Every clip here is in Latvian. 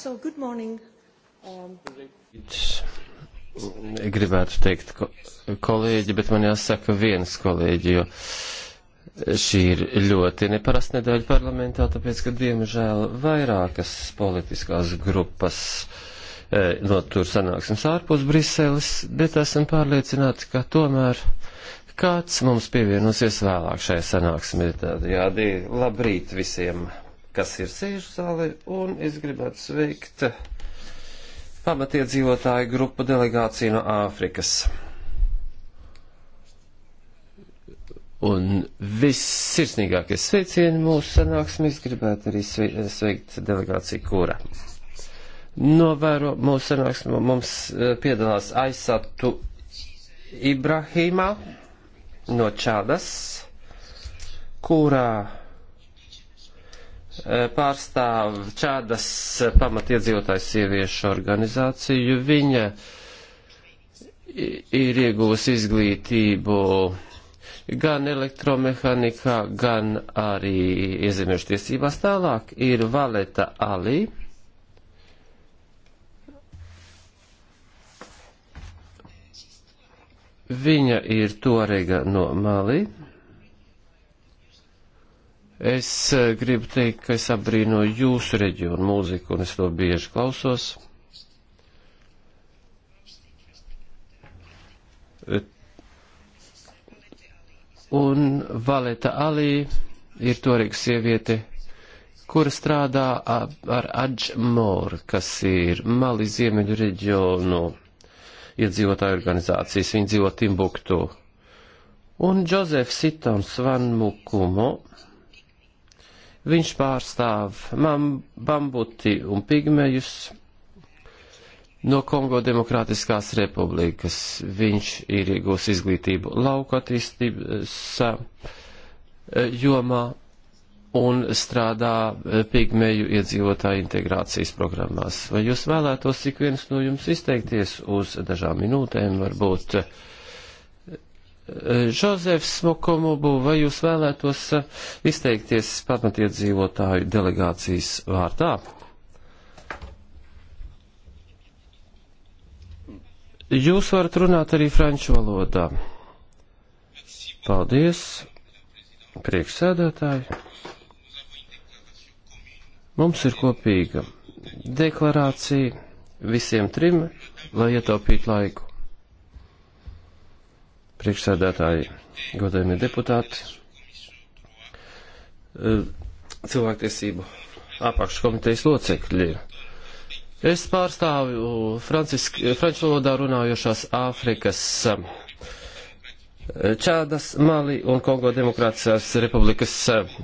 So, good morning. Um... Gribētu teikt ko, kolēģi, bet man jāsaka viens kolēģi, jo šī ir ļoti neparasta nedēļa parlamentā, tāpēc, ka diemžēl vairākas politiskās grupas e, eh, notur sanāksmes ārpus Briseles, bet esam pārliecināti, ka tomēr kāds mums pievienosies vēlāk šajā sanāksmē. Tādējādi labrīt visiem! kas ir sēžu zālē, un es gribētu sveikt pamatiedzīvotāju grupu delegāciju no Āfrikas. Un vissirsnīgākie sveicieni mūsu sanāksmēs gribētu arī sveikt delegāciju kura. Novēro mūsu sanāksmē mums e, piedalās aizsatu Ibrahīmā no Čādas, kurā pārstāv čādas pamatiedzīvotājs sieviešu organizāciju. Viņa ir iegūsi izglītību gan elektromehanikā, gan arī iezemiešu tiesībās. Tālāk ir Valeta Alī. Viņa ir Torega no Mali. Es eh, gribu teikt, ka es apbrīnoju jūsu reģionu mūziku, un es to bieži klausos. Un Valeta Alī ir toreiz sieviete, kura strādā ar Adžmor, kas ir Mali ziemeļu reģionu iedzīvotāju organizācijas. Viņi dzīvo Timbuktu. Un Džozefs Sitons Van Mukumo Viņš pārstāv bambuti un pigmejus no Kongo Demokrātiskās republikas. Viņš ir iegūs izglītību lauku attīstības eh, jomā un strādā eh, pigmeju iedzīvotāju integrācijas programmās. Vai jūs vēlētos ik viens no jums izteikties uz dažām minūtēm, varbūt? Uh, Žozefs Mokomubu, vai jūs vēlētos eh, izteikties pamatiedzīvotāju delegācijas vārdā? Jūs varat runāt arī franču valodā. Paldies, priekšsēdētāji. Mums ir kopīga deklarācija visiem trim, lai ietaupītu laiku priekšsēdētāji, godējumie deputāti, eh, cilvēktiesību apakškomitejas locekļi. Es pārstāvu franču valodā runājošās Āfrikas eh, Čādas, Mali un Kongo Demokrātiskās Republikas eh,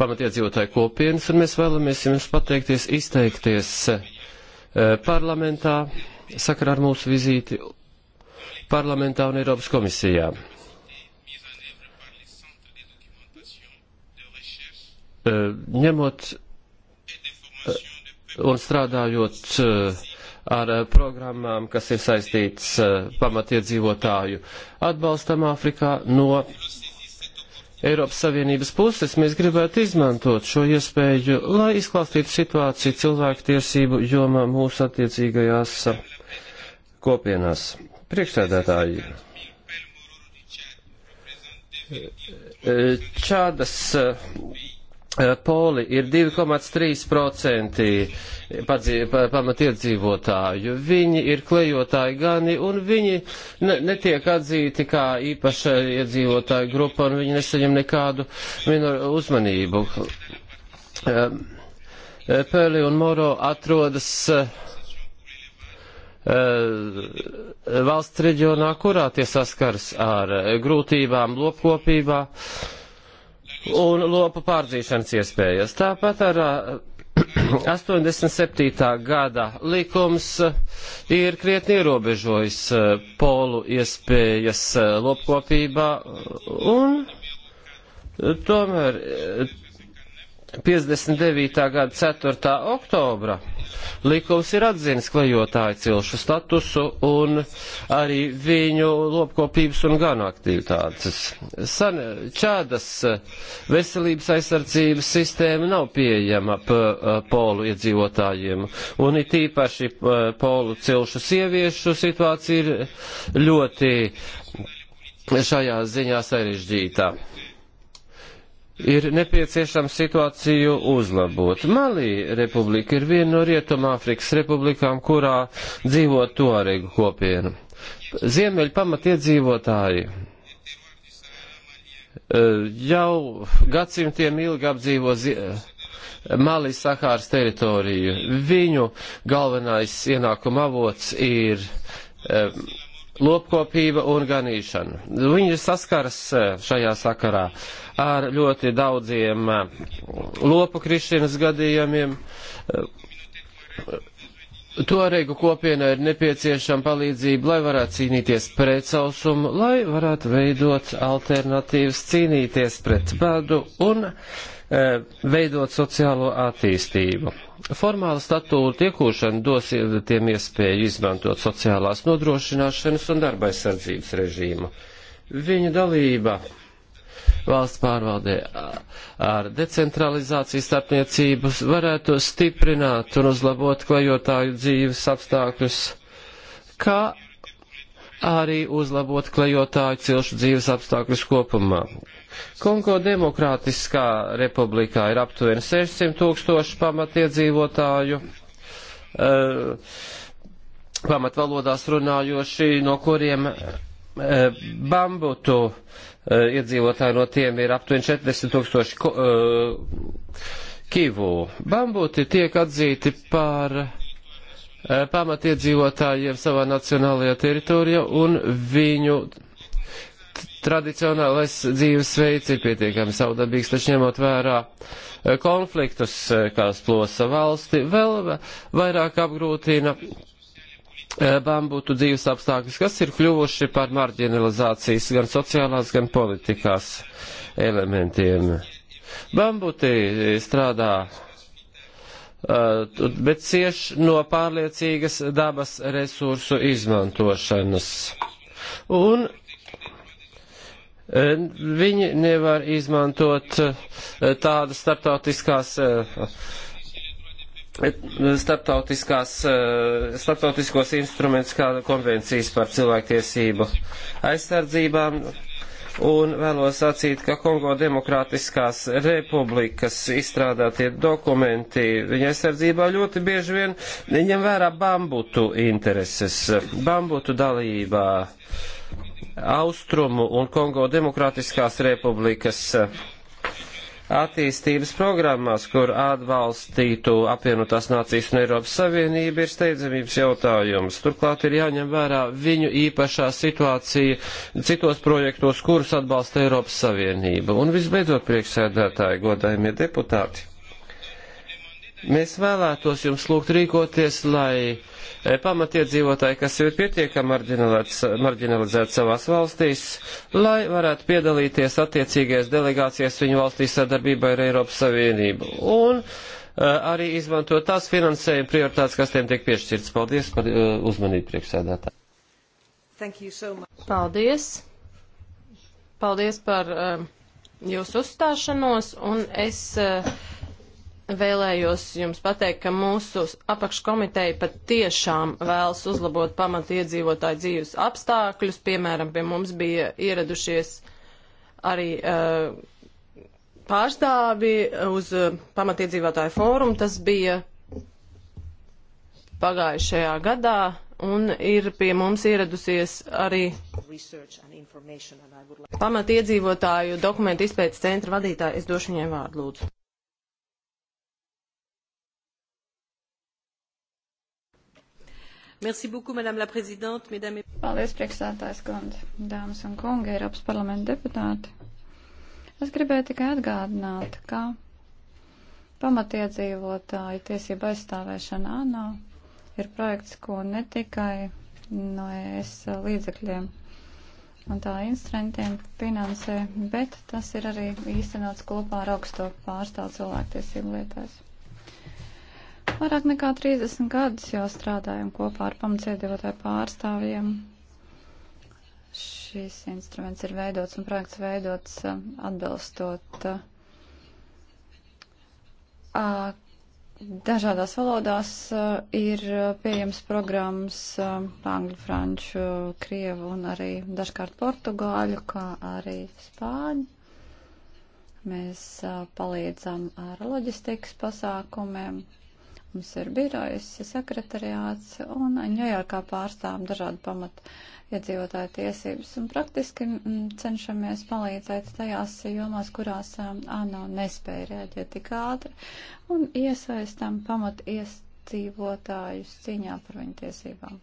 pamatiedzīvotāju kopienas, un mēs vēlamies jums pateikties, izteikties parlamentā sakarā ar mūsu vizīti parlamentā un Eiropas komisijā. Eh, ņemot eh, un strādājot eh, ar programmām, kas ir saistīts pamatiedzīvotāju atbalstam Āfrikā no Eiropas Savienības puses mēs gribētu izmantot šo iespēju, lai izklāstītu situāciju cilvēku tiesību jomā mūsu attiecīgajās kopienās. Priekšsēdētāji. Čādas eh, poli ir 2,3% pamatiedzīvotāju. Viņi ir klejotāji gani un viņi ne, netiek atzīti kā īpaša iedzīvotāju grupa un viņi nesaņem nekādu uzmanību. Eh, Pēli un Moro atrodas uh, Eh, valsts reģionā, kurā tie saskars ar eh, grūtībām lopkopībā un lopu pārdzīšanas iespējas. Tāpat ar 87. Eh, gada likums ir krietni ierobežojis polu iespējas lopkopībā un tomēr 59. gada 4. oktobra likums ir atzinis klejotāju cilšu statusu un arī viņu lopkopības un ganu aktivitātes. San, čādas veselības aizsardzības sistēma nav pieejama polu iedzīvotājiem, un it īpaši polu cilšu sieviešu situācija ir ļoti šajā ziņā sarežģītā ir nepieciešams situāciju uzlabot. Malī republika ir viena no Rietumāfrikas republikām, kurā dzīvo toregu kopiena. Ziemeļu pamatiedzīvotāji e, jau gadsimtiem ilgi apdzīvo e, Malī Sahāras teritoriju. Viņu galvenais ienākuma avots ir e, lopkopība un ganīšana. Viņi saskaras e, šajā sakarā ar ļoti daudziem e, lopu krišanas gadījumiem. E, Toreigu kopienai ir nepieciešama palīdzība, lai varētu cīnīties pret sausumu, lai varētu veidot alternatīvas, cīnīties pret badu un uh, Eh, veidot sociālo attīstību. Formāla statūta iekūšana dos tiem iespēju izmantot sociālās nodrošināšanas un darba aizsardzības režīmu. Viņa dalība valsts pārvaldē ar decentralizācijas starpniecības varētu stiprināt un uzlabot klejotāju dzīves apstākļus, kā arī uzlabot klejotāju cilšu dzīves apstākļus kopumā. Kongo Demokrātiskā republikā ir aptuveni 600 tūkstoši pamatiedzīvotāju. Uh, pamatvalodās runājoši, no kuriem eh, bambutu eh, iedzīvotāji no tiem ir aptuveni 40 tūkstoši kivu. Bambuti tiek atzīti par pamatiedzīvotājiem savā nacionālajā teritorijā un viņu tradicionālais dzīvesveids ir pietiekami saudabīgs, taču ņemot vērā e, konfliktus, e, kas plosa valsti, vēl vairāk apgrūtina e, bambutu dzīves apstākļus, kas ir kļuvuši par marginalizācijas gan sociālās, gan politikās elementiem. Bambuti strādā, bet cieš no pārliecīgas dabas resursu izmantošanas. Un Viņi nevar izmantot e, tādas starptautiskās e, starptautiskās, e, starptautiskos instrumentus kā konvencijas par cilvēktiesību aizsardzībām. Un vēlos sacīt, ka Kongo Demokrātiskās republikas izstrādātie dokumenti viņa aizsardzībā ļoti bieži vien ņem vērā bambutu intereses, bambutu dalībā. Uh, Austrumu un Kongo Demokrātiskās republikas eh, attīstības programmās, kur atbalstītu apvienotās nācijas un Eiropas Savienība, ir steidzamības jautājums. Turklāt ir jāņem vērā viņu īpašā situācija citos projektos, kurus atbalsta Eiropas Savienība. Un visbeidzot, priekšsēdētāji, godājumie deputāti. Mēs vēlētos jums lūgt rīkoties, lai e, pamatiedzīvotāji, kas jau ir pietiekami marginalizēti savās valstīs, lai varētu piedalīties attiecīgajās delegācijās viņu valstīs sadarbībā ar Eiropas Savienību. Un e, arī izmanto tās finansējuma prioritātes, kas tiem tiek piešķirts. Paldies par e, uzmanību priekšsēdētāji. So much. Paldies. Paldies par uh, jūsu uzstāšanos un es. Uh, Vēlējos jums pateikt, ka mūsu apakškomiteja pat tiešām vēlas uzlabot pamatiedzīvotāju dzīves apstākļus. Piemēram, pie mums bija ieradušies arī uh, pārstāvi uz uh, pamatiedzīvotāju fórumu. Tas bija pagājušajā gadā un ir pie mums ieradusies arī pamatiedzīvotāju dokumentu izpētes centra vadītāja. Es došu viņai vārdu, lūdzu. Merci beaucoup, Madame la Présidente, Mesdames et Paldies, priekšsētājs kundze, dāmas un kungi, Eiropas parlamenta deputāti. Es gribēju tikai atgādināt, ka pamatiedzīvotāju tiesība aizstāvēšana ANO ir projekts, ko ne tikai no ES līdzekļiem un tā instrumentiem finansē, bet tas ir arī īstenots kopā ar augsto pārstāvu cilvēktiesību lietās. Vairāk nekā 30 gadus jau strādājam kopā ar pamatiedzīvotāju pārstāvjiem. Šis instruments ir veidots un projekts veidots eh, atbilstot eh, dažādās valodās. Eh, ir pieejams programmas angļu, franču, krievu un arī dažkārt portugāļu, kā arī spāņu. Mēs palīdzam ar loģistikas pasākumiem, Mums ir birojas, sekretariāts un Ņujorkā pārstāv dažādu pamatu iedzīvotāju tiesības un praktiski mm, cenšamies palīdzēt tajās jomās, kurās mm, ANO nespēja rēģēt tik ātri un iesaistam pamatu iedzīvotājus cīņā par viņu tiesībām.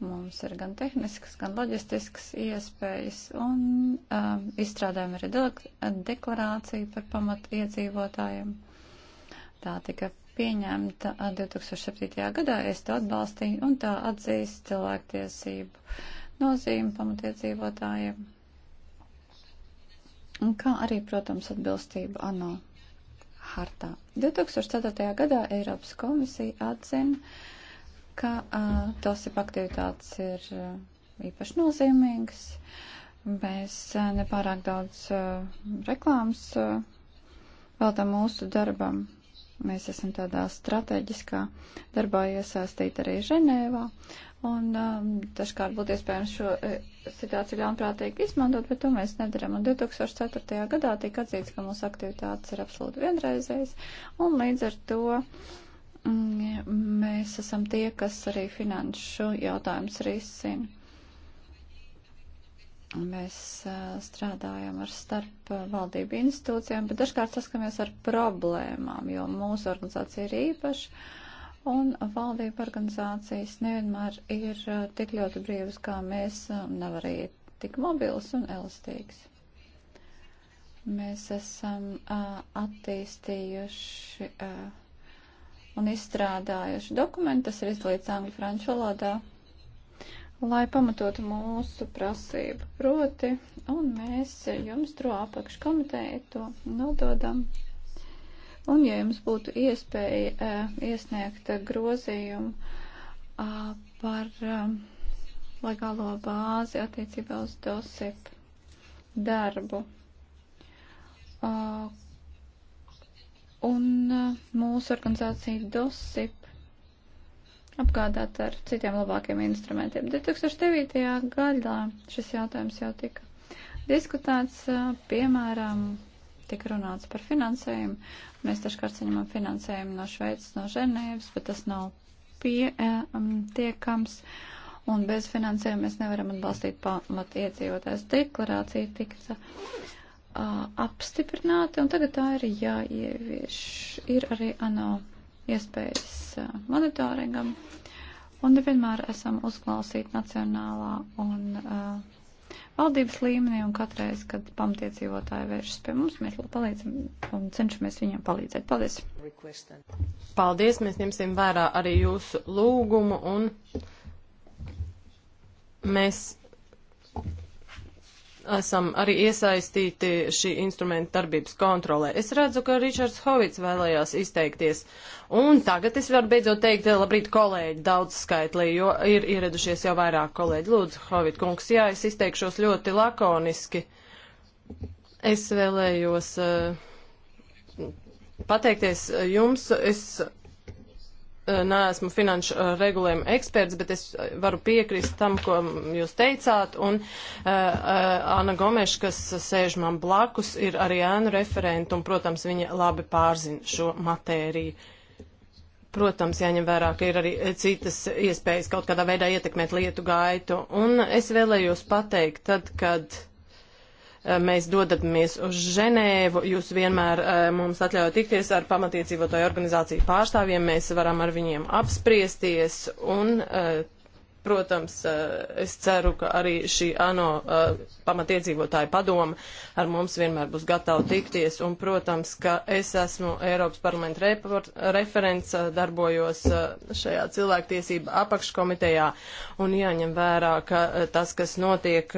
Mums ir gan tehniskas, gan loģistiskas iespējas, un um, izstrādājam arī deklarāciju par pamatu iedzīvotājiem. Tā tika pieņemta 2007. gadā, es to atbalstīju un tā atzīst cilvēktiesību nozīmi pamatiedzīvotājiem. Un kā arī, protams, atbilstība ANO hartā. 2004. gadā Eiropas komisija atzina, ka uh, TOSIP aktivitātes ir uh, īpaši nozīmīgas. Mēs uh, nepārāk daudz uh, reklāmas uh, veltam mūsu darbam. Mēs esam tādā strateģiskā darbā iesaistīti arī Ženēvā. Un um, dažkārt būtu iespējams šo e, situāciju ļaunprātīgi izmantot, bet to mēs nedaram. Un 2004. gadā tika atzīts, ka mūsu aktivitātes ir absolūti vienreizējas, un līdz ar to mm, mēs esam tie, kas arī finanšu jautājums risina. Mēs strādājam ar starp valdību institūcijām, bet dažkārt saskamies ar problēmām, jo mūsu organizācija ir īpaša un valdība organizācijas nevienmēr ir tik ļoti brīvas, kā mēs nav arī tik mobils un elastīgs. Mēs esam attīstījuši un izstrādājuši dokumentu, tas ir izglīts angļu franču valodā lai pamatotu mūsu prasību. Proti, un mēs jums to apakškomiteju to nododam. Un, ja jums būtu iespēja uh, iesniegt grozījumu uh, par uh, legālo bāzi attiecībā uz dosip darbu. Uh, un uh, mūsu organizācija DOSIP apgādāt ar citiem labākiem instrumentiem. 2009. gadā šis jautājums jau tika diskutēts, piemēram, tika runāts par finansējumu. Mēs taškārt saņemam finansējumu no Šveicas, no Ženēvas, bet tas nav pietiekams. Un bez finansējuma mēs nevaram atbalstīt pamat iedzīvotājs deklarāciju tikta apstiprināta, un tagad tā ir jāievieš. Ir arī ANO iespējas eh, monitoringam. Un nevienmēr esam uzklausīti nacionālā un uh, valdības līmenī, un katreiz, kad pamatiedzīvotāji vēršas pie mums, mēs palīdzam un cenšamies viņiem palīdzēt. Paldies! Paldies! Mēs ņemsim vērā arī jūsu lūgumu, un mēs esam arī iesaistīti šī instrumenta darbības kontrolē. Es redzu, ka Ričards Hovits vēlējās izteikties. Un tagad es varu beidzot teikt, eh, labrīt, kolēģi, daudz skaitlī, jo ir ieradušies jau vairāk kolēģi. Lūdzu, Hovit kungs, jā, es izteikšos ļoti lakoniski. Es vēlējos uh, pateikties eh, jums. Es Eh, neesmu finanšu eh, regulējuma eksperts, bet es eh, varu piekrist tam, ko jūs teicāt. Un uh, Anna Gomeša, kas sēž man blakus, ir arī ēnu referenta, un, protams, viņa labi pārzina šo matēriju. Protams, jāņem vērā, ka ir arī citas iespējas kaut kādā veidā ietekmēt lietu gaitu. Un es vēlējos pateikt, tad, kad. Uh, Eh, mēs dodamies uz Ženēvu, jūs vienmēr eh, mums atļaujat tikties ar pamatiedzīvotāju organizāciju pārstāvjiem, mēs varam ar viņiem apspriesties un eh, protams, es ceru, ka arī šī ANO pamatiedzīvotāja padoma ar mums vienmēr būs gatava tikties. Un, protams, ka es esmu Eiropas parlamenta report, referents, darbojos šajā cilvēktiesība apakškomitejā un jāņem vērā, ka tas, kas notiek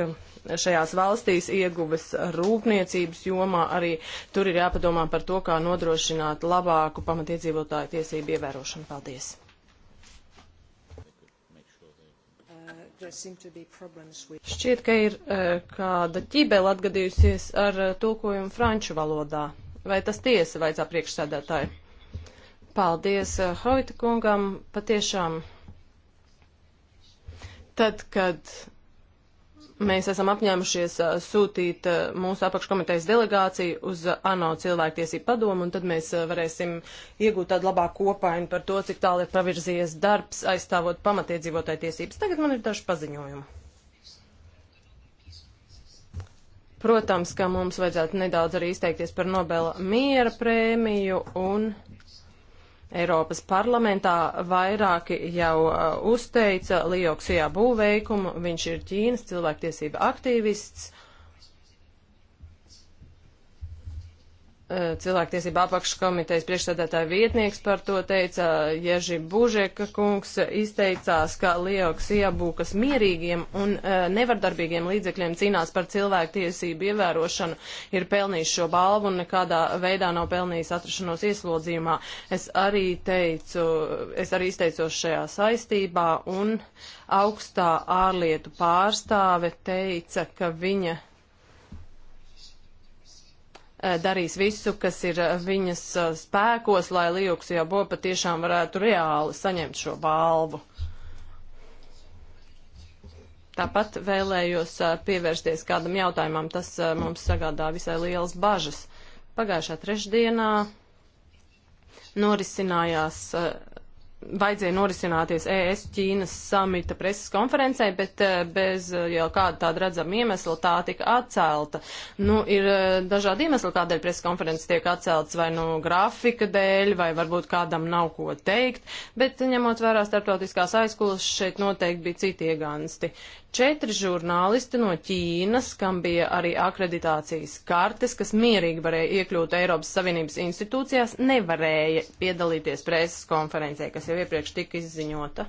šajās valstīs ieguves rūpniecības jomā, arī tur ir jāpadomā par to, kā nodrošināt labāku pamatiedzīvotāju tiesību ievērošanu. Paldies! Šķiet, ka ir eh, kāda ķībela atgadījusies ar eh, tulkojumu franču valodā. Vai tas tiesa vaicā priekšsēdētāji? Paldies eh, Hovita kungam patiešām. Tad, kad Mēs esam apņēmušies sūtīt mūsu apakškomitejas delegāciju uz ANO cilvēktiesību padomu, un tad mēs varēsim iegūt tādu labāku kopainu par to, cik tālu ir pavirzies darbs aizstāvot pamatiedzīvotāju tiesības. Tagad man ir daži paziņojumi. Protams, ka mums vajadzētu nedaudz arī izteikties par Nobela miera prēmiju un. Eiropas parlamentā vairāki jau uh, uzteica Lijoksie būveikumu. Viņš ir Ķīnas cilvēktiesība aktīvists. Eh, cilvēktiesība apakškomitejas priekšsēdētāja vietnieks par to teica, Ježi Bužeka kungs izteicās, ka Lieoks iebūkas mierīgiem un uh, nevardarbīgiem līdzekļiem cīnās par cilvēktiesību ievērošanu, ir pelnījis šo balvu un nekādā veidā nav pelnījis atrašanos ieslodzījumā. Es arī teicu, es arī izteicos šajā saistībā un augstā ārlietu pārstāve teica, ka viņa Eh, darīs visu, kas ir eh, viņas eh, spēkos, lai Lijuks Jabo patiešām varētu reāli saņemt šo balvu. Tāpat vēlējos pievērsties kādam jautājumam, tas mums sagādā visai lielas bažas. Pagājušā trešdienā norisinājās vajadzēja norisināties ES Ķīnas samita preses konferencē, bet eh, bez eh, jau kāda tāda redzama iemesla tā tika atcelta. Nu, ir eh, dažādi iemesli, kādēļ preses konferences tiek atceltas, vai nu grafika dēļ, vai varbūt kādam nav ko teikt, bet ņemot vērā starptautiskās aizkulas, šeit noteikti bija citi iegansti četri žurnālisti no Ķīnas, kam bija arī akreditācijas kartes, kas mierīgi varēja iekļūt Eiropas Savienības institūcijās, nevarēja piedalīties preses konferencē, kas jau iepriekš tika izziņota.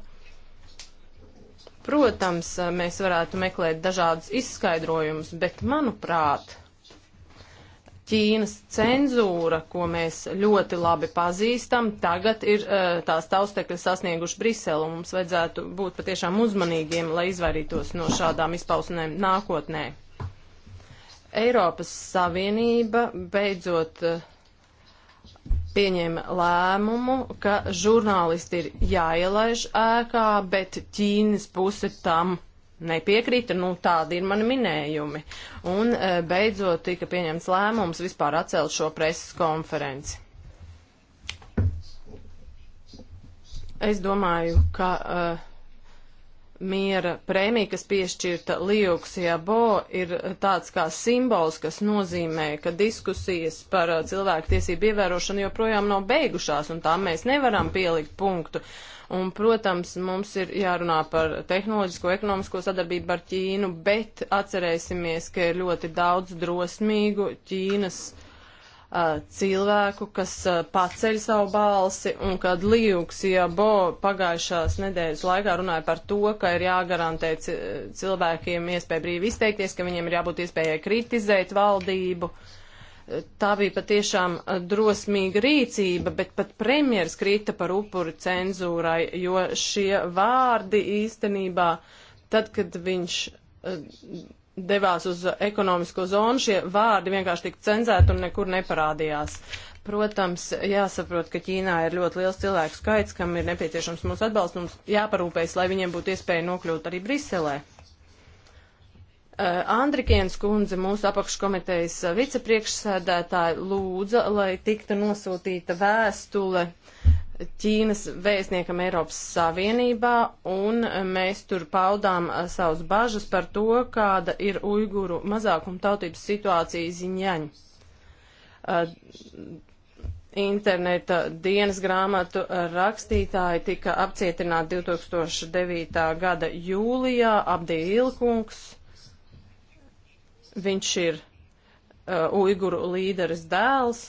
Protams, mēs varētu meklēt dažādus izskaidrojumus, bet manuprāt, Ķīnas cenzūra, ko mēs ļoti labi pazīstam, tagad ir eh, tās taustekļi sasnieguši Briselu, un mums vajadzētu būt patiešām uzmanīgiem, lai izvairītos no šādām izpausmēm nākotnē. Eiropas Savienība beidzot eh, pieņēma lēmumu, ka žurnālisti ir jāielaiž ēkā, bet Ķīnas puse tam nepiekrita, nu tādi ir mani minējumi. Un e, beidzot tika pieņemts lēmums vispār atcelt šo preses konferenci. Es domāju, ka uh, miera prēmija, kas piešķirta Liuksijā Bo, ir tāds kā simbols, kas nozīmē, ka diskusijas par e, cilvēku tiesību ievērošanu joprojām nav beigušās, un tām mēs nevaram pielikt punktu. Uh, Un, protams, mums ir jārunā par tehnoloģisko, ekonomisko sadarbību ar Ķīnu, bet atcerēsimies, ka ir ļoti daudz drosmīgu Ķīnas cilvēku, kas paceļ savu balsi, un kad Lījuks Jabo pagājušās nedēļas laikā runāja par to, ka ir jāgarantē cilvēkiem iespēja brīvi izteikties, ka viņiem ir jābūt iespējai kritizēt valdību. Uh, tā bija patiešām eh, drosmīga rīcība, bet pat premjeras krita par upuri cenzūrai, jo šie vārdi īstenībā, tad, kad viņš eh, devās uz ekonomisko zonu, šie vārdi vienkārši tika cenzēti un nekur neparādījās. Protams, jāsaprot, ka Ķīnā ir ļoti liels cilvēku skaits, kam ir nepieciešams mūsu atbalsts, mums jāparūpējas, lai viņiem būtu iespēja nokļūt arī Briselē. Eh, Andrikienas kundze, mūsu apakškomitejas eh, vicepriekšsēdētāja, lūdza, lai tiktu nosūtīta vēstule Ķīnas vēstniekam Eiropas Savienībā, un eh, mēs tur paudām savus bažas par to, kāda ir uiguru mazākuma tautības situācija ziņaņa. Interneta dienas grāmatu rakstītāji tika apcietināti 2009. gada jūlijā, apdīja Ilkungs Viņš ir uh, Uiguru līderes dēls.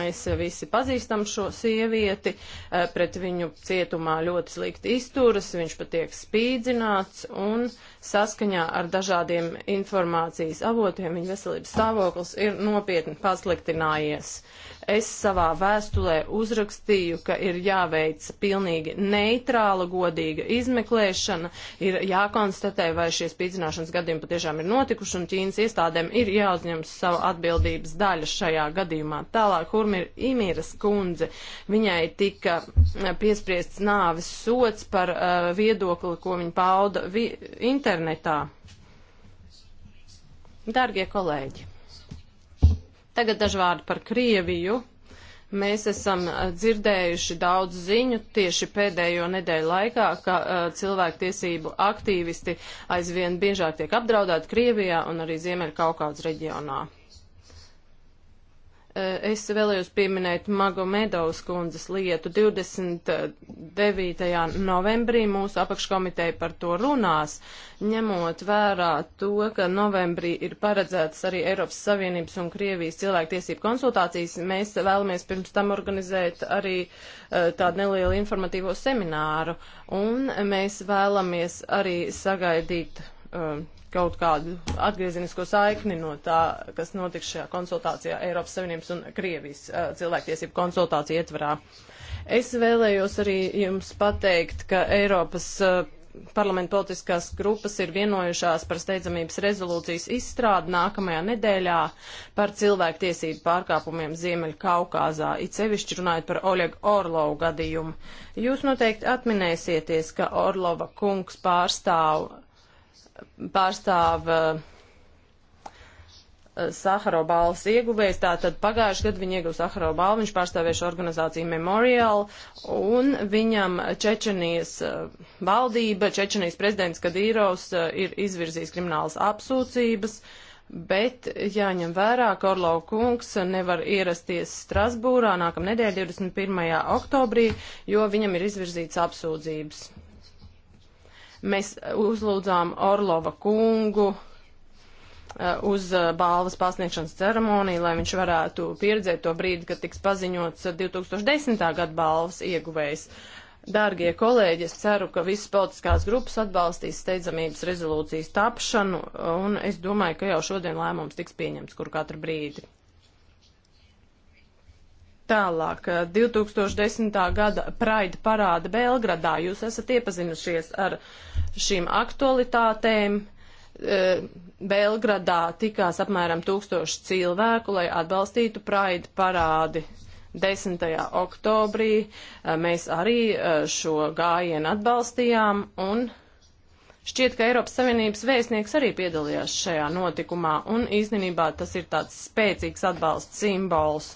Mēs uh, visi pazīstam šo sievieti, uh, pret viņu cietumā ļoti slikti izturas, viņš patiek spīdzināts un saskaņā ar dažādiem informācijas avotiem viņa veselības stāvoklis ir nopietni pasliktinājies. Uh, es savā vēstulē uzrakstīju, ka ir jāveic pilnīgi neitrāla, godīga izmeklēšana, ir jākonstatē, vai šie spīdzināšanas gadījumi patiešām ir notikuši, un Ķīnas iestādēm ir jāuzņems savu atbildības daļu šajā gadījumā. Tālāk, Hurmir Imīras kundze, viņai tika piespriests nāves sots par uh, viedokli, ko viņa pauda vi internetā. Dargie kolēģi! Tagad daži vārdi par Krieviju. Mēs esam eh, dzirdējuši daudz ziņu tieši pēdējo nedēļu laikā, ka uh, cilvēktiesību aktīvisti aizvien biežāk tiek apdraudēti Krievijā un arī Ziemeļa Kaukādas reģionā. Eh, es vēlējos pieminēt Mago Medovas kundzes lietu. 29. Eh, novembrī mūsu apakškomiteja par to runās, ņemot vērā to, ka novembrī ir paredzētas arī Eiropas Savienības un Krievijas cilvēktiesību konsultācijas. Mēs vēlamies pirms tam organizēt arī eh, tādu nelielu informatīvo semināru, un mēs vēlamies arī sagaidīt kaut kādu atgriezinisko saikni no tā, kas notiks šajā konsultācijā Eiropas Savienības un Krievijas uh, cilvēktiesību konsultāciju ietvarā. Es vēlējos arī jums pateikt, ka Eiropas uh, parlamenta politiskās grupas ir vienojušās par steidzamības rezolūcijas izstrādi nākamajā nedēļā par cilvēktiesību pārkāpumiem Ziemeļa Kaukāzā, it sevišķi runājot par Oļegu Orlovu gadījumu. Jūs noteikti atminēsieties, ka Orlova kungs pārstāv pārstāv uh, eh, eh, Sahara balvas ieguvējs. Tātad pagājušajā gadā viņa ieguva Sahara balvu, viņš pārstāvējuši organizāciju Memorial, un viņam Čečenijas eh, valdība, Čečenijas prezidents Kadīrovs ir izvirzījis kriminālas apsūdzības. Bet jāņem vērā, ka Orlo kungs nevar ierasties Strasbūrā nākamnedēļ 21. oktobrī, jo viņam ir izvirzīts apsūdzības. Mēs uzlūdzām Orlova kungu uh, uz uh, balvas pasniegšanas ceremoniju, lai viņš varētu pieredzēt to brīdi, kad tiks paziņots 2010. Uh, gada balvas ieguvējs. Dārgie kolēģi, es ceru, ka visas politiskās grupas atbalstīs steidzamības rezolūcijas tapšanu, un es domāju, ka jau šodien lēmums tiks pieņemts kur katru brīdi. Tālāk, 2010. gada Praida parāda Belgradā. Jūs esat iepazinušies ar šīm aktualitātēm. Belgradā tikās apmēram tūkstoši cilvēku, lai atbalstītu Praida parādi. 10. oktobrī mēs arī šo gājienu atbalstījām un Šķiet, ka Eiropas Savienības vēstnieks arī piedalījās šajā notikumā, un īstenībā tas ir tāds spēcīgs atbalsts simbols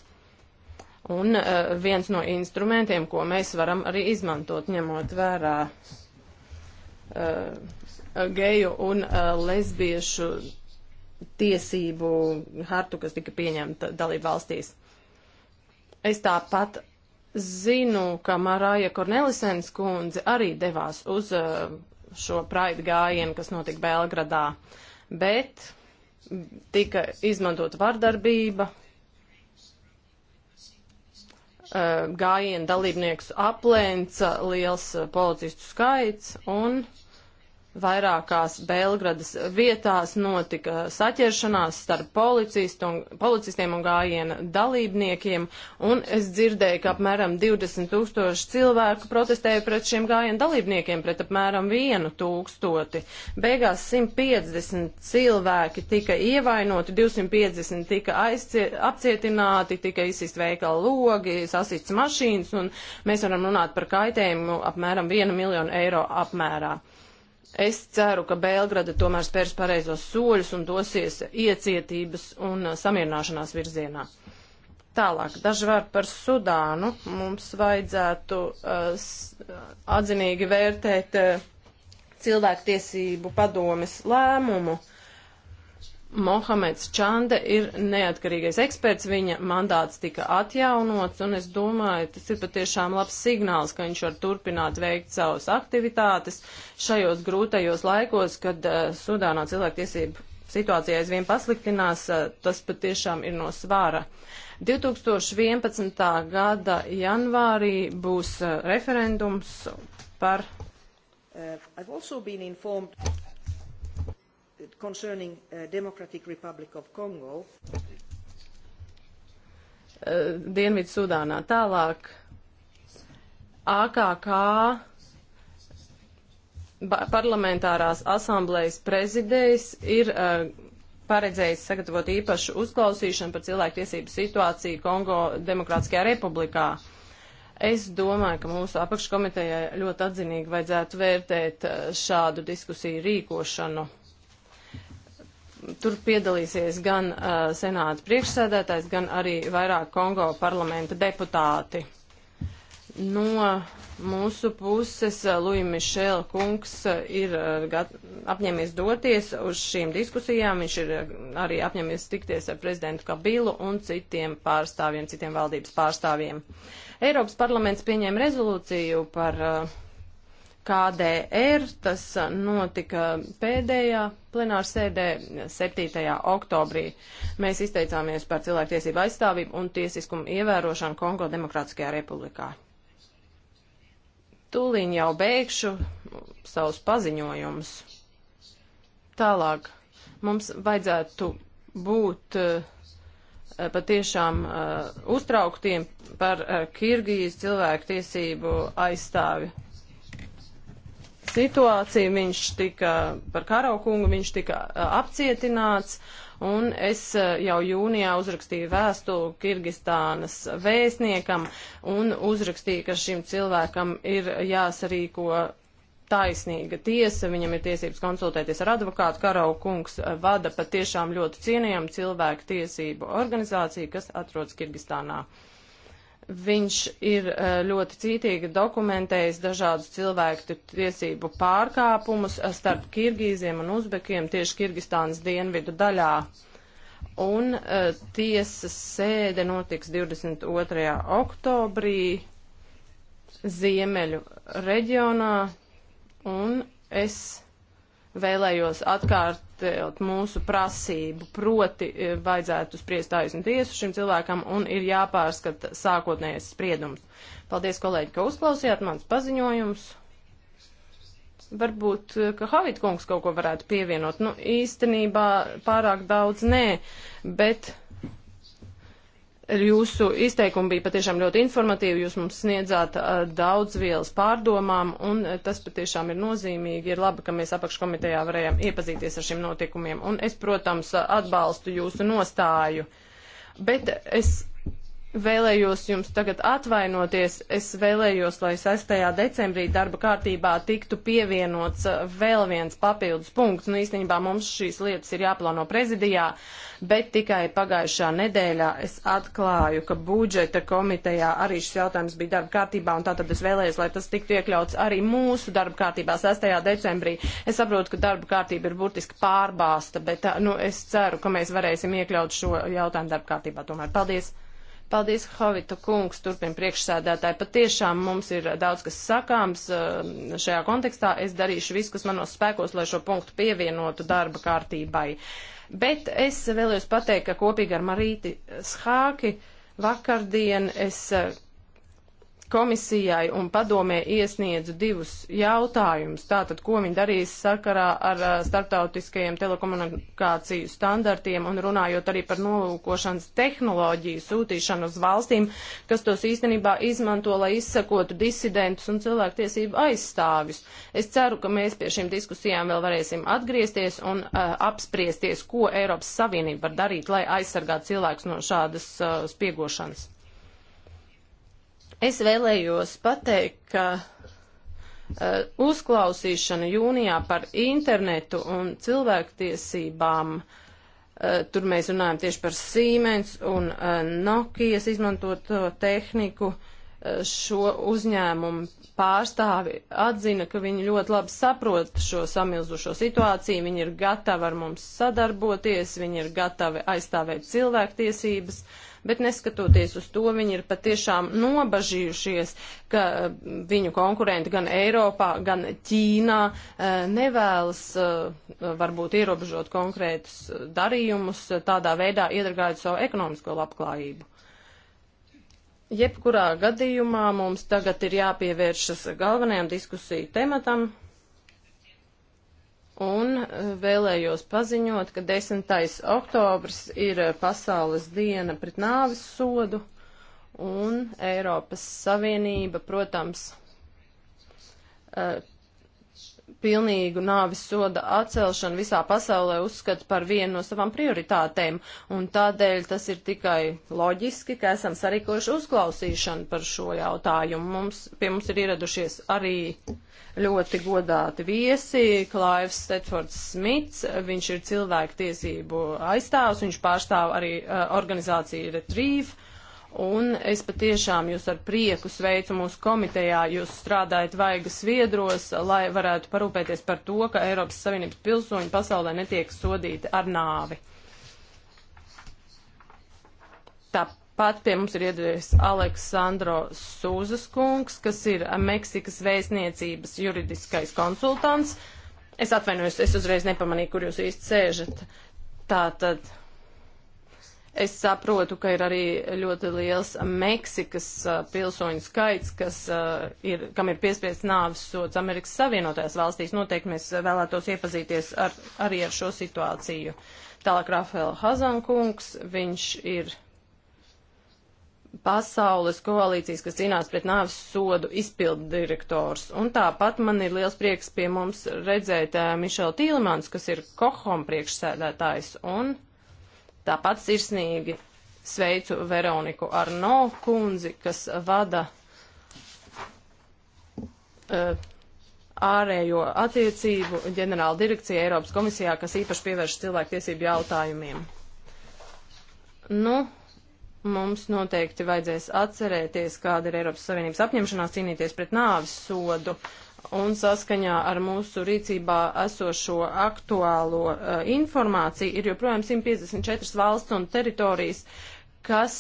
un uh, viens no instrumentiem, ko mēs varam arī izmantot, ņemot vērā uh, geju un uh, lesbiešu tiesību hartu, kas tika pieņemta dalību valstīs. Es tāpat zinu, ka Marāja Kornelisens kundze arī devās uz uh, šo praidu gājienu, kas notika Belgradā, bet tika izmantota vardarbība, Uh, gājienu dalībniekus aplenca liels uh, policistu skaits un Vairākās Belgradas vietās notika saķeršanās starp policistu un, policistiem un gājiena dalībniekiem, un es dzirdēju, ka apmēram 20 tūkstoši cilvēku protestēja pret šiem gājiena dalībniekiem, pret apmēram vienu tūkstoti. Beigās 150 cilvēki tika ievainoti, 250 tika aizciet, apcietināti, tika izsist veikala logi, sasists mašīnas, un mēs varam runāt par kaitējumu apmēram 1 miljonu eiro apmērā. Es ceru, ka Belgrada tomēr spērs pareizos soļus un dosies iecietības un uh, samierināšanās virzienā. Tālāk, daži vārdi par Sudānu. Mums vajadzētu uh, atzinīgi vērtēt uh, cilvēktiesību padomes lēmumu. Uh, Mohameds Čande ir neatkarīgais eksperts, viņa mandāts tika atjaunots, un es domāju, tas ir patiešām labs signāls, ka viņš var turpināt veikt savas aktivitātes šajos grūtajos laikos, kad uh, Sudānā cilvēktiesību situācija aizvien pasliktinās, uh, tas patiešām ir no svāra. 2011. gada janvārī būs uh, referendums par. Uh, concerning uh, Democratic Republic of Congo. Uh, Dienvidu Sudānā tālāk. AKK parlamentārās asamblējas prezidējs ir uh, paredzējis sagatavot īpašu uzklausīšanu par cilvēktiesību situāciju Kongo Demokrātiskajā republikā. Es domāju, ka mūsu apakškomitejai ļoti atzinīgi vajadzētu vērtēt uh, šādu diskusiju rīkošanu. Tur piedalīsies gan uh, senāta priekšsēdētājs, gan arī vairāk Kongo parlamenta deputāti. No mūsu puses uh, Luja Mišēla kungs uh, ir uh, gat, apņēmies doties uz šīm diskusijām. Viņš ir arī apņēmies tikties ar prezidentu Kabilu un citiem pārstāvjiem, citiem valdības pārstāvjiem. Eiropas parlaments pieņēma rezolūciju par uh, KDR. Tas uh, notika pēdējā plenārsēdē 7. oktobrī. Mēs izteicāmies par cilvēktiesību aizstāvību un tiesiskumu ievērošanu Kongo Demokrātiskajā republikā. Tūlīņ jau beigšu savus paziņojumus. Tālāk mums vajadzētu būt uh, patiešām uh, uztrauktiem par uh, Kirgijas cilvēku tiesību aizstāvi situāciju, viņš tika par karaukungu, viņš tika apcietināts, un es jau jūnijā uzrakstīju vēstuli Kirgistānas vēstniekam un uzrakstīju, ka šim cilvēkam ir jāsarīko taisnīga tiesa, viņam ir tiesības konsultēties ar advokātu, Karau kungs vada patiešām ļoti cienījam cilvēku tiesību organizāciju, kas atrodas Kirgistānā. Uh, Viņš ir eh, ļoti cītīgi dokumentējis dažādus cilvēku tiesību pārkāpumus eh, starp Kirgīziem un Uzbekiem tieši Kirgistānas dienvidu daļā. Un uh, tiesas sēde notiks 22. oktobrī Ziemeļu reģionā. Un es vēlējos atkārtot mūsu prasību, proti e, vajadzētu spriest taisnu tiesu šim cilvēkam un ir jāpārskata sākotnējais spriedums. Paldies, kolēģi, ka uzklausījāt mans paziņojums. Varbūt, e, ka Havit kungs kaut ko varētu pievienot. Nu, īstenībā pārāk daudz nē, bet Jūsu izteikumi bija patiešām ļoti informatīvi, jūs mums sniedzāt uh, daudz vielas pārdomām, un uh, tas patiešām ir nozīmīgi. Ir labi, ka mēs apakškomitejā varējām iepazīties ar šiem notikumiem, un es, protams, atbalstu jūsu nostāju. Bet es vēlējos jums tagad atvainoties. Es vēlējos, lai 6. decembrī darba kārtībā tiktu pievienots uh, vēl viens papildus punkts. Nu, īstenībā mums šīs lietas ir jāplāno prezidijā, bet tikai pagājušā nedēļā es atklāju, ka budžeta komitejā arī šis jautājums bija darba kārtībā, un tātad es vēlējos, lai tas tiktu iekļauts arī mūsu darba kārtībā 6. decembrī. Es saprotu, ka darba kārtība ir burtiski pārbāsta, bet uh, nu, es ceru, ka mēs varēsim iekļaut šo jautājumu darba kārtībā tomēr. Paldies! Paldies, Hovita kungs, turpina priekšsēdētāji. Patiešām mums ir daudz kas sakāms eh, šajā kontekstā. Es darīšu visu, kas manos spēkos, lai šo punktu pievienotu darba kārtībai. Bet es vēlējos pateikt, ka kopīgi ar Marīti Schāki vakardien es eh, komisijai un padomē iesniedzu divus jautājumus. Tātad, ko viņi darīs sakarā ar starptautiskajiem telekomunikāciju standartiem un runājot arī par nolūkošanas tehnoloģiju sūtīšanu uz valstīm, kas tos īstenībā izmanto, lai izsakotu disidentus un cilvēktiesību aizstāvis. Es ceru, ka mēs pie šīm diskusijām vēl varēsim atgriezties un uh, apspriesties, ko Eiropas Savienība var darīt, lai aizsargātu cilvēkus no šādas uh, spiegošanas. Es vēlējos pateikt, ka uh, uzklausīšana jūnijā par internetu un cilvēktiesībām, uh, tur mēs runājam tieši par Siemens un uh, e, Nokijas izmantoto tehniku, šo uzņēmumu pārstāvi atzina, ka viņi ļoti labi saprot šo samilzušo situāciju, viņi ir gatavi ar mums sadarboties, viņi ir gatavi aizstāvēt cilvēktiesības. Uh, bet neskatoties uz to, viņi ir patiešām nobažījušies, ka mm, viņu konkurenti gan Eiropā, gan Ķīnā eh, nevēlas eh, varbūt ierobežot konkrētus eh, darījumus, tādā veidā iedragājot savu ekonomisko labklājību. Jebkurā gadījumā mums tagad ir jāpievēršas galvenajam diskusiju tematam Un eh, vēlējos paziņot, ka 10. oktobrs ir eh, pasaules diena pret nāvis sodu, un Eiropas Savienība, protams, eh, pilnīgu nāvis soda atcelšanu visā pasaulē uzskata par vienu no savām prioritātēm, un tādēļ tas ir tikai loģiski, ka esam sarīkojuši uzklausīšanu par šo jautājumu. Mums, pie mums ir ieradušies arī ļoti godāti viesi, Klaivs Stedfords Smits, viņš ir cilvēku tiesību aizstāvs, viņš pārstāv arī uh, organizāciju Retrieve, Un es patiešām jūs ar prieku sveicu mūsu komitejā. Jūs strādājat vaigas viedros, lai varētu parūpēties par to, ka Eiropas Savienības pilsoņi pasaulē netiek sodīti ar nāvi. Tāpat pie mums ir iedodies Aleksandro Sūzas kungs, kas ir Meksikas vēstniecības juridiskais konsultants. Es atvainojos, es uzreiz nepamanīju, kur jūs īsti sēžat. Tātad. Es saprotu, ka ir arī ļoti liels Meksikas pilsoņu skaits, kas ir, kam ir piespiests nāvis sots Amerikas Savienotajās valstīs. Noteikti mēs vēlētos iepazīties ar, arī ar šo situāciju. Tālāk Rafaela Hazankungs, viņš ir pasaules koalīcijas, kas cīnās pret nāvis sodu izpildu direktors. Un tāpat man ir liels prieks pie mums redzēt uh, Mišelu Tīlimans, kas ir Kohom priekšsēdētājs. Un Tāpat sirsnīgi sveicu Veroniku Arno kundzi, kas vada uh, ārējo attiecību ģenerāla direkcija Eiropas komisijā, kas īpaši pievērš cilvēktiesību jautājumiem. Nu, mums noteikti vajadzēs atcerēties, kāda ir Eiropas Savienības apņemšanās cīnīties pret nāvis sodu un saskaņā ar mūsu rīcībā esošo aktuālo uh, informāciju ir joprojām 154 valsts un teritorijas, kas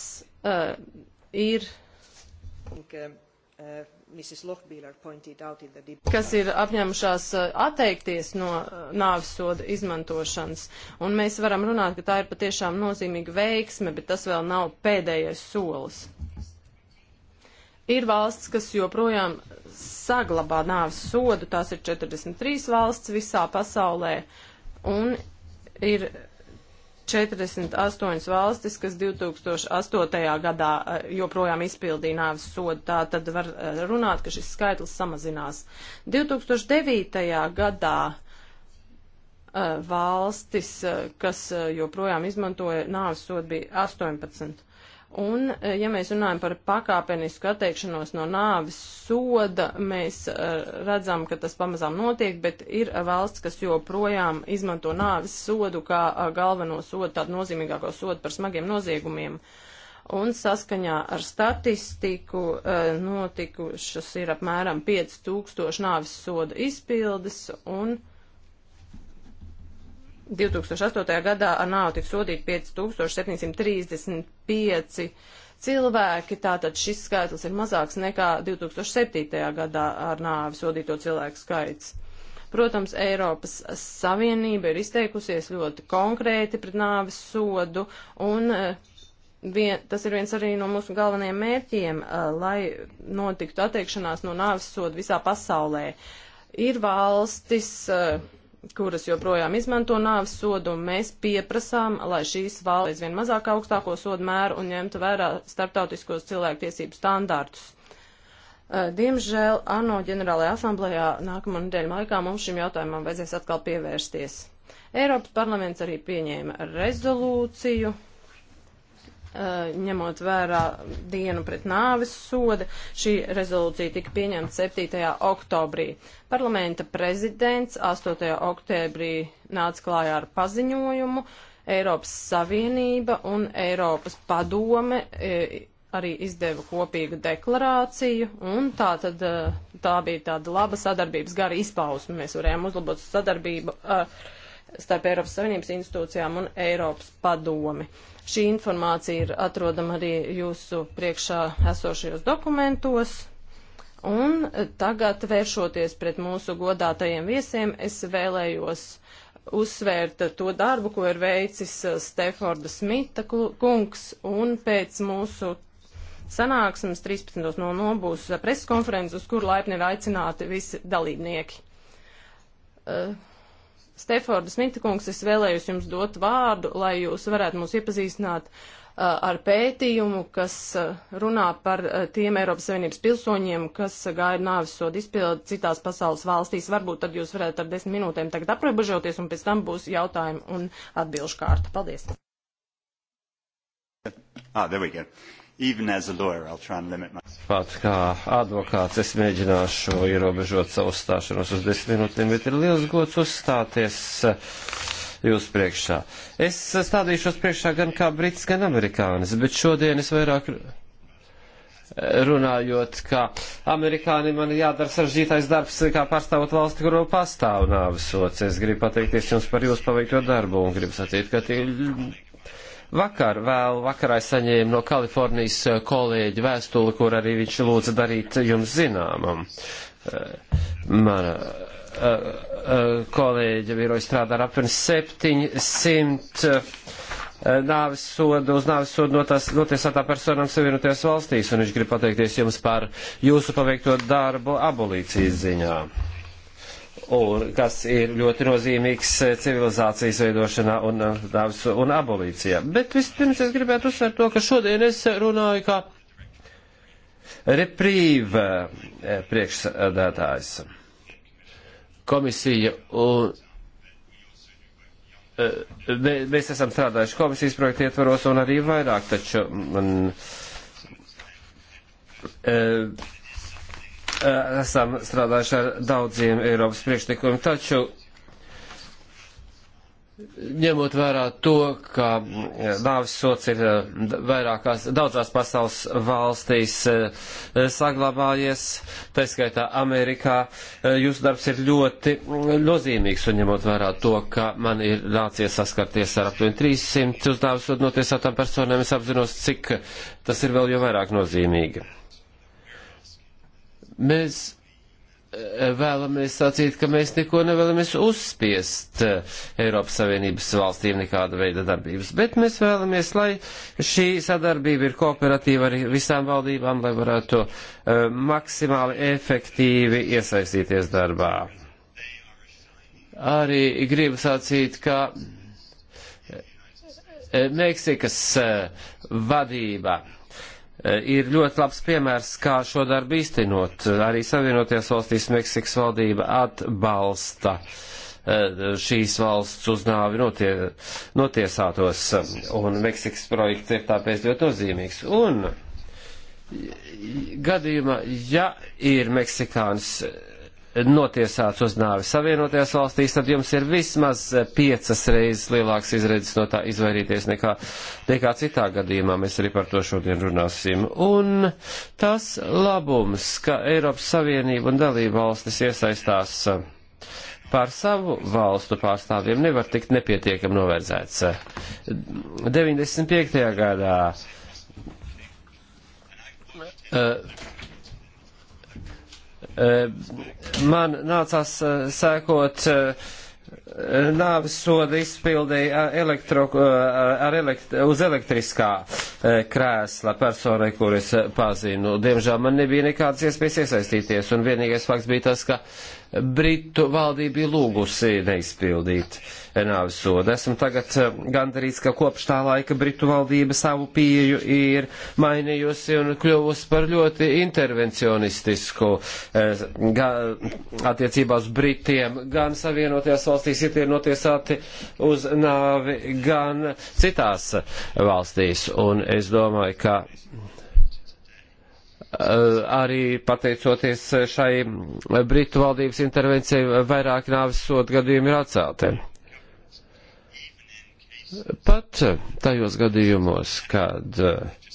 uh, ir. kas ir apņēmušās eh, atteikties no nāves soda izmantošanas. Un mēs varam runāt, ka tā ir patiešām nozīmīga veiksme, bet tas vēl nav pēdējais solis. Ir valsts, kas joprojām saglabā nāves sodu, tās ir 43 valsts visā pasaulē, un ir 48 valstis, kas 2008. gadā eh, joprojām izpildīja nāves sodu. Tā tad var eh, runāt, ka šis skaitlis samazinās. 2009. gadā eh, valstis, kas joprojām izmantoja nāves sodu, bija 18. Un, e, ja mēs runājam par pakāpenisku atteikšanos no nāvis soda, mēs e, redzam, ka tas pamazām notiek, bet ir valsts, kas joprojām izmanto nāvis sodu kā e, galveno sodu, tādu nozīmīgāko sodu par smagiem noziegumiem. Un saskaņā ar statistiku notikušas ir apmēram 5000 nāvis soda izpildes un 2008. gadā ar naudu tika sodīti 5735 cilvēki, tātad šis skaitlis ir mazāks nekā 2007. gadā ar nāvi sodīto cilvēku skaits. Protams, Eiropas Savienība ir izteikusies ļoti konkrēti pret nāvis sodu, un eh, vien, tas ir viens arī no mūsu galvenajiem mērķiem, eh, lai notiktu atteikšanās no nāvis sodu visā pasaulē. Ir valstis, uh, kuras joprojām izmanto nāves sodu, un mēs pieprasām, lai šīs valsts aizvien mazāk augstāko sodu mēru un ņemtu vērā starptautiskos cilvēktiesību standārtus. Eh, diemžēl ANO ģenerālajā asamblējā nākamā nedēļa laikā mums šim jautājumam vajadzēs atkal pievērsties. Eiropas parlaments arī pieņēma rezolūciju Eh, ņemot vērā dienu pret nāves sodu. Šī rezolūcija tika pieņemta 7. oktobrī. Parlamenta prezidents 8. oktobrī nāca klājā ar paziņojumu. Eiropas Savienība un Eiropas padome eh, arī izdeva kopīgu deklarāciju, un tā, tad, eh, tā bija tāda laba sadarbības gara izpausme. Mēs varējām uzlabot sadarbību ar. Uh, starp Eiropas Savienības institūcijām un Eiropas padomi. Šī informācija ir atrodama arī jūsu priekšā esošajos dokumentos. Un tagad, vēršoties pret mūsu godātajiem viesiem, es vēlējos uzsvērt to darbu, ko ir veicis Steforda Smita kungs, un pēc mūsu sanāksmes 13.00 būs preskonferences, uz kur laipni ir aicināti visi dalībnieki. Uh, Steforda Smita kungs, es vēlējos jums dot vārdu, lai jūs varētu mūs iepazīstināt uh, ar pētījumu, kas uh, runā par uh, tiem Eiropas Savienības pilsoņiem, kas uh, gaida nāvis sodu izpildi citās pasaules valstīs. Varbūt tad jūs varētu ar desmit minūtēm tagad aprobežoties, un pēc tam būs jautājumu un atbilžu kārta. Paldies! Ah, there we go even as a lawyer, I'll try and limit myself. Pat kā advokāts es mēģināšu ierobežot savu stāšanos uz desmit minūtēm, bet ir liels gods uzstāties eh, jūs priekšā. Es stādīšos priekšā gan kā brits, gan amerikānis, bet šodien es vairāk runājot, ka amerikāni man jādara saržģītais darbs, kā pārstāvot valsti, kuru pastāv nāvisots. Es gribu pateikties jums par jūsu paveikto darbu un gribu sacīt, ka tie Vakar vēl vakarā saņēmu no Kalifornijas eh, kolēģi vēstuli, kur arī viņš lūdza darīt jums zināmam. Eh, mana eh, kolēģa viroja strādā ar apmēram 700 nāves sodu, uz nāves sodu no tās notiesātā personām savienotajās valstīs, un viņš grib pateikties jums par jūsu paveikto darbu abolīcijas ziņā un kas ir ļoti nozīmīgs eh, civilizācijas veidošanā un, eh, un abolīcijā. Bet vispirms es gribētu uzsvērt to, ka šodien es runāju kā reprīva eh, priekšsēdētājs. Komisija un mēs esam strādājuši komisijas projektu ietvaros un arī vairāk, taču man, mm, Eh, esam strādājuši ar daudziem Eiropas priekšlikumiem, taču ņemot vērā to, ka eh, nāvis sots ir eh, vairākās, daudzās pasaules valstīs saglabājies, tā skaitā Amerikā, jūsu darbs ir ļoti nozīmīgs un ņemot vērā to, ka man ir nācies saskarties ar aptuveni 300 uz nāvis sot notiesātām personēm, es apzinos, cik tas ir vēl jo vairāk nozīmīgi. Mēs eh, vēlamies sacīt, ka mēs neko nevēlamies uzspiest eh, Eiropas Savienības valstīm nekāda veida darbības, bet mēs vēlamies, lai šī sadarbība ir kooperatīva ar visām valdībām, lai varētu uh, maksimāli efektīvi iesaistīties darbā. Arī gribu sacīt, ka Meksikas vadība Eh, ir ļoti labs piemērs, kā šo darbu īstenot. Arī Savienoties valstīs Meksikas valdība atbalsta eh, šīs valsts uz nāvi notie, notiesātos, un Meksikas projekts ir tāpēc ļoti nozīmīgs. Un gadījumā, ja ir Meksikāns notiesāts uz nāvi savienotajās valstīs, tad jums ir vismaz piecas reizes lielāks izredzes no tā izvairīties nekā, nekā citā gadījumā. Mēs arī par to šodien runāsim. Un tas labums, ka Eiropas Savienība un dalība valstis iesaistās pār savu valstu pārstāvjiem, nevar tikt nepietiekam novērdzēts. 95. gadā. Uh, Eh, man nācās eh, sēkot eh, nāves soda izpildīja elektro, ar elekt, uz elektriskā krēsla personai, kuras pazinu. Diemžēl man nebija nekādas iespējas iesaistīties, un vienīgais fakts bija tas, ka Britu valdība bija lūgusi neizpildīt nāvis sodu. Esmu tagad eh, gandarīts, ka kopš tā laika Britu valdība savu pieju ir mainījusi un kļuvusi par ļoti intervencionistisku eh, gan, attiecībā uz Britiem, gan Savienotajās valstīs, ja tie ir notiesāti uz nāvi, gan citās valstīs. Un es domāju, ka Eh, arī pateicoties šai Britu valdības intervencijai, vairāk nāves sodu gadījumi ir atcelti. Pat tajos gadījumos, kad eh,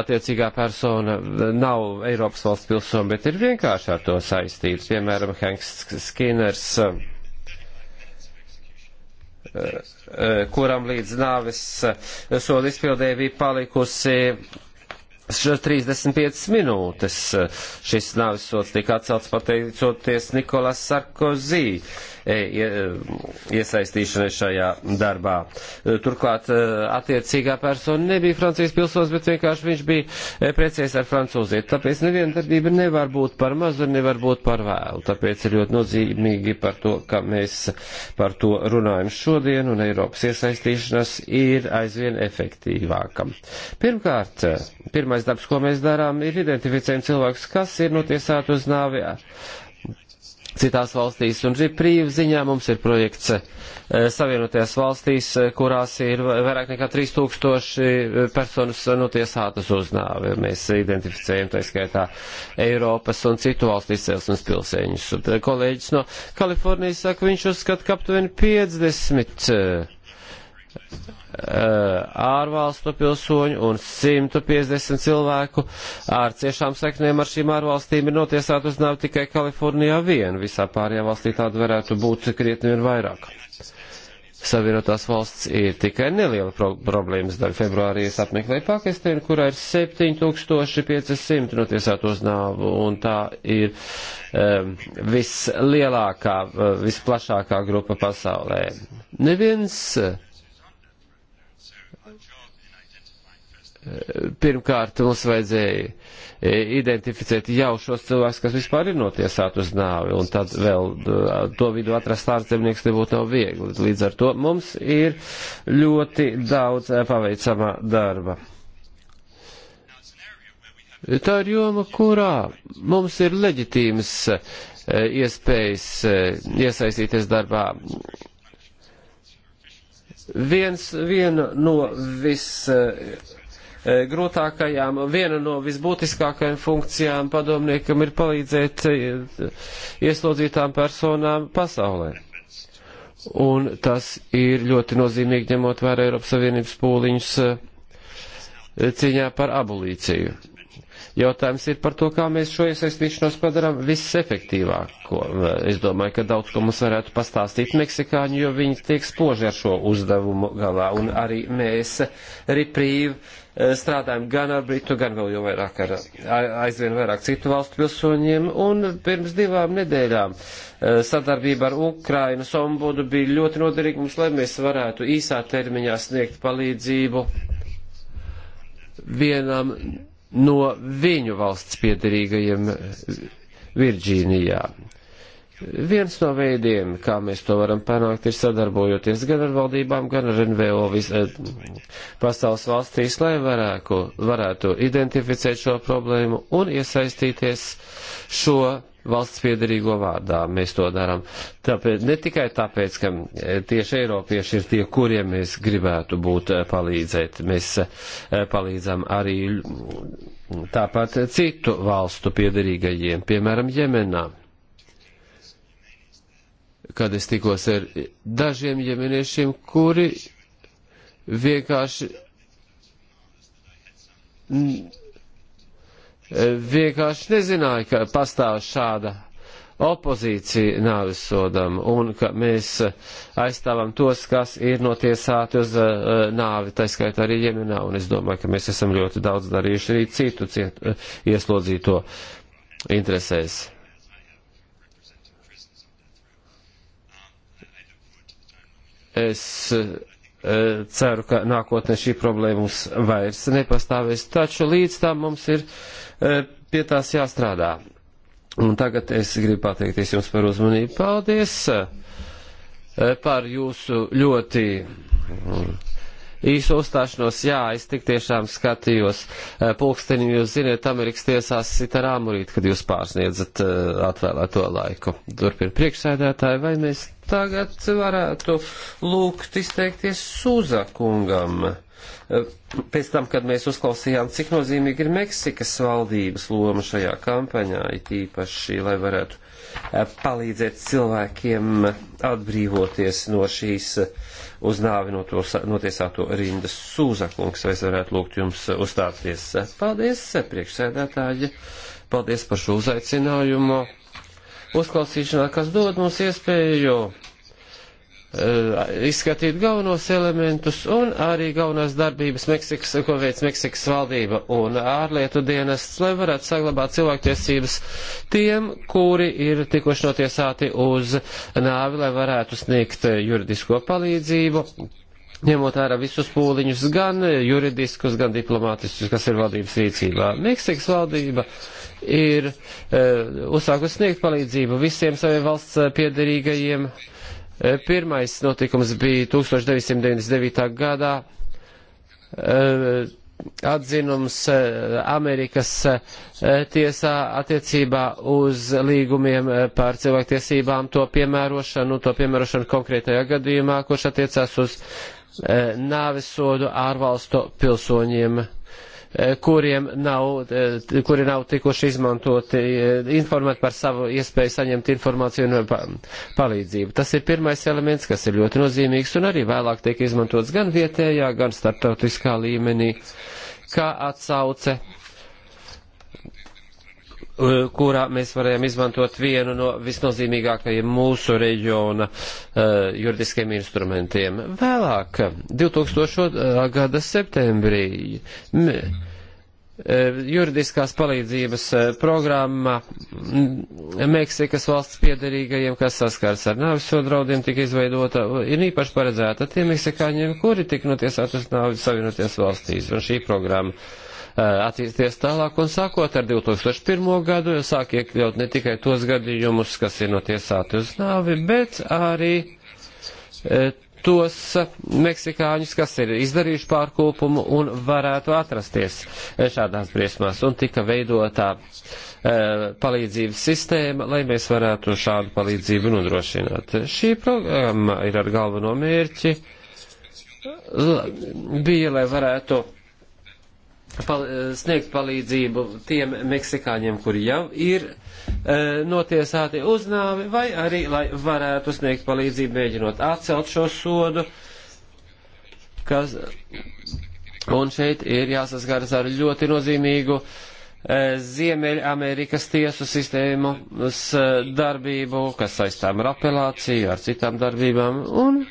attiecīgā persona nav Eiropas valsts pilsona, bet ir vienkārši ar to saistīts, piemēram, Henks Skinners eh, kuram līdz nāves sodu izpildē bija palikusi 35 minūtes šis nāvisots tika atcelts pateicoties Nikolas Sarkozī. Uh, E, iesaistīšanai šajā darbā. E, turklāt e, attiecīgā persona nebija Francijas pilsonis, bet vienkārši viņš bija precējies ar francūzieti. Tāpēc neviena darbība nevar būt par mazu, nevar būt par vēlu. Tāpēc ir ļoti nozīmīgi par to, ka mēs par to runājam šodien, un Eiropas iesaistīšanās ir aizvien efektīvākam. Pirmkārt, pirmais darbs, ko mēs darām, ir identificējam cilvēkus, kas ir notiesāti uz nāvi citās valstīs. Un brīvi ziņā mums ir projekts eh, Savienotajās valstīs, eh, kurās ir vairāk nekā 3000 eh, personas notiesātas uz nāvi. Mēs identificējam tā skaitā Eiropas un citu valstu izcelsmes pilsēņus. Kolēģis no Kalifornijas saka, viņš uzskata, ka aptuveni 50 Uh, ārvalstu pilsoņu un 150 cilvēku ar ciešām seknēm ar šīm ārvalstīm ir notiesāti uz nāvi tikai Kalifornijā vien. Visā pārējā valstī tāda varētu būt krietni vien vairāk. Savienotās valsts ir tikai neliela pro problēmas daļa. Februārī es apmeklēju Pakistānu, kurā ir 7500 notiesāto uz nāvu, un tā ir um, vislielākā, uh, visplašākā grupa pasaulē. Neviens uh, pirmkārt mums vajadzēja e, identificēt jau šos cilvēkus, kas vispār ir notiesāti uz nāvi, un tad vēl e, to vidu atrast ārzemnieks nebūtu nav viegli. Līdz ar to mums ir ļoti daudz e, paveicamā darba. Tā ir joma, kurā mums ir leģitīmas iespējas iesaistīties darbā viens, viena no vis E, grūtākajām, viena no visbūtiskākajām funkcijām padomniekam ir palīdzēt e, ieslodzītām personām pasaulē. Un tas ir ļoti nozīmīgi ņemot vērā Eiropas Savienības pūliņus e, cīņā par abolīciju. Jautājums ir par to, kā mēs šo iesaistīšanos padarām visefektīvāko. Es domāju, ka daudz ko mums varētu pastāstīt meksikāņi, jo viņi tiek spoži ar šo uzdevumu galā. Un arī mēs, Riprīv, Eh, strādājam gan ar Britu, gan vēl jau vairāk ar aizvien vairāk citu valstu pilsoņiem. Un pirms divām nedēļām eh, sadarbība ar Ukrainas ombudu bija ļoti noderīga mums, lai mēs varētu īsā termiņā sniegt palīdzību vienam no viņu valsts piedarīgajiem Virģīnijā. Viens no veidiem, kā mēs to varam panākt, ir sadarbojoties gan ar valdībām, gan ar NVO vis, eh, pasaules valstīs, lai varētu, varētu identificēt šo problēmu un iesaistīties šo valsts piedarīgo vārdā. Mēs to darām. Tāpēc, ne tikai tāpēc, ka eh, tieši eiropieši ir tie, kuriem mēs gribētu būt eh, palīdzēt. Mēs palīdzam arī mm, tāpat citu valstu piedarīgajiem, piemēram, Jemenā kad es tikos ar dažiem ģimeniešiem, kuri vienkārši vienkārši nezināja, ka pastāv šāda opozīcija nāvis sodam un ka mēs aizstāvam tos, kas ir notiesāti uz uh, nāvi, tā skaitā arī Jemenā, un es domāju, ka mēs esam ļoti daudz darījuši arī citu ciet, uh, ieslodzīto interesēs. Es e, ceru, ka nākotnē šī problēma mums vairs nepastāvēs, taču līdz tam mums ir e, pie tās jāstrādā. Un tagad es gribu pateikties jums par uzmanību. Paldies e, par jūsu ļoti mm, īsu uzstāšanos. Jā, es tik tiešām skatījos pulksteni, jūs ziniet, Amerikas tiesās sit ar āmurīt, kad jūs pārsniedzat atvēlēto laiku. Turpin priekšsēdētāji, vai mēs tagad varētu lūgt izteikties Sūza kungam. Pēc tam, kad mēs uzklausījām, cik nozīmīgi ir Meksikas valdības loma šajā kampaņā, it īpaši, lai varētu eh, palīdzēt cilvēkiem atbrīvoties no šīs uz nāvi no notiesāto rindas sūzakungs, vai es varētu lūgt jums uzstāties. Paldies, priekšsēdētāji, paldies par šo uzaicinājumu uzklausīšanā, kas dod mums iespēju eh, izskatīt galvenos elementus un arī galvenās darbības, Meksikas, ko veic Meksikas valdība un ārlietu dienests, lai varētu saglabāt cilvēktiesības tiem, kuri ir tikuši notiesāti uz nāvi, lai varētu sniegt juridisko palīdzību, ņemot vērā visus pūliņus, gan juridiskus, gan diplomātiskus, kas ir valdības rīcībā. Meksikas valdība ir uh, uzsākusi sniegt palīdzību visiem saviem valsts e, piederīgajiem. E, pirmais notikums bija 1999. gadā uh, atzinums Amerikas tiesā attiecībā uz līgumiem par cilvēktiesībām, to piemērošanu, to piemērošanu konkrētajā gadījumā, kurš attiecās uz nāves sodu ārvalstu pilsoņiem. Eh, kuriem nav, eh, kuri nav tikuši izmantoti, eh, informēt par savu iespēju saņemt informāciju un palīdzību. Tas ir pirmais elements, kas ir ļoti nozīmīgs un arī vēlāk tiek izmantots gan vietējā, gan starptautiskā līmenī, kā atsauce Eh, kurā mēs varējām izmantot vienu no visnozīmīgākajiem mūsu reģiona uh, juridiskiem instrumentiem. Vēlāk, 2000. Eh, gada septembrī, m, uh, juridiskās palīdzības programma Meksikas valsts piedarīgajiem, kas saskars ar nāvis sodraudiem, tika izveidota, ir īpaši paredzēta tiem meksikāņiem, kuri tik notiesāt uz nāvis savienoties valstīs. Un šī programma Eh, attīstīties tālāk un sākot ar 2001. gadu sāk iekļaut ne tikai tos gadījumus, kas ir notiesāti uz nāvi, bet arī eh, tos meksikāņus, kas ir izdarījuši pārkūpumu un varētu atrasties eh, šādās briesmās. Un tika veidotā palīdzības sistēma, lai mēs varētu šādu palīdzību nodrošināt. Šī programma ir ar galveno mērķi bija, lai varētu pal sniegt palīdzību tiem meksikāņiem, kuri jau ir e, notiesāti uz nāvi, vai arī, lai varētu sniegt palīdzību, mēģinot atcelt šo sodu, kas, un šeit ir jāsaskaras ar ļoti nozīmīgu e, Ziemeļamerikas tiesu sistēmas e, darbību, kas saistām ar apelāciju, ar citām darbībām, un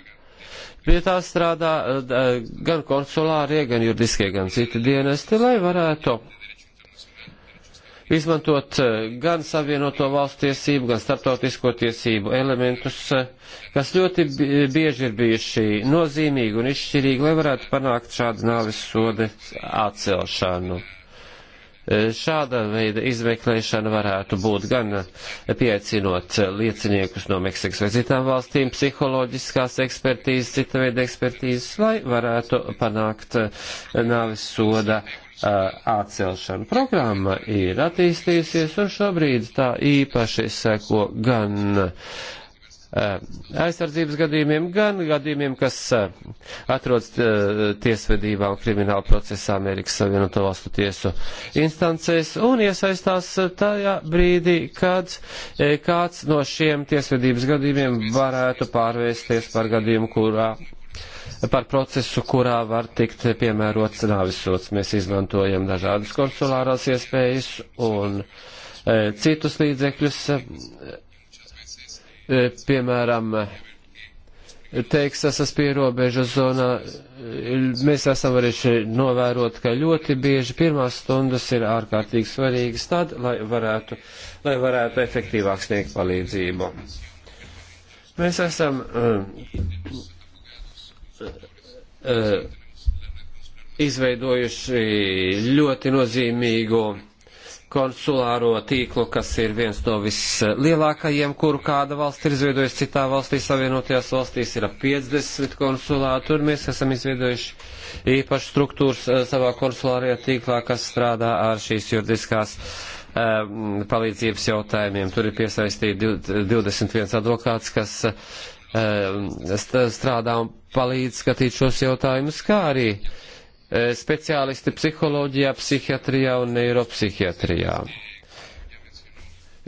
Pie tā strādā eh, eh, gan konsulārie, gan juridiskie, gan citi dienesti, lai varētu izmantot eh, gan savienoto valstu tiesību, gan starptautisko tiesību elementus, kas ļoti bieži ir bijuši nozīmīgi un izšķirīgi, lai varētu panākt šādu nāvis soda atcelšanu. Šāda veida izmeklēšana varētu būt gan pieaicinot lieciniekus no Meksikas vai citām valstīm, psiholoģiskās ekspertīzes, cita veida ekspertīzes, lai varētu panākt nāvis soda atcelšanu. Programma ir attīstījusies un šobrīd tā īpaši seko gan Eh, aizsardzības gadījumiem, gan gadījumiem, kas eh, atrodas eh, tiesvedībā un krimināla procesā Amerikas Savienoto Valstu tiesu instancēs un iesaistās tajā brīdī, kad kāds no šiem tiesvedības gadījumiem varētu pārvērsties par gadījumu, kurā par procesu, kurā var tikt piemērots nāvisots. Mēs izmantojam dažādas konsulārās iespējas un e, citus līdzekļus. E, E, piemēram, Teksasas pierobežas zonā e, mēs esam varējuši novērot, ka ļoti bieži pirmās stundas ir ārkārtīgi svarīgas tad, lai varētu, lai varētu efektīvāk sniegt palīdzību. Mēs esam uh, uh, izveidojuši ļoti nozīmīgu uh, konsulāro tīklu, kas ir viens no vislielākajiem, kuru kāda valsts ir izveidojusi citā valstī, savienotajās valstīs ir ap 50 konsulātu, un mēs esam izveidojuši īpašu struktūru eh, savā konsulārajā tīklā, kas strādā ar šīs juridiskās um, palīdzības jautājumiem. Tur ir piesaistīti 21 advokāts, kas um, strādā un palīdz skatīt šos jautājumus, kā arī uh, E, speciālisti psiholoģijā, psihiatrijā un neiropsihiatrijā.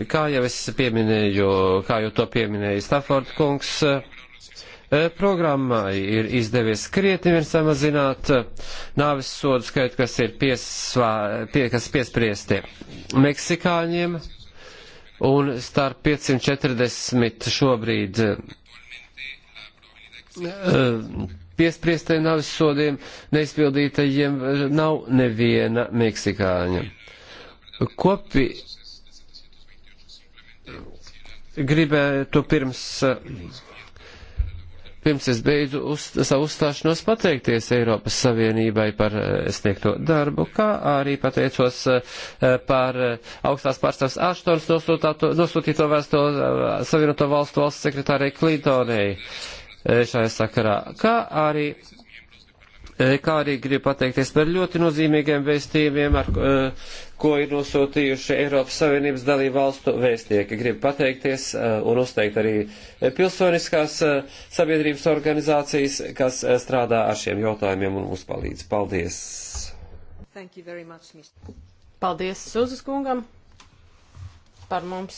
Kā jau es pieminēju, kā jau to pieminēja Stafford kungs, e, programmai ir izdevies krietni vien samazināt nāvis sodu skaitu, kas ir piesvā, pie, kas piespriesti meksikāņiem, un starp 540 šobrīd uh, piespriestai navas sodiem neizpildītajiem nav neviena meksikāņa. Kopi gribētu pirms, pirms es beidzu uz, savu uzstāšanos pateikties Eiropas Savienībai par eh, sniegto darbu, kā arī pateicos eh, par eh, augstās pārstāvs Aštons nosūtīto vēstuli Savienoto valstu valsts sekretārei Klintonei E, šajā sakarā, kā arī, e, kā arī gribu pateikties par ļoti nozīmīgiem vēstījumiem, ar e, ko ir nosūtījuši Eiropas Savienības dalību valstu vēstnieki. Gribu pateikties un uzteikt arī pilsoniskās sabiedrības organizācijas, kas strādā ar šiem jautājumiem un mums palīdz. Paldies! Much, Mr. Paldies Suzas kungam par mums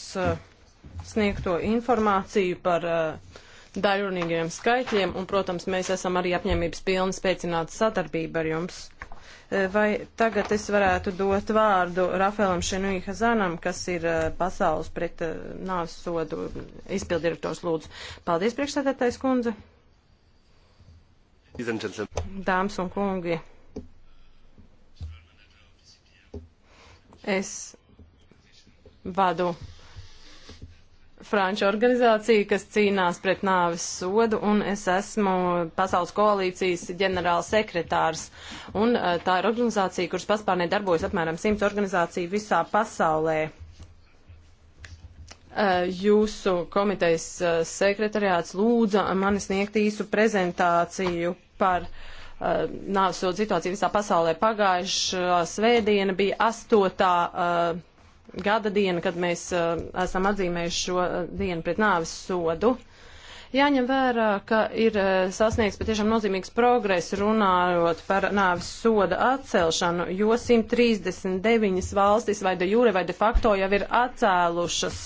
sniegto informāciju par uh, daļrunīgiem skaitļiem, un, protams, mēs esam arī apņēmības pilni spēcināt sadarbību ar jums. E, vai tagad es varētu dot vārdu Rafaelam Šenui Hazanam, kas ir e, pasaules pret e, nāves sodu izpildirektors lūdzu. Paldies, priekšsēdētājs kundze. Dāmas un kungi. Es vadu franču organizācija, kas cīnās pret nāves sodu, un es esmu Pasaules koalīcijas ģenerāls sekretārs. Un eh, tā ir organizācija, kuras paspārnē darbojas apmēram simts organizāciju visā pasaulē. Eh, jūsu komitejas eh, sekretariāts lūdza mani sniegt īsu prezentāciju par nāves sodu situāciju visā pasaulē. Pagājušā svētdiena bija astotā. Uh, gada diena, kad mēs uh, esam atzīmējuši šo uh, dienu pret nāvis sodu. Jāņem vērā, ka ir uh, sasniegts patiešām nozīmīgs progress runājot par nāvis soda atcelšanu, jo 139 valstis vai de jure vai de facto jau ir atcēlušas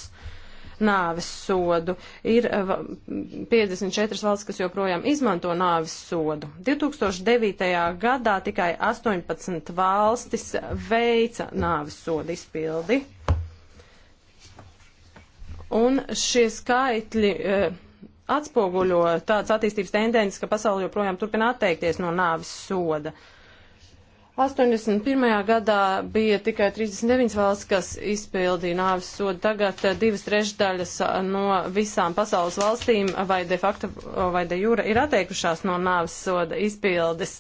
nāvis sodu. Ir 54 uh, valsts, kas joprojām izmanto nāvis sodu. 2009. gadā tikai 18 valstis veica nāvis sodu izpildi. Un šie skaitļi. Uh, atspoguļo tādas attīstības tendences, ka pasauli joprojām turpina atteikties no nāvis soda. 81. gadā bija tikai 39 valsts, kas izpildīja nāvis sodu. Tagad eh, divas trešdaļas eh, no visām pasaules valstīm vai de facto vai de jura ir atteikušās no nāvis soda izpildes.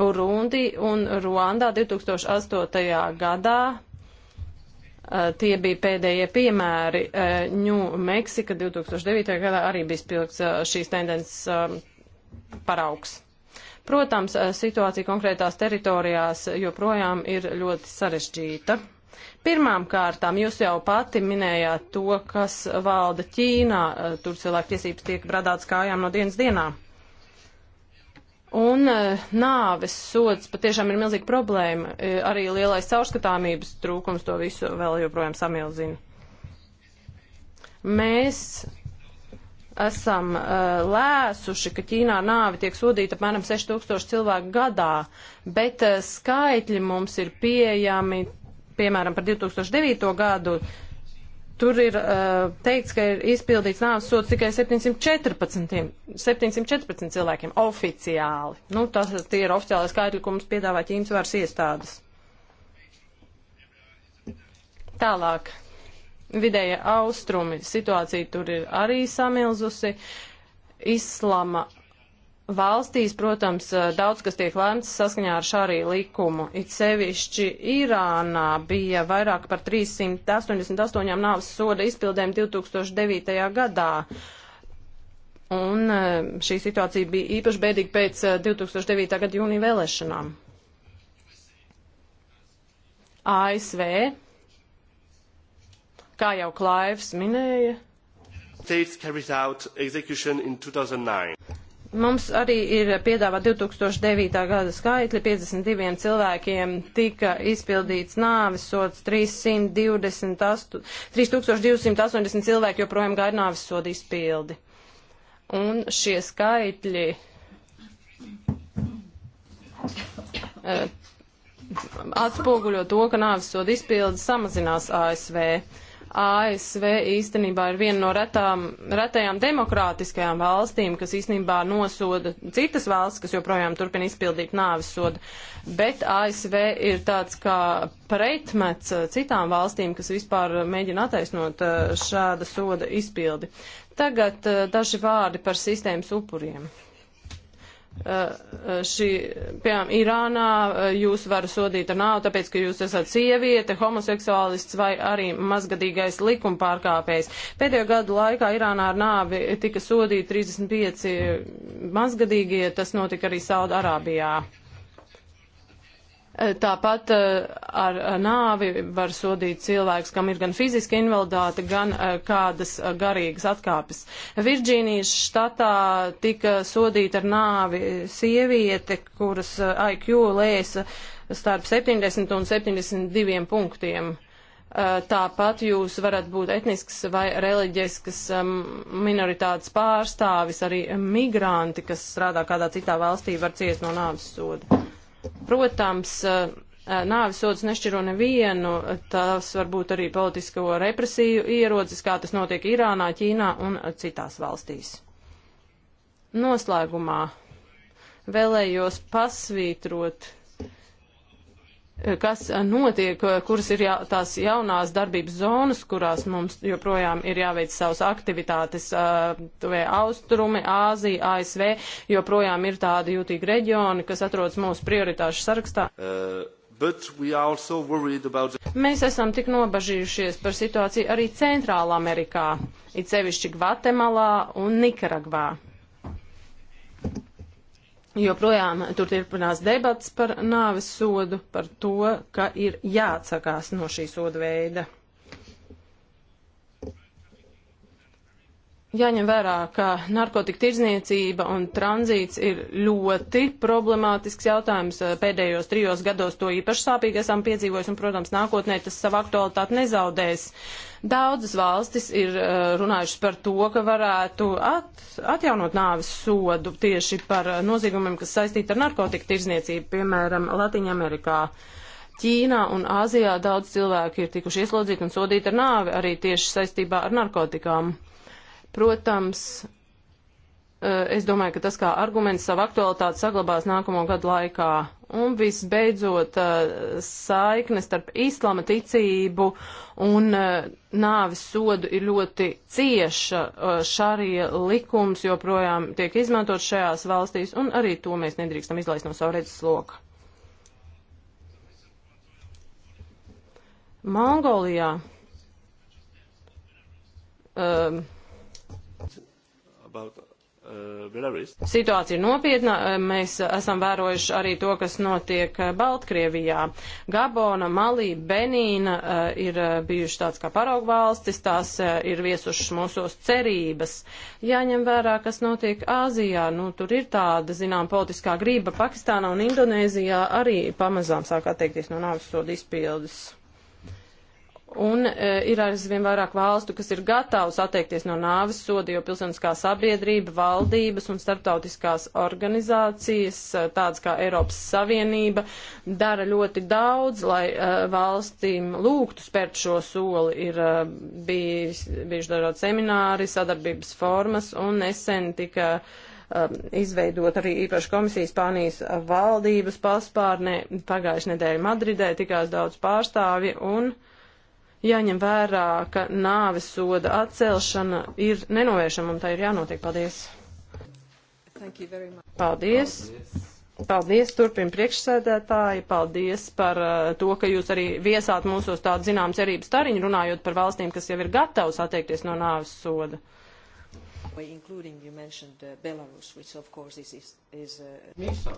Burundi un Ruandā 2008. gadā Uh, tie bija pēdējie piemēri. Ņū Meksika 2009. gadā arī bija spilgts uh, šīs tendences um, paraugs. Protams, uh, situācija konkrētās teritorijās joprojām ir ļoti sarežģīta. Pirmām kārtām jūs jau pati minējāt to, kas valda Ķīnā, tur cilvēku tiesības tiek bradāts kājām no dienas dienā. Un e, nāves sods patiešām ir milzīga problēma. E, arī lielais caurskatāmības trūkums to visu vēl joprojām samilzina. Mēs esam uh, lēsuši, ka Ķīnā nāvi tiek sodīta apmēram 6000 cilvēku gadā, bet uh, skaitļi mums ir pieejami, piemēram, par 2009. gadu tur ir uh, teikts, ka ir izpildīts nāves sods tikai 714, 714 cilvēkiem oficiāli. Nu, tas tie ir oficiālai skaitļi, ko mums piedāvā ķīnas varas iestādes. Tālāk. Vidēja austrumi situācija tur ir arī samilzusi. Islama valstīs, protams, eh, daudz kas tiek lēmts saskaņā ar šārī likumu. It sevišķi Irānā bija vairāk par 388 nāves soda izpildēm 2009. gadā. Un eh, šī situācija bija īpaši bēdīga pēc 2009. Eh, gada jūnija vēlēšanām. ASV, kā jau Klaivs minēja, States carries out execution in 2009. Mums arī ir piedāvā 2009. gada skaitļi, 52 cilvēkiem tika izpildīts nāves sods, 328, 3280 cilvēki joprojām gaida nāves sodu izpildi. Un šie skaitļi eh, atspoguļo to, ka nāves sodu izpildi samazinās ASV. ASV īstenībā ir viena no retām, retajām demokrātiskajām valstīm, kas īstenībā nosoda citas valsts, kas joprojām turpina izpildīt nāves sodu. Bet ASV ir tāds kā pretmets uh, citām valstīm, kas vispār uh, mēģina attaisnot uh, šāda soda izpildi. Tagad daži vārdi par sistēmas upuriem. Eh, eh, šī, piemēram, Irānā eh, jūs var sodīt ar naudu, tāpēc, ka jūs esat sieviete, homoseksuālists vai arī mazgadīgais likuma pārkāpējs. Pēdējo gadu laikā Irānā ar nāvi tika sodīti 35 mazgadīgie, tas notika arī Sauda Arābijā. Eh, tāpat eh, ar nāvi var sodīt cilvēks, kam ir gan fiziska invaliditāte, gan eh, kādas garīgas atkāpes. Virģīnijas štatā tika sodīta ar nāvi sieviete, kuras IQ lēsa starp 70 un 72 punktiem. Tāpat jūs varat būt etnisks vai reliģiskas minoritātes pārstāvis, arī migranti, kas strādā kādā citā valstī, var ciest no nāves soda. Protams, eh, eh, nāvis sods nešķiro nevienu, tas varbūt arī politisko represiju ierocis, kā tas notiek Irānā, Ķīnā un citās valstīs. Noslēgumā vēlējos pasvītrot kas notiek, kuras ir jā, tās jaunās darbības zonas, kurās mums joprojām ir jāveic savas aktivitātes, tuvē austrumi, Āzija, ASV, joprojām ir tādi jūtīgi reģioni, kas atrodas mūsu prioritāšu sarakstā. Uh. About... Mēs esam tik nobažījušies par situāciju arī Centrālā Amerikā, it sevišķi Gvatemalā un Nikaragvā joprojām tur turpinās debats par nāves sodu, par to, ka ir jāatsakās no šī soda veida. Jāņem vērā, ka narkotika tirdzniecība un tranzīts ir ļoti problemātisks jautājums. Pēdējos trijos gados to īpaši sāpīgi esam piedzīvojuši, un, protams, nākotnē tas savu aktualitāti nezaudēs. Uh, Daudzas valstis ir eh, runājušas par to, ka varētu at, atjaunot nāvis sodu tieši par eh, noziegumiem, kas saistīti ar narkotiku tirzniecību, piemēram, Latvijā, Amerikā. Ķīnā un Āzijā daudz cilvēku ir tikuši ieslodzīti un sodīti ar nāvi arī tieši saistībā ar narkotikām. Protams, Eh, es domāju, ka tas kā arguments savu aktualitāti saglabās nākamo gadu laikā. Un visbeidzot, eh, saiknes starp islama ticību un eh, nāvis sodu ir ļoti cieša. Šarija likums joprojām tiek izmantot šajās valstīs, un arī to mēs nedrīkstam izlaist no savu redzes loka. Mongolijā. Um, about Uh, Belarus. Situācija ir nopietna. Uh, mēs esam vērojuši arī to, kas notiek uh, Baltkrievijā. Gabona, Malī, Benīna ir bijuši tāds kā paraugvalstis, tās ir viesušas mūsos cerības. Jāņem vērā, kas notiek Āzijā. Nu, tur ir tāda, zinām, politiskā grība Pakistānā un Indonēzijā arī pamazām sāk atteikties no nāves sodu izpildes. Un e, ir aizvien vairāk valstu, kas ir gatavs atteikties no nāves soda, jo pilsoniskā sabiedrība, valdības un starptautiskās organizācijas, e, tādas kā Eiropas Savienība, dara ļoti daudz, lai e, valstīm lūgtu spērt šo soli. Ir e, bijis, bijuši dažādi semināri, sadarbības formas un nesen tika e, izveidot arī īpašu komisiju Spānijas valdības paspārnē. Pagājušajā nedēļā Madridē tikās daudz pārstāvi un uh, jāņem vērā, ka nāves soda atcelšana ir nenovēršama un tā ir jānotiek. Paldies! Paldies! Paldies, turpina priekšsēdētāji, paldies par uh, to, ka jūs arī viesāt mūsos tādu zinām cerības tariņu, runājot par valstīm, kas jau ir gatavas atteikties no nāves soda. Including, you mentioned uh, Belarus, which of course is, is, is uh...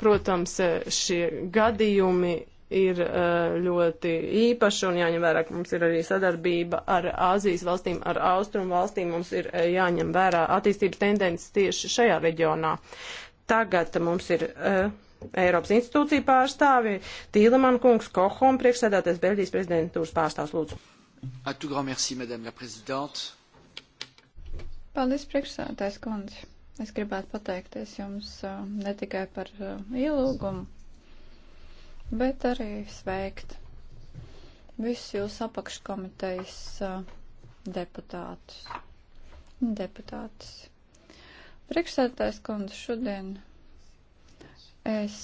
Protams, uh, šie gadījumi ir uh, ļoti īpaša un jāņem vērā, ka mums ir arī sadarbība ar Āzijas valstīm, ar Austrumu valstīm. Mums ir uh, jāņem vērā attīstības tendences tieši šajā reģionā. Tagad mums ir uh, Eiropas institūcija pārstāvi Tīleman kungs, Kohom priekšsēdātais Beļģijas prezidentūras pārstāvs lūdzu. A tout grand merci, madame la présidente. Paldies, priekšsēdātais kundze. Es gribētu pateikties jums uh, ne tikai par uh, ielūgumu, bet arī sveikt visus jūs apakškomitejas deputātus. Deputātus. Priekšsētājs kundze šodien es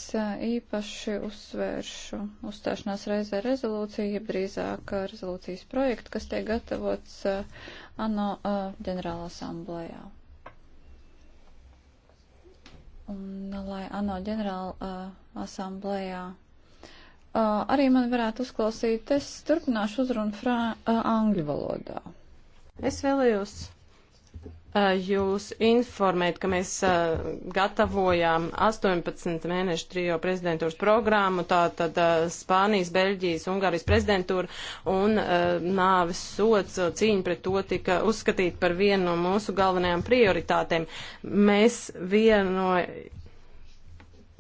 īpaši uzsvēršu uzstāšanās reizē rezolūciju, jeb drīzāk rezolūcijas projektu, kas tiek gatavots ANO ģenerālā asamblējā. Un, lai ANO ģenerāla asamblējā Uh, arī man varētu uzklausīt, es turpināšu uzrunu frā, uh, angļu valodā. Es vēlējos uh, jūs informēt, ka mēs uh, gatavojām 18 mēnešu trijo prezidentūras programmu, tātad uh, Spānijas, Beļģijas, Ungārijas prezidentūra un uh, nāves sots uh, cīņa pret to tika uzskatīt par vienu no mūsu galvenajām prioritātēm. Mēs vieno. No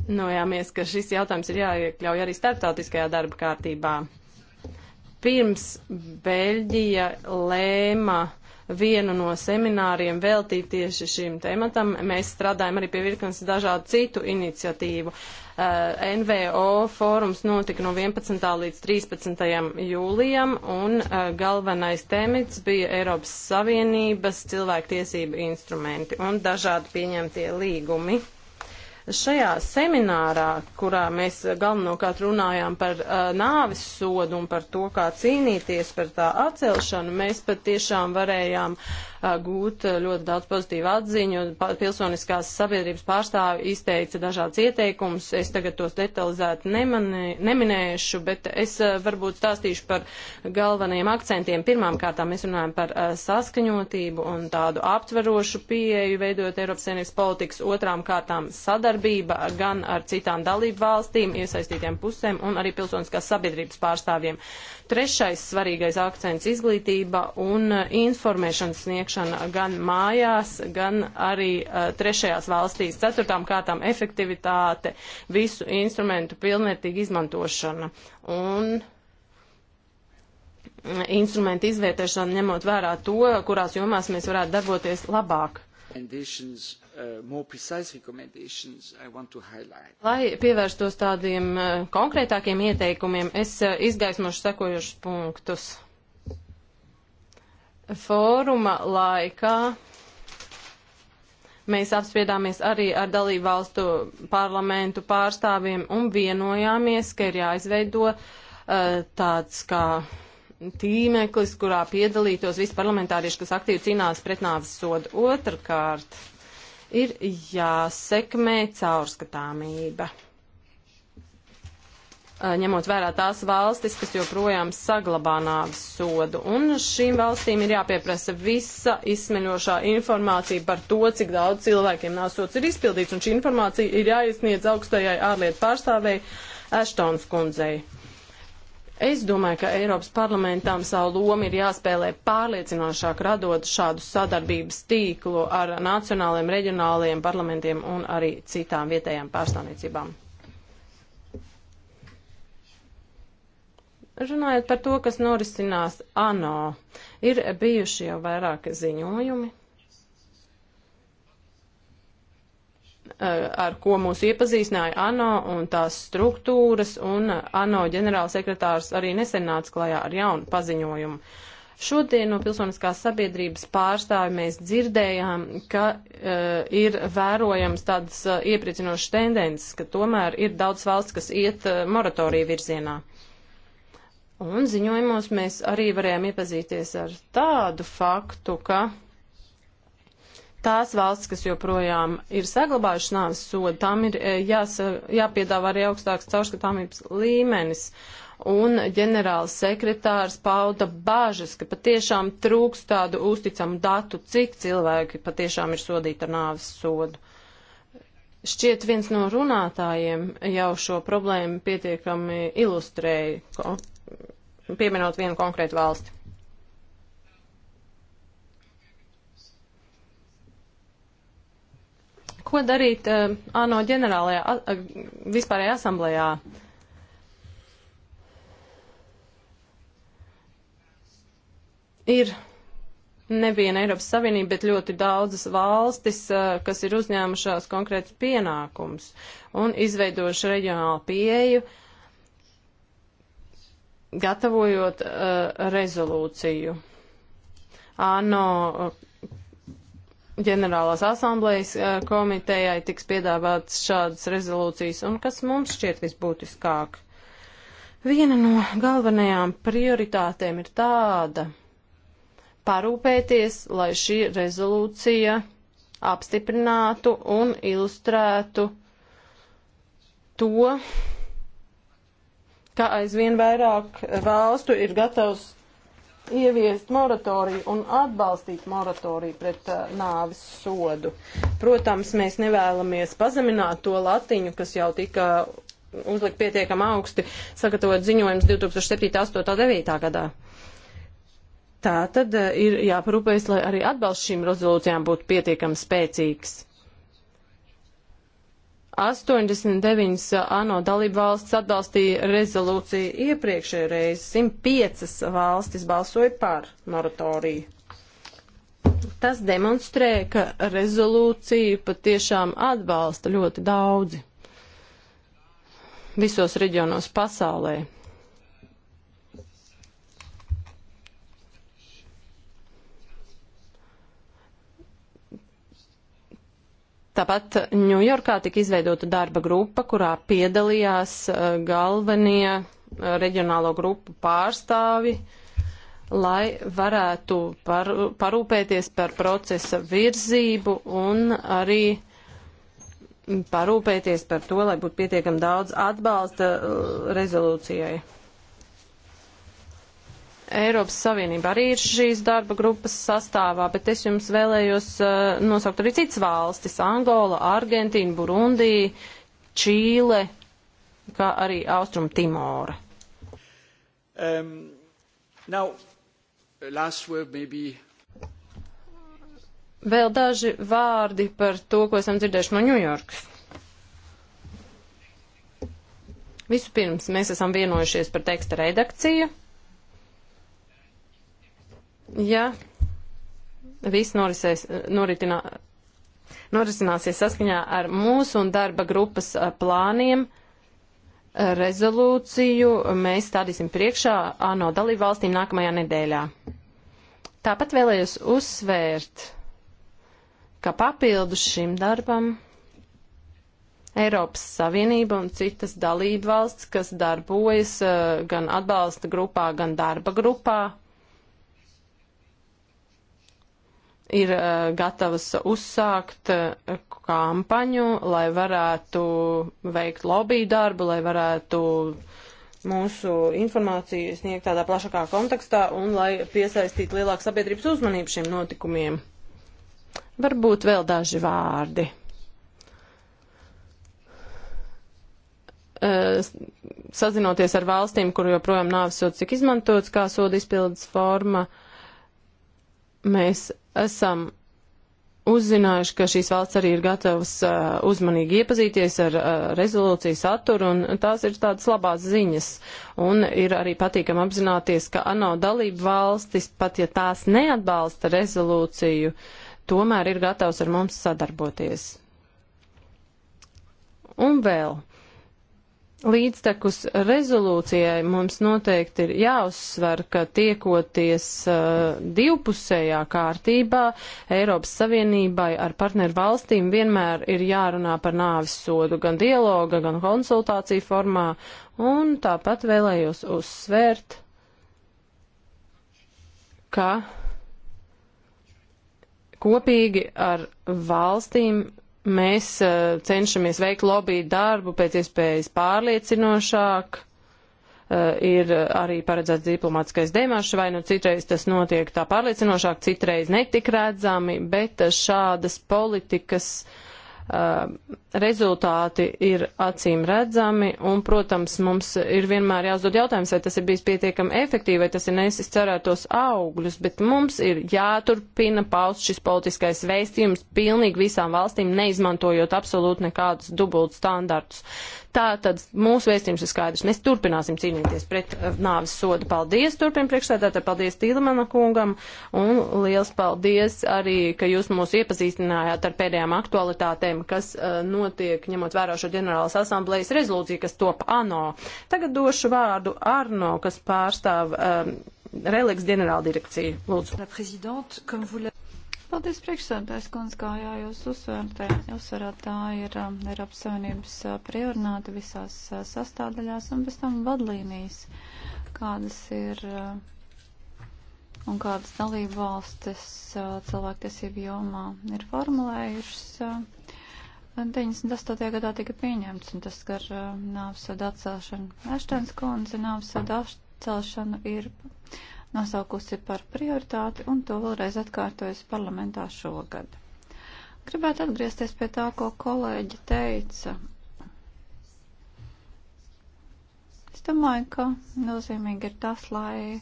Nojāmies, ka šis jautājums ir jāiekļauj arī starptautiskajā darba kārtībā. Pirms Beļģija lēma vienu no semināriem veltīt tieši šim tematam, mēs strādājam arī pie virknes dažādu citu iniciatīvu. Uh, eh, NVO fórums notika no 11. līdz 13. jūlijam, un uh, galvenais temats bija Eiropas Savienības cilvēktiesību instrumenti un dažādi pieņemtie līgumi. Uh, Šajā seminārā, kurā mēs galvenokārt runājām par uh, nāvis sodu un par to, kā cīnīties par tā atcelšanu, mēs pat tiešām varējām uh, gūt ļoti daudz pozitīvu atziņu. Pilsoniskās sabiedrības pārstāvi izteica dažādas ieteikumus. Es tagad tos detalizēti nemani, neminēšu, bet es varbūt stāstīšu par galvenajiem akcentiem. Pirmām kārtām mēs runājam par saskaņotību un tādu aptverošu pieeju veidot Eiropas Savienības politikas. Otrām kārtām sadarbība gan ar citām dalību valstīm, iesaistītiem pusēm un arī pilsoniskās sabiedrības pārstāvjiem. Uh, Trešais svarīgais akcents - izglītība un uh, informēšanas sniegšana gan mājās, gan arī uh, trešajās valstīs. Ceturtām kārtām - efektivitāte, visu instrumentu pilnvērtīga izmantošana un mm, instrumentu izvietošana ņemot vērā to, kurās jomās mēs varētu darboties labāk. Conditions Uh, more precise recommendations I want to highlight. Lai pievērstos tādiem uh, konkrētākiem ieteikumiem, es uh, izgaismošu sekojošus punktus. Fóruma laikā mēs apspriedāmies arī ar dalību valstu parlamentu pārstāvjiem un vienojāmies, ka ir jāizveido uh, tāds kā tīmeklis, kurā piedalītos visi parlamentārieši, kas aktīvi cīnās pret nāvis sodu. Otrkārt, uh, ir jāsekmē caurskatāmība ņemot vērā tās valstis, kas joprojām saglabā nāvis sodu. Un šīm valstīm ir jāpieprasa visa izsmeļošā informācija par to, cik daudz cilvēkiem nāvis sods ir izpildīts, un šī informācija ir jāiesniedz augstajai ārlietu pārstāvēji Ashtons kundzei. Es domāju, ka Eiropas parlamentām savu lomu ir jāspēlē pārliecinošāk, radot šādu sadarbības tīklu ar nacionāliem, reģionāliem parlamentiem un arī citām vietējām pārstāvniecībām. Runājot par to, kas norisinās ANO, ir bijuši jau vairāki ziņojumi Eh, ar ko mūs iepazīstināja ANO un tās struktūras, un ANO ģenerālsekretārs arī nesenāca klajā ar jaunu paziņojumu. Šodien no pilsoniskās sabiedrības pārstāvi mēs dzirdējām, ka uh, ir vērojams tādas uh, eh, iepriecinošas tendences, ka tomēr ir daudz valsts, kas iet uh, moratoriju virzienā. Un ziņojumos mēs arī varējām iepazīties ar tādu faktu, ka uh, tās valsts, kas joprojām ir saglabājušas nāves sodu, tām ir eh, jās, eh, jāpiedāvā arī augstāks caurskatāmības līmenis. Un ģenerāls sekretārs pauda bāžas, ka patiešām trūks tādu uzticamu datu, cik cilvēki patiešām ir sodīti ar nāves sodu. Šķiet viens no runātājiem jau šo problēmu pietiekami ilustrēja, pieminot vienu konkrētu valsti. Ko darīt uh, ANO ģenerālajā uh, vispārējā asamblējā? Ir neviena Eiropas Savienība, bet ļoti daudzas valstis, eh, kas ir uzņēmušās konkrēts pienākums un izveidojuši reģionālu pieeju, gatavojot uh, rezolūciju. ANO ģenerālās asamblējas eh, komitejai tiks piedāvāts šādas rezolūcijas un kas mums šķiet visbūtiskāk. Viena no galvenajām prioritātēm ir tāda parūpēties, lai šī rezolūcija apstiprinātu un ilustrētu to, ka aizvien vairāk valstu ir gatavs ieviest moratoriju un atbalstīt moratoriju pret uh, nāvis sodu. Protams, mēs nevēlamies pazemināt to latiņu, kas jau tika uzlikt pietiekam augsti, sagatavot ziņojums 2007, 2008, 2009. gadā. Tā tad uh, ir jāparūpējas, lai arī atbalsts šīm rezolūcijām būtu pietiekami spēcīgs. 89 eh, ANO dalību valsts atbalstīja rezolūciju iepriekšēju reizi, 105 valstis balsoja par moratoriju. Tas demonstrē, ka rezolūciju patiešām atbalsta ļoti daudzi visos reģionos pasaulē. Tāpat Ņujorkā tika izveidota darba grupa, kurā piedalījās eh, galvenie eh, reģionālo grupu pārstāvi, lai varētu par, parūpēties par procesa virzību un arī parūpēties par to, lai būtu pietiekami daudz atbalsta eh, rezolūcijai. Eiropas Savienība arī ir šīs darba grupas sastāvā, bet es jums vēlējos uh, nosaukt arī citas valstis - Angola, Argentīna, Burundija, Čīle, kā arī Austrum Timora. Um, now, last word maybe Vēl daži vārdi par to, ko esam dzirdējuši no Ņujorkas. Vispirms mēs esam vienojušies par teksta redakciju ja viss norisēs, noritinā, norisināsies saskaņā ar mūsu un darba grupas plāniem, rezolūciju mēs stādīsim priekšā ANO dalību valstīm nākamajā nedēļā. Tāpat vēlējos uzsvērt, ka papildus šim darbam Eiropas Savienība un citas dalību valsts, kas darbojas gan atbalsta grupā, gan darba grupā, ir gatavas uzsākt kampaņu, lai varētu veikt lobby darbu, lai varētu mūsu informāciju sniegt tādā plašākā kontekstā un lai piesaistītu lielāku sabiedrības uzmanību šiem notikumiem. Varbūt vēl daži vārdi. Sazinoties ar valstīm, kur joprojām nāvesods tik izmantots kā soda izpildes forma, uh, Mēs esam uzzinājuši, ka šīs valsts arī ir gatavas uh, uzmanīgi iepazīties ar uh, rezolūcijas saturu, un tās ir tādas labās ziņas. Un ir arī patīkam apzināties, ka ANO dalību valstis, pat ja tās neatbalsta rezolūciju, tomēr ir gatavs ar mums sadarboties. Un vēl Līdztekus rezolūcijai mums noteikti ir jāuzsver, ka tiekoties uh, divpusējā kārtībā Eiropas Savienībai ar partneru valstīm vienmēr ir jārunā par nāvis sodu gan dialoga, gan konsultāciju formā, un tāpat vēlējos uzsvērt, ka kopīgi ar valstīm mēs eh, cenšamies veikt lobby darbu pēc iespējas pārliecinošāk. Eh, ir arī paredzēts diplomātskais demaršs, vai nu citreiz tas notiek tā pārliecinošāk, citreiz netik redzami, bet eh, šādas politikas uh, Eh, rezultāti ir acīm redzami, un, protams, mums ir vienmēr jāuzdod jautājums, vai tas ir bijis pietiekami efektīvi, vai tas ir nesis cerētos augļus, bet mums ir jāturpina paust šis politiskais vēstījums pilnīgi visām valstīm, neizmantojot absolūti nekādus dubult standartus. Tā tad mūsu vēstījums ir skaidrs. Mēs turpināsim cīnīties pret eh, nāvis sodu. Paldies, turpin priekšsēdētāji, paldies Tīlamana kungam un liels paldies arī, ka jūs mūs iepazīstinājāt ar pēdējām aktualitātēm, kas uh, notiek ņemot vērā šo ģenerālas asamblejas rezolūciju, kas top ANO. Tagad došu vārdu Arno, kas pārstāv. Um, eh, Reliks ģenerāldirekcija. Lūdzu. Paldies, priekšsēdājs kundz, kā jā, jūs uzsverāt, tā ir um, Eiropas Savienības uh, prioritāte visās uh, sastādaļās un bez tam vadlīnijas, kādas ir uh, un kādas dalību valstis cilvēktiesību jomā ir formulējušas. 98. gadā tika pieņemts, un tas skar uh, nāvsodu atcelšanu. Aštens kundze nāvsodu atcelšanu ir nosaukusi par prioritāti un to vēlreiz atkārtojusi parlamentā šogad. Gribētu atgriezties pie tā, ko kolēģi teica. Es domāju, ka nozīmīgi ir tas, lai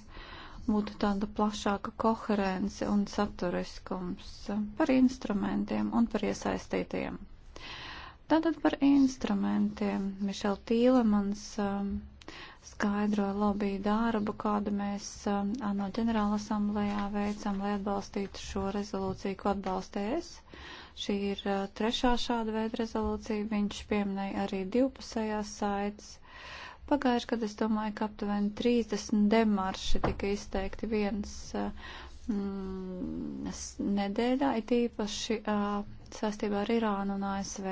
būtu tāda plašāka koherence un saturiskums par instrumentiem un par iesaistītiem. Tātad par instrumentiem. Mišela Tīlemans um, skaidro lobby darbu, kādu mēs um, ANO ģenerāla asamblējā veicam, lai atbalstītu šo rezolūciju, ko atbalstēs. Šī ir uh, trešā šāda veida rezolūcija. Viņš pieminēja arī divpusējās saites. Pagājuši, kad es domāju, ka aptuveni 30 demarši tika izteikti viens uh, mm, nedēļā, it īpaši uh, sastībā ar Irānu un ASV.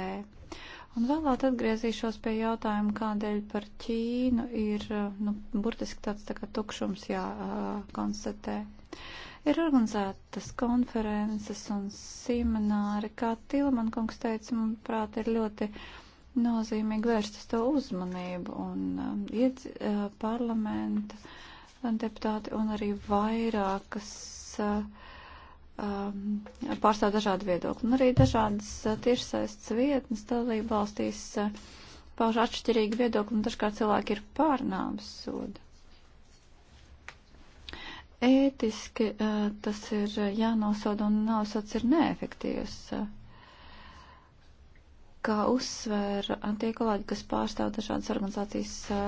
Un vēlāk atgriezīšos pie jautājuma, kādēļ par Ķīnu ir, eh, nu, burtiski tāds tā kā tukšums jākonstatē. Ir organizētas konferences un semināri, kā Tilman kungs teica, manuprāt, ir ļoti nozīmīgi vērst uz to uzmanību un um, iedz, uh, parlamenta deputāti un arī vairākas uh, um, pārstāv dažādu viedokli. Un arī dažādas uh, tiešsaistes vietnes dalība valstīs uh, pauž atšķirīgu viedokli, un dažkārt cilvēki ir pārnāvis sodu. Ētiski uh, tas ir uh, jānosoda un nosods ir neefektīvs. Uh, kā uzsvēra tie kolēģi, kas pārstāv dažādas organizācijas uh,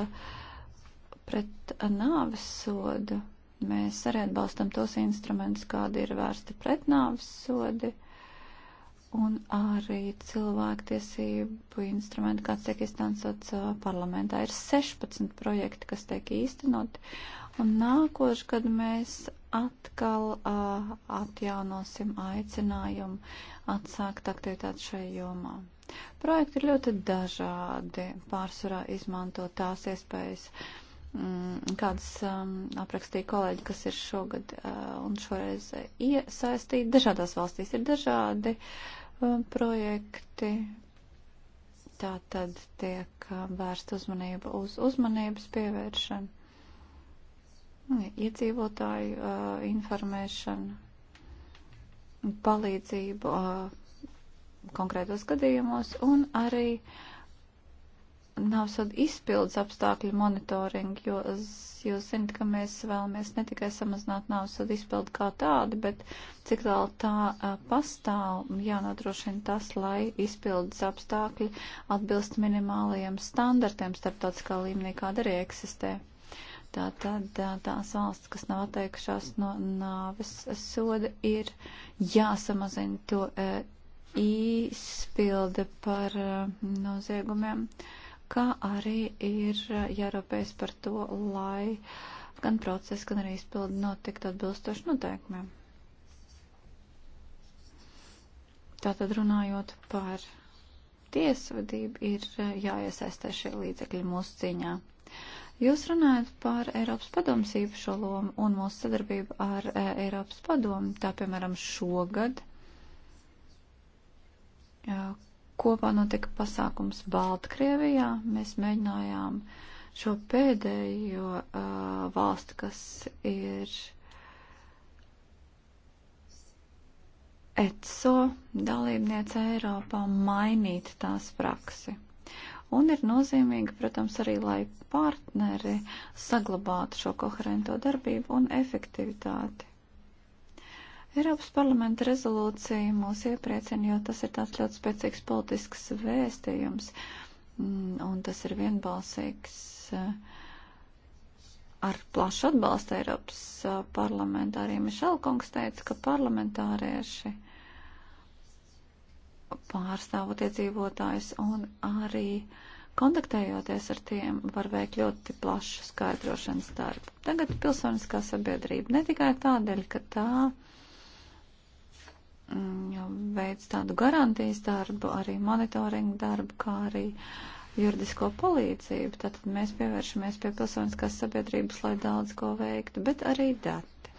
pret nāves sodu Mēs arī atbalstam tos instrumentus, kādi ir vērsti pret nāvis sodi, un arī cilvēktiesību instrumenti, kāds tiek iztansots parlamentā. Ir 16 projekti, kas tiek īstenoti, un nākošu, kad mēs atkal uh, atjaunosim aicinājumu atsākt aktivitāti šajā jomā. Projekti ir ļoti dažādi, pārsvarā izmanto tās iespējas. Uh, Mm, kādas um, aprakstīja kolēģi, kas ir šogad uh, un šoreiz iesaistīti. Dažādās valstīs ir dažādi um, projekti. Tā tad tiek um, vērsta uzmanība uz uzmanības pievēršanu, iedzīvotāju uh, informēšanu, palīdzību uh, konkrētos gadījumos un arī uh, nav sod izpildus apstākļu monitoringu, jo jūs zinat, ka mēs vēlamies ne tikai samazināt nav sod izpildu kā tādu, bet cik tālu tā a, pastāv, jānodrošina tas, lai izpildus apstākļi atbilst minimālajiem standartiem starptautiskā līmenī, kāda arī eksistē. Tātad tā, tās valsts, kas nav atteikušās no nāves soda, ir jāsamazina to e, izpilde par e, noziegumiem. E, kā arī ir jārūpējas par to, lai gan process, gan arī izpildi notiktu atbilstoši noteikumiem. Tātad runājot par tiesvedību, ir jāiesaistē šie līdzekļi mūsu ciņā. Jūs runājat par Eiropas padomus īpašo lomu un mūsu sadarbību ar e, Eiropas padomu, tā piemēram šogad e, kopā notika pasākums Baltkrievijā. Mēs mēģinājām šo pēdējo uh, valsti, kas ir ETSO dalībniece Eiropā, mainīt tās praksi. Un ir nozīmīgi, protams, arī, lai partneri saglabātu šo koherento darbību un efektivitāti. Eiropas parlamenta rezolūcija mūs iepriecina, jo tas ir tāds ļoti spēcīgs politisks vēstījums, mm, un tas ir vienbalsīgs eh, ar plašu atbalstu Eiropas eh, parlamentā. Arī Mišela kungs teica, ka parlamentārieši pārstāvot iedzīvotājus un arī kontaktējoties ar tiem, var veikt ļoti plašu skaidrošanas darbu. Tagad pilsoniskā sabiedrība ne tikai tādēļ, ka tā Mm, veic tādu garantijas darbu, arī monitoringu darbu, kā arī juridisko palīdzību. Tātad mēs pievēršamies pie pilsoniskās sabiedrības, lai daudz ko veiktu, bet arī dati.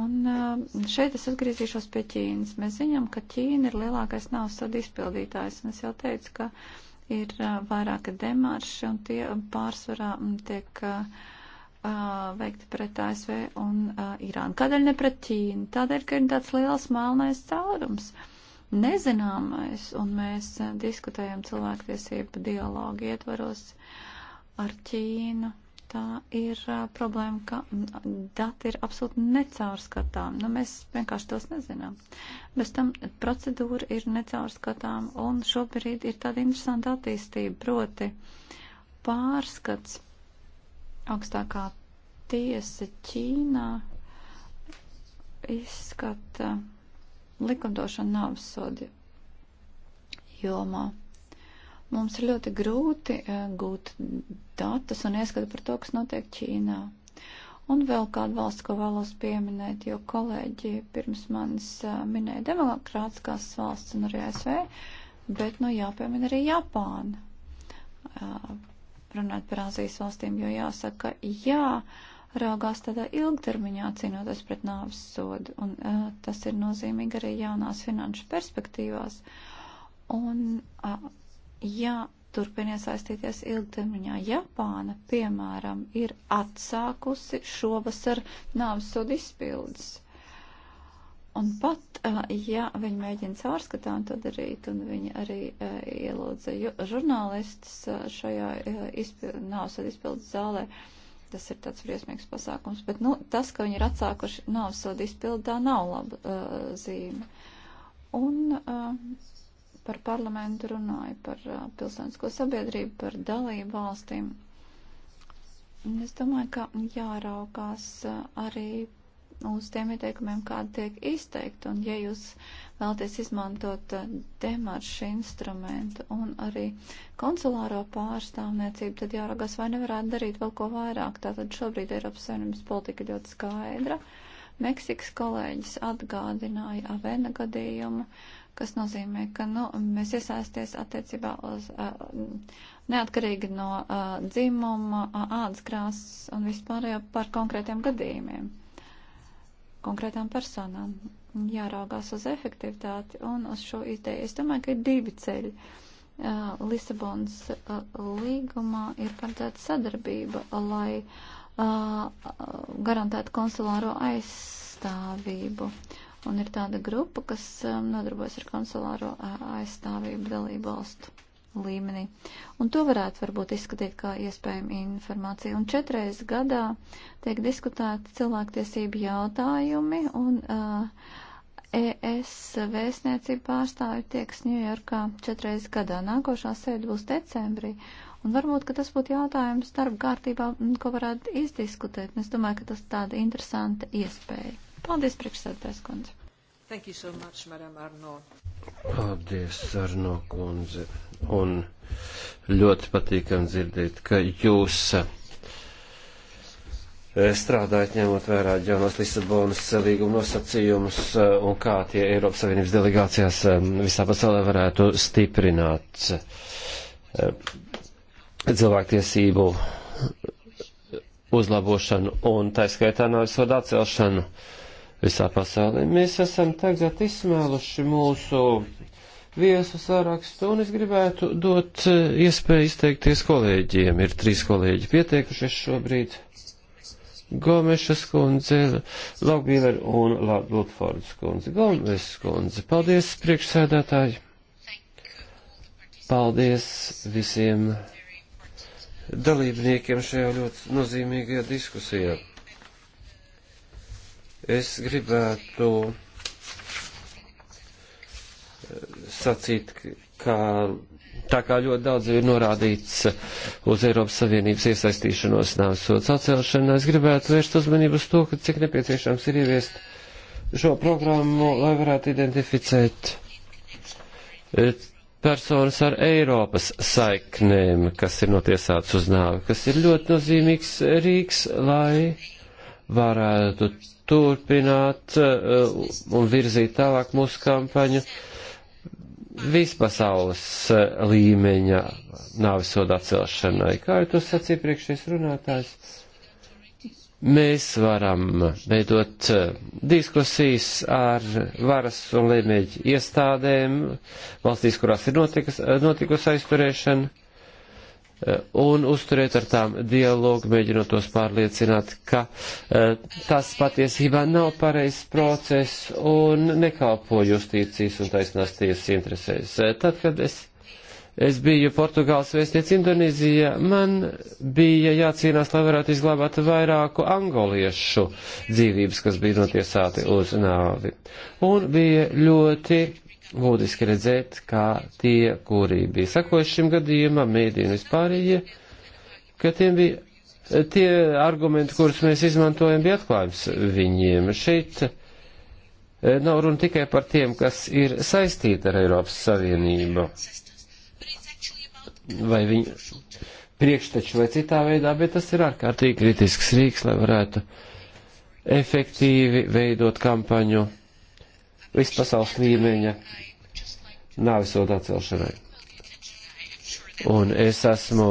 Un mm, šeit es atgriezīšos pie Ķīnas. Mēs zinām, ka Ķīna ir lielākais naudas sodu izpildītājs, un es jau teicu, ka ir mm, vairāki demarši, un tie pārsvarā tiek. Uh, uh, veikti pret ASV un uh, Irānu. Kādēļ ne pret Ķīnu? Tādēļ, ka ir tāds liels melnais caurums, nezināmais, un mēs uh, diskutējam cilvēktiesību dialogu ietvaros ar Ķīnu. Tā ir uh, problēma, ka dati ir absolūti necaurskatām. Nu, mēs vienkārši tos nezinām. Bez tam procedūra ir necaurskatām, un šobrīd ir tāda interesanta attīstība, proti pārskats augstākā tiesa Ķīnā izskata likumdošanu nāves sodi jomā. Mums ir ļoti grūti eh, gūt datus un ieskatu par to, kas notiek Ķīnā. Un vēl kādu valsts, ko vēlos pieminēt, jo kolēģi pirms manis eh, minēja demokrātiskās valsts un arī ASV, bet, nu, jāpiemina arī Japāna eh, runāt par Āzijas valstīm, jo jāsaka, jā, raugās tādā ilgtermiņā cīnoties pret nāvis sodu, un uh, tas ir nozīmīgi arī jaunās finanšu perspektīvās. Un, uh, jā, turpin iesaistīties ilgtermiņā. Japāna, piemēram, ir atsākusi šovasar nāvis sodu izpildes Un pat, ja viņi mēģina caurskatām to darīt, un viņi arī ielūdza žurnālistus šajā izpild, nāvsad izpildes zālē, tas ir tāds briesmīgs pasākums, bet nu, tas, ka viņi ir atsākuši nāvsad izpildā, nav laba uh, zīme. Un uh, par parlamentu runāju, par uh, pilsonisko sabiedrību, par dalību valstīm. Es domāju, ka jāraukās uh, arī uz tiem ieteikumiem, kādi tiek izteikti. Un, ja jūs vēlaties izmantot eh, demaršu instrumentu un arī konsulāro pārstāvniecību, tad jāragās, vai nevarētu darīt vēl ko vairāk. Tātad šobrīd Eiropas Savienības politika ļoti skaidra. Meksikas kolēģis atgādināja Avena gadījumu, kas nozīmē, ka nu, mēs iesaisties attiecībā uz uh, neatkarīgi no uh, dzimuma, ādas krāsas un vispār par konkrētiem gadījumiem. Uh, konkrētām personām. Jāraugās uz efektivitāti un uz šo ideju. Es domāju, ka ir divi ceļi. Uh, Lisabonas uh, līgumā ir paredzēta sadarbība, lai uh, garantētu konsulāro aizstāvību. Un ir tāda grupa, kas um, nodarbojas ar konsulāro aizstāvību dalību valstu līmenī. Un to varētu varbūt izskatīt kā iespējama informācija. Un četreiz gadā tiek diskutēti cilvēktiesību jautājumi, un uh, ES vēstniecība pārstāvi tieks Ņujorkā četreiz gadā. Nākošā sēde būs decembrī, Un varbūt, ka tas būtu jautājums darba kārtībā, ko varētu izdiskutēt. Es domāju, ka tas tāda interesanta iespēja. Paldies, priekšsēdētājs kundze. Thank you so much, Madam Arno. Paldies, Arno kundze. Un ļoti patīkam dzirdēt, ka jūs eh, strādājat ņemot vērā jaunos Lisabonas eh, līguma nosacījumus eh, un kā tie Eiropas Savienības delegācijās visā pasaulē varētu stiprināt cilvēktiesību uzlabošanu un tā skaitā nav sodu atcelšanu. Uh, visā pasaulē. Mēs esam tagad izsmēluši mūsu viesu sārakstu, un es gribētu dot eh, iespēju izteikties kolēģiem. Ir trīs kolēģi pieteikušies šobrīd. Gomešas kundze, Lagbīler un Lutfords kundze. Gomešas kundze, paldies priekšsēdētāji. Paldies visiem dalībniekiem šajā ļoti nozīmīgajā diskusijā. Es gribētu eh, sacīt, ka tā kā ļoti daudz ir norādīts uz Eiropas Savienības iesaistīšanos nāves sots atcelšanā, es gribētu vērst uzmanību uz to, ka cik nepieciešams ir ieviest šo programmu, lai varētu identificēt eh, personas ar Eiropas saiknēm, kas ir notiesāts uz nāvi, kas ir ļoti nozīmīgs rīks, lai varētu turpināt eh, un virzīt tālāk mūsu kampaņu vispasaules eh, līmeņa nāvisoda atcelšanai. Kā jau to sacīja priekšējais runātājs, mēs varam veidot eh, diskusijas ar varas un lēmēģi iestādēm valstīs, kurās ir notikusi aizturēšana Eh, un uzturēt ar tām dialogu, mēģinot tos pārliecināt, ka uh, tas patiesībā nav pareizs process un nekalpo justīcijas un taisnās tiesas interesēs. Eh, tad, kad es, es biju Portugāles vēstniec Indonīzijā, man bija jācīnās, lai varētu izglābāt vairāku angoliešu dzīvības, kas bija notiesāti uz nāvi. Un bija ļoti būtiski redzēt, kā tie, kuri bija sakojuši šim gadījumam, mēdīni vispārējie, ka tiem bija tie argumenti, kurus mēs izmantojam, bija atklājums viņiem. Šeit eh, nav runa tikai par tiem, kas ir saistīti ar Eiropas Savienību vai viņu priekšteču vai citā veidā, bet tas ir ārkārtīgi kritisks rīks, lai varētu efektīvi veidot kampaņu vispasaules līmeņa nāvisodu atcelšanai. Un es esmu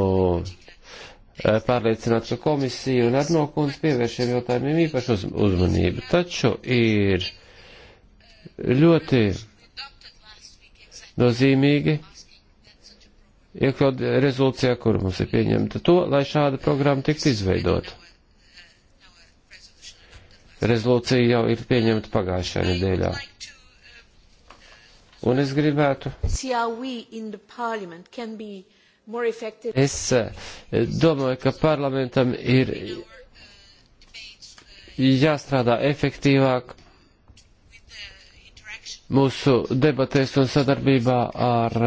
eh, pārliecināts, ka komisija un Arnokums pievērš šiem jautājumiem īpašu uzmanību. Taču ir ļoti nozīmīgi iekļaut rezolūcijā, kur mums ir pieņemta to, lai šāda programma tiktu izveidota. Rezolūcija jau ir pieņemta pagājušajā nedēļā. Un es gribētu. E es eh, domāju, ka parlamentam ir jāstrādā efektīvāk mūsu debatēs un sadarbībā ar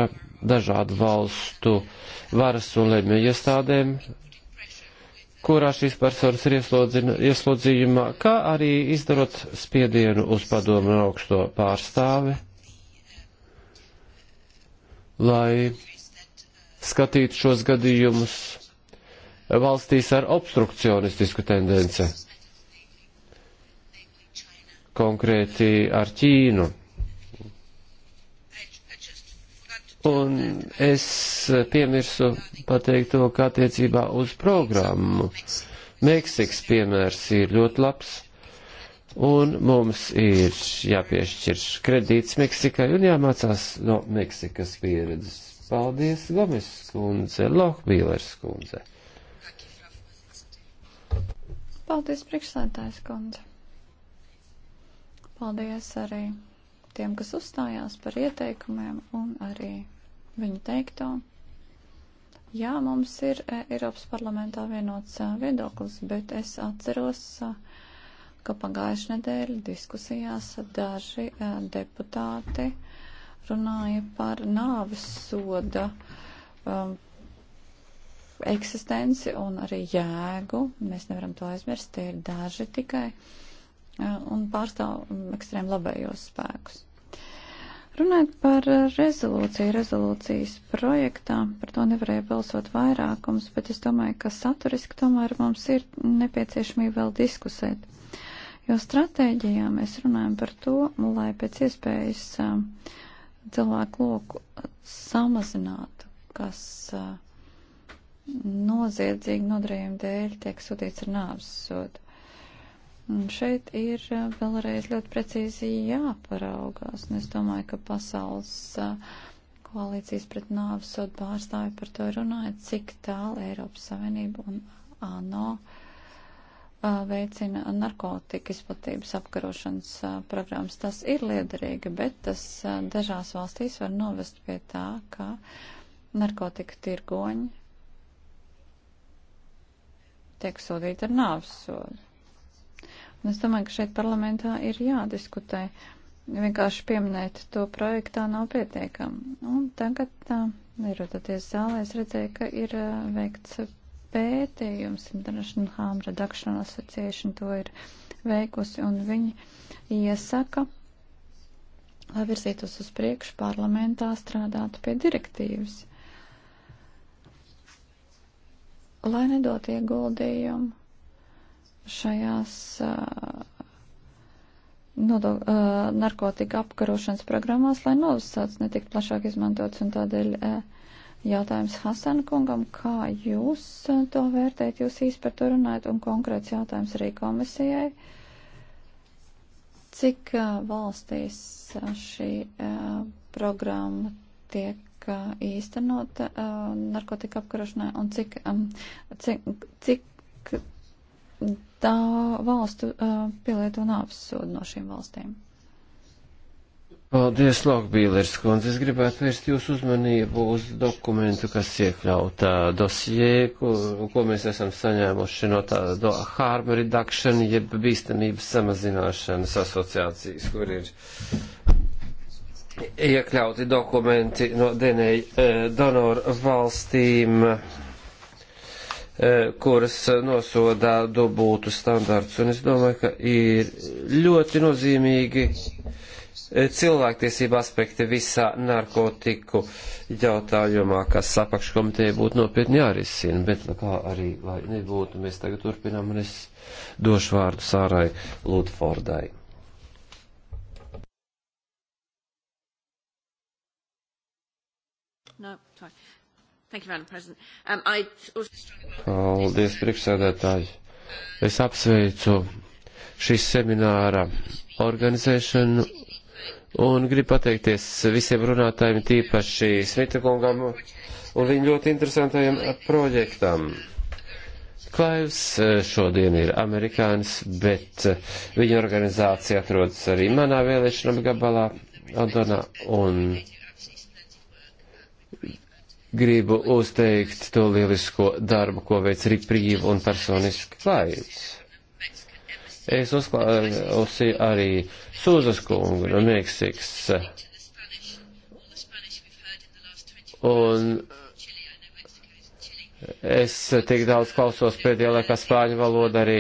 dažādu valstu varas un lemju iestādēm, kurā šīs personas ir ieslodzījumā, kā arī izdarot spiedienu uz padomu augsto pārstāvi lai skatītu šos gadījumus valstīs ar obstrukcionistisku tendenci, konkrēti ar Ķīnu. Un es piemirsu pateikt to, kā attiecībā uz programmu. Meksikas piemērs ir ļoti labs. Un mums ir jāpiešķir kredīts Meksikai un jāmācās no Meksikas pieredzes. Paldies, Gomes skundze, Lohbīlers skundze. Paldies, priekšsētājs skundze. Paldies arī tiem, kas uzstājās par ieteikumiem un arī viņu teikto. Jā, mums ir eh, Eiropas parlamentā vienots eh, viedoklis, bet es atceros. Uh, ka pagājušajā nedēļā diskusijās daži deputāti runāja par nāves soda um, eksistenci un arī jēgu. Mēs nevaram to aizmirst, tie ir daži tikai un pārstāv ekstrēm labējos spēkus. Runājot par rezolūciju, rezolūcijas projektā, par to nevarēja balsot vairākums, bet es domāju, ka saturiski tomēr mums ir nepieciešamība vēl diskusēt. Jo stratēģijā mēs runājam par to, lai pēc iespējas cilvēku loku samazinātu, kas noziedzīgi nodarījuma dēļ tiek sūtīts ar nāves sodu. Un šeit ir vēlreiz ļoti precīzi jāparaugās, un es domāju, ka pasaules koalīcijas pret nāves sodu pārstāvi par to runāja, cik tālu Eiropas Savienība un ANO. Uh, veicina narkotika izplatības apkarošanas programmas. Tas ir liederīgi, bet tas dažās valstīs var novest pie tā, ka narkotika tirgoņi tiek sodīti ar nāves sodu. Un es domāju, ka šeit parlamentā ir jādiskutē. Vienkārši pieminēt to projektā nav pietiekami. Un tagad, ierodoties zālē, es redzēju, ka ir veikts pētījums International Harm Reduction Association to ir veikusi, un viņi iesaka, lai virzītos uz priekšu parlamentā strādāt pie direktīvas, lai nedot ieguldījumu šajās uh, nodo, uh, narkotika apkarošanas programmās, lai nosacīts netikt plašāk izmantots un tādēļ. Uh, Jautājums Hasan kungam, kā jūs uh, to vērtējat, jūs īsti par to runājat, un konkrēts jautājums arī komisijai. Cik uh, valstīs uh, šī programma tiek īstenota narkotika apkarošanai, un cik, um, cik, cik tā valstu pielieto nāves sodu no šīm valstīm? Paldies, Lokbīlers kundze. Es gribētu vērst jūsu uzmanību uz dokumentu, kas iekļautā dosijē, ko, ko mēs esam saņēmuši no tā do, harm reduction, jeb bīstamības samazināšanas asociācijas, kur ir iekļauti dokumenti no denēja e, donoru valstīm, e, kuras nosodā dubultu standarts. Un es domāju, ka ir ļoti nozīmīgi Eh, cilvēktiesība aspekti visā narkotiku jautājumā, kas apakškomiteja būtu nopietni jārisina, bet nu, kā arī, lai nebūtu, mēs tagad turpinām un es došu vārdu Sārai Lutfordai. No, Thank you, Madam President. Um, I also... Paldies, priekšsēdētāji. Es apsveicu šīs semināra organizēšanu Un gribu pateikties visiem runātājiem, tīpaši Smitakungam un viņa ļoti interesantajam projektam. Klaivs e, šodien ir amerikānis, bet e, viņa organizācija atrodas arī manā vēlēšana apgabalā, Aldonā, un gribu uzteikt to lielisko darbu, ko veic Riprīva un personiski Klaivs. Es uzklausīju e, arī uh, Sūzas kungu no Meksikas. Un es tik daudz klausos pēdējā laikā spāņu valodu, arī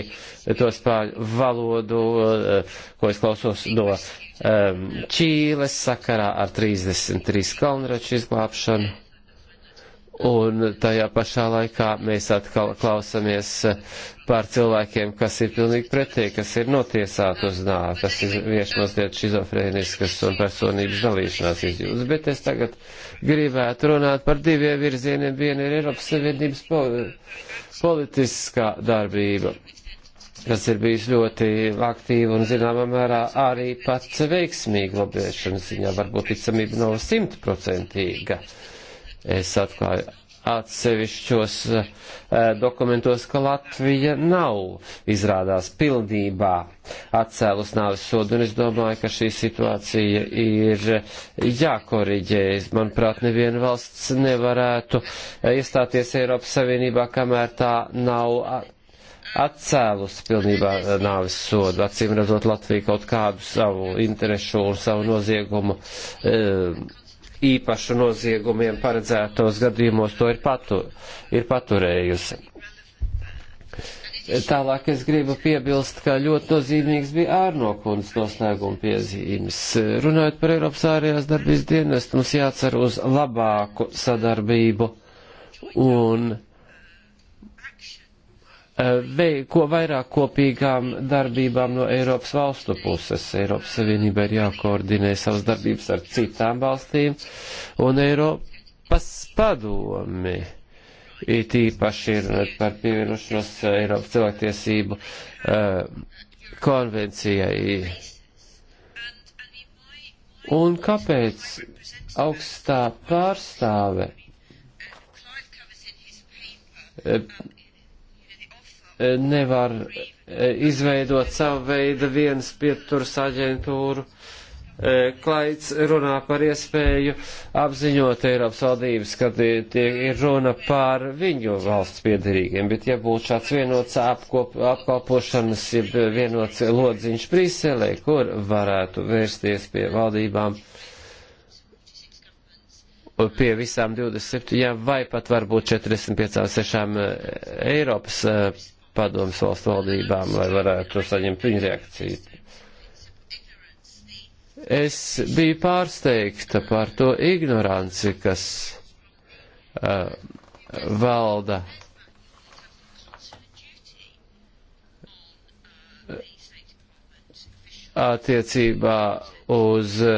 to spāņu valodu, ko es klausos no um, Čīles sakarā ar 33 kalnraču izglābšanu. Un tajā pašā laikā mēs atkal klausamies eh, par cilvēkiem, kas ir pilnīgi pretēji, kas ir notiesāti uz nāvi, kas ir vienkārši mazliet šizofrēniskas un personības dalīšanās izjūtas. Bet es tagad gribētu runāt par diviem virzieniem. Viena ir Eiropas Savienības politiskā darbība kas ir bijis ļoti aktīva un, zināmā mērā, arī pats veiksmīga lobēšanas ziņā. Varbūt ticamība nav simtprocentīga. Uh, Es atklāju atsevišķos e, dokumentos, ka Latvija nav izrādās pilnībā atcēlus nāves sodu, un es domāju, ka šī situācija ir jākoriģē. Manuprāt, neviena valsts nevarētu eh, iestāties Eiropas Savienībā, kamēr tā nav atcēlus pilnībā eh, nāves sodu, acīm redzot Latviju kaut kādu savu interesu un savu noziegumu. E, īpašu noziegumiem paredzētos gadījumos to ir, patu, ir paturējusi. Tālāk es gribu piebilst, ka ļoti nozīmīgs bija ārnokundas noslēguma piezīmes. Runājot par Eiropas ārējās darbības dienestu, mums jācer uz labāku sadarbību un Eh, ko vairāk kopīgām darbībām no Eiropas valstu puses. Eiropas Savienība ir jākoordinē savas darbības ar citām valstīm un Eiropas padomi. It īpaši ir par pievienošanos Eiropas cilvēktiesību uh, konvencijai. Un kāpēc augstā pārstāve uh, nevar e, izveidot savu veidu vienas pieturas aģentūru. E, Klaids runā par iespēju apziņot Eiropas valdības, ka ir runa par viņu valsts piedarīgiem, bet ja būtu šāds vienots apkop, apkalpošanas, ja vienots lodziņš Brīselē, kur varētu vērsties pie valdībām, pie visām 27, ja vai pat varbūt 45, 6 e, Eiropas padomas valstu valdībām, lai varētu saņemt viņu reakciju. Es biju pārsteigta par to ignoranci, kas uh, valda uh, attiecībā uz uh,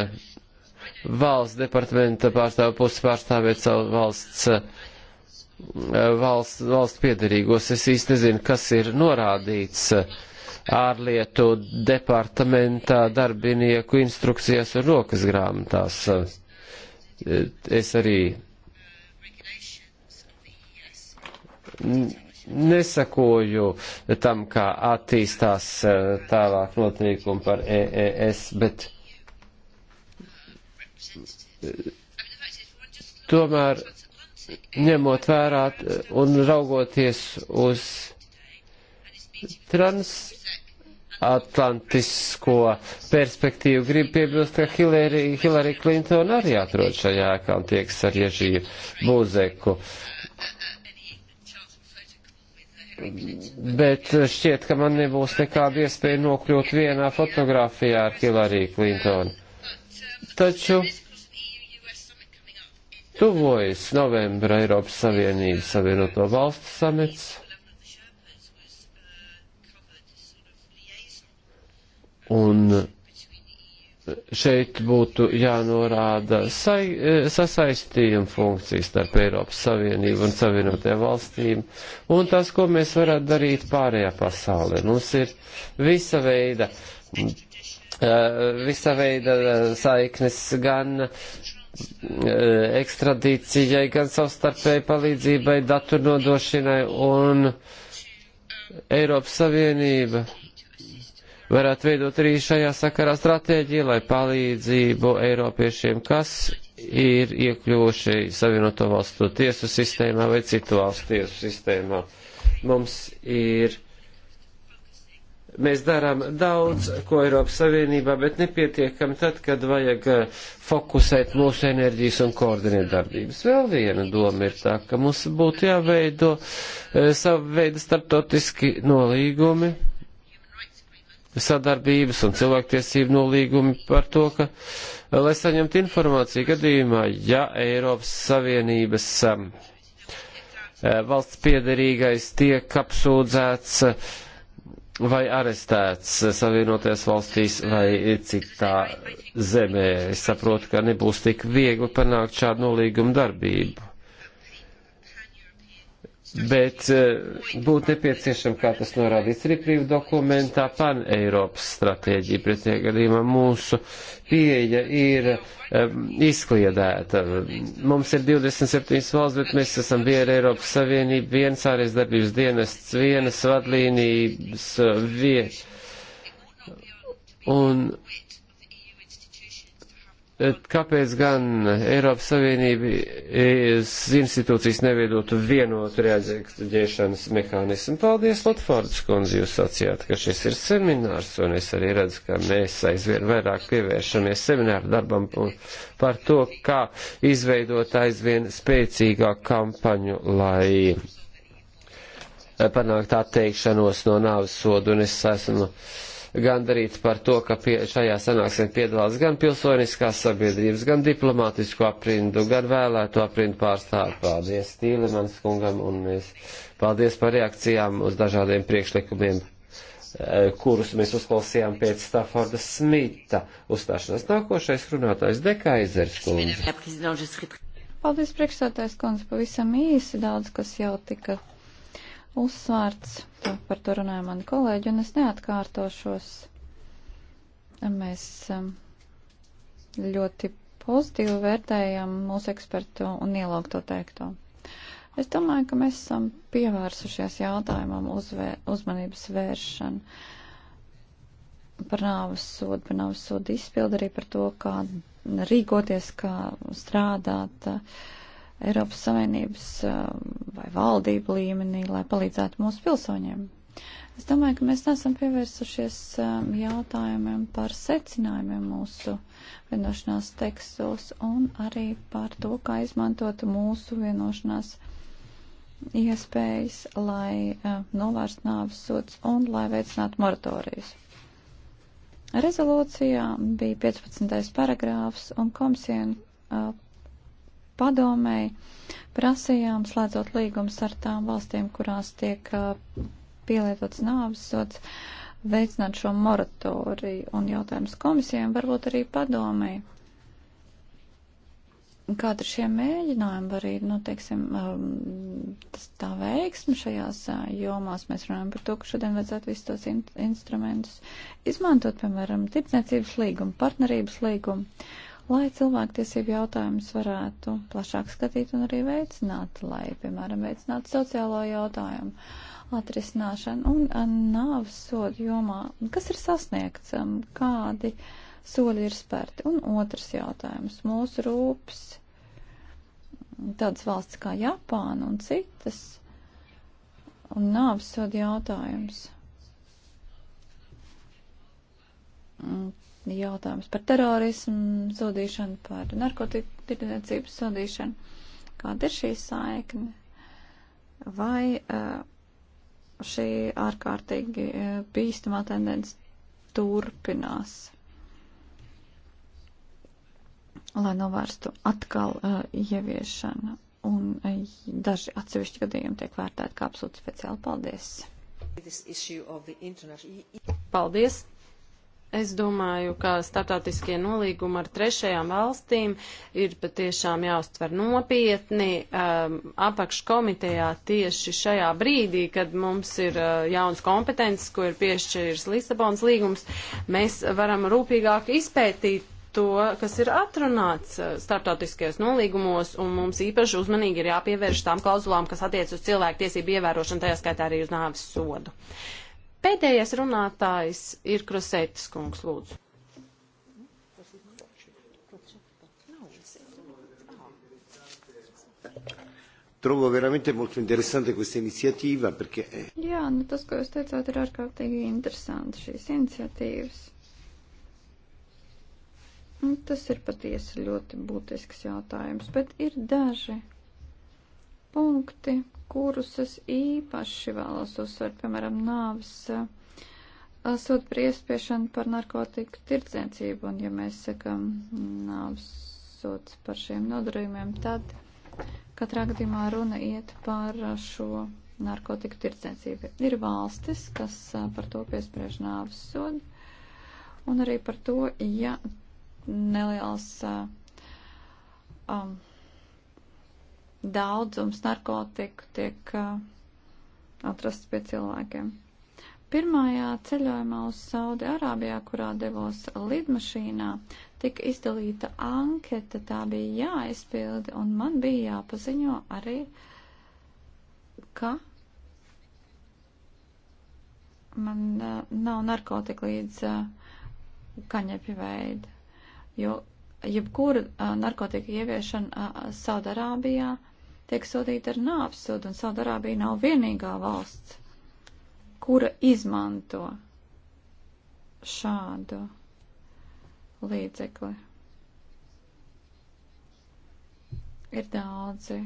valsts departamenta pārstāvu pusi pārstāvēt savu valsts uh, valsts, valsts piedarīgos. Es īsti nezinu, kas ir norādīts ārlietu departamentā darbinieku instrukcijās un rokas grāmatās. Es arī nesakoju tam, kā attīstās eh, tālāk noteikumi par EES, bet tomēr ņemot vērā un raugoties uz transatlantisko perspektīvu, gribu piebilst, ka Hillary, Hillary Clinton arī atrod šajā ēkā un tieks ar Ježiju Būzeku. Bet šķiet, ka man nebūs nekāda iespēja nokļūt vienā fotografijā ar Hillary Clinton. Taču Tuvojas novembra Eiropas Savienības Savienoto Valstu samets. Un šeit būtu jānorāda sai, sasaistījuma funkcijas starp Eiropas Savienību un Savienotajām valstīm, un tas, ko mēs varētu darīt pārējā pasaulē. Mums ir visa veida. Eh, visa veida eh, saiknes gan Eh, ekstradīcijai, gan savstarpēji palīdzībai, datu nodošanai un Eiropas Savienība varētu veidot arī šajā sakarā stratēģiju, lai palīdzību Eiropiešiem, kas ir iekļuvuši Savienoto valstu tiesu sistēmā vai citu valstu tiesu sistēmā. Mums ir Mēs darām daudz, ko Eiropas Savienībā, bet nepietiekam tad, kad vajag eh, fokusēt mūsu enerģijas un koordinēt darbības. Vēl viena doma ir tā, ka mums būtu jāveido eh, savu veidu starptautiski nolīgumi, sadarbības un cilvēktiesību nolīgumi par to, ka, eh, lai saņemtu informāciju gadījumā, ja Eiropas Savienības valsts piederīgais tiek apsūdzēts, vai arestēts Savienotajās valstīs vai citā zemē. Es saprotu, ka nebūs tik viegli panākt šādu nolīgumu darbību bet eh, būtu nepieciešama, kā tas norādīts arī brīvu dokumentā, pan-Eiropas stratēģija. Pretie gadījumā mūsu pieeja ir um, izkliedēta. Mums ir 27 valsts, bet mēs esam viena Eiropas Savienība, viens ārējas darbības dienests, vienas vadlīnijas vieta. Un Eh, kāpēc gan Eiropas Savienības eh, institūcijas neviedotu vienotu reaģēšanas mehānismu? Paldies, Lotfārdas kundze, jūs sacījāt, ka šis ir seminārs, un es arī redzu, ka mēs aizvien vairāk pievēršamies semināru darbam par to, kā izveidot aizvien spēcīgāku kampaņu, lai eh, panākt atteikšanos no nāves sodu, un es esmu. Nu, gandarīti par to, ka pie, šajā sanāksmē piedalās gan pilsoniskās sabiedrības, gan diplomātisku aprindu, gan vēlēto aprindu pārstāvju. Paldies Tīlimans kungam un mēs paldies par reakcijām uz dažādiem priekšlikumiem eh, kurus mēs uzklausījām pēc Stafforda Smita uzstāšanās. Nākošais runātājs Dekaizers kundze. Paldies, priekšsētājs kundze, pavisam īsi daudz, kas jau tika uzsvērts, to, par to runāja mani kolēģi, un es neatkārtošos. Mēs um, ļoti pozitīvi vērtējam mūsu ekspertu un ielaugto teikto. Es domāju, ka mēs esam pievērsušies jautājumam uzvē, uzmanības vēršanu par nāvas sodu, par nāvas sodu izpildu arī par to, kā rīkoties, kā strādāt. Uh, Eiropas Savienības um, vai valdību līmenī, lai palīdzētu mūsu pilsoņiem. Es domāju, ka mēs neesam pievērsušies um, jautājumiem par secinājumiem mūsu vienošanās tekstos un arī par to, kā izmantot mūsu vienošanās iespējas, lai um, novērst nāvis sots un lai veicinātu moratorijas. Rezolūcijā bija 15. paragrāfs un komisija uh, padomēji prasījām, slēdzot līgums ar tām valstīm, kurās tiek pielietots nāves sods, veicināt šo moratoriju un jautājums komisijām, varbūt arī padomēji. Kāda ir šie mēģinājumi, arī, nu, teiksim, tas tā veiksme šajās jomās, mēs runājam par to, ka šodien vajadzētu visus tos in instrumentus izmantot, piemēram, tirdzniecības līgumu, partnerības līgumu lai cilvēktiesību jautājumus varētu plašāk skatīt un arī veicināt, lai, piemēram, veicinātu sociālo jautājumu atrisināšanu un nāvas sodu jomā. Kas ir sasniegts? Kādi soļi ir spērti? Un otrs jautājums. Mūsu rūpes tādas valsts kā Japāna un citas un nāvas sodu jautājums jautājumus par terorismu, zudīšanu, par narkotiku tirdzniecības zudīšanu. Kāda ir šī saikne? Vai uh, šī ārkārtīgi uh, eh, bīstamā tendence turpinās? Lai novērstu atkal uh, ieviešanu un uh, daži atsevišķi gadījumi tiek vērtēti kā absolūti speciāli. Paldies! Paldies! Es domāju, ka startautiskie nolīgumi ar trešajām valstīm ir patiešām jāuztver nopietni. Um, apakškomitejā tieši šajā brīdī, kad mums ir uh, jauns kompetences, ko ir piešķīris Lisabons līgums, mēs varam rūpīgāk izpētīt to, kas ir atrunāts uh, starptautiskajos nolīgumos, un mums īpaši uzmanīgi ir jāpievērš tām klauzulām, kas attiec uz cilvēku tiesību ievērošanu, tajā skaitā arī uz nāvis sodu. Uh, Pēdējais runātājs ir Krosētis kungs, lūdzu. Trovo veramente molto interessante questa iniziativa perché... Jā, nu tas, ko jūs teicāt, ir ārkārtīgi interesanti šīs iniciatīvas. Un tas ir patiesi ļoti būtisks jautājums, bet ir daži punkti, kurus es īpaši vēlos uzsvērt, piemēram, nāvis eh, sūta priespiešana par narkotiku tirdzniecību, un ja mēs sakam nāvis sūts par šiem nodarījumiem, tad katrā gadījumā runa iet par šo narkotiku tirdzniecību. Ir valstis, kas eh, par to piespriež nāvis sodu, un arī par to, ja neliels eh, um, daudzums narkotiku tiek uh, atrasts pie cilvēkiem. Pirmajā ceļojumā uz Saudi Arābijā, kurā devos lidmašīnā, tika izdalīta anketa, tā bija jāizpildi, un man bija jāpaziņo arī, ka man uh, nav narkotika līdz uh, kaņepju veida, jo jebkura uh, narkotika ieviešana uh, Saudarābijā uh, tiek sodīti ar nāpsodu, un Saudarābija nav vienīgā valsts, kura izmanto šādu līdzekli. Ir daudzi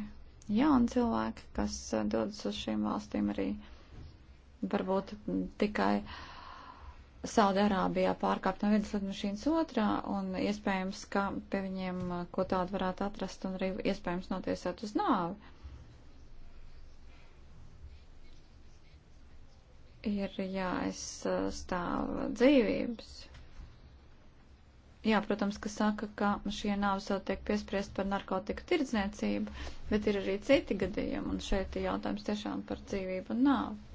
jauni cilvēki, kas eh, dodas uz šīm valstīm arī varbūt tikai uh, Saudārābijā pārkāpt no vienas lidmašīnas otrā un iespējams, ka pie viņiem uh, ko tādu varētu atrast un arī iespējams notiesāt uz nāvi. Ir jāaizstāv uh, dzīvības. Jā, protams, ka saka, ka šie nāvesot tiek piespriest par narkotiku tirdzniecību, bet ir arī citi gadījumi, un šeit ir jautājums tiešām par dzīvību un nāvi.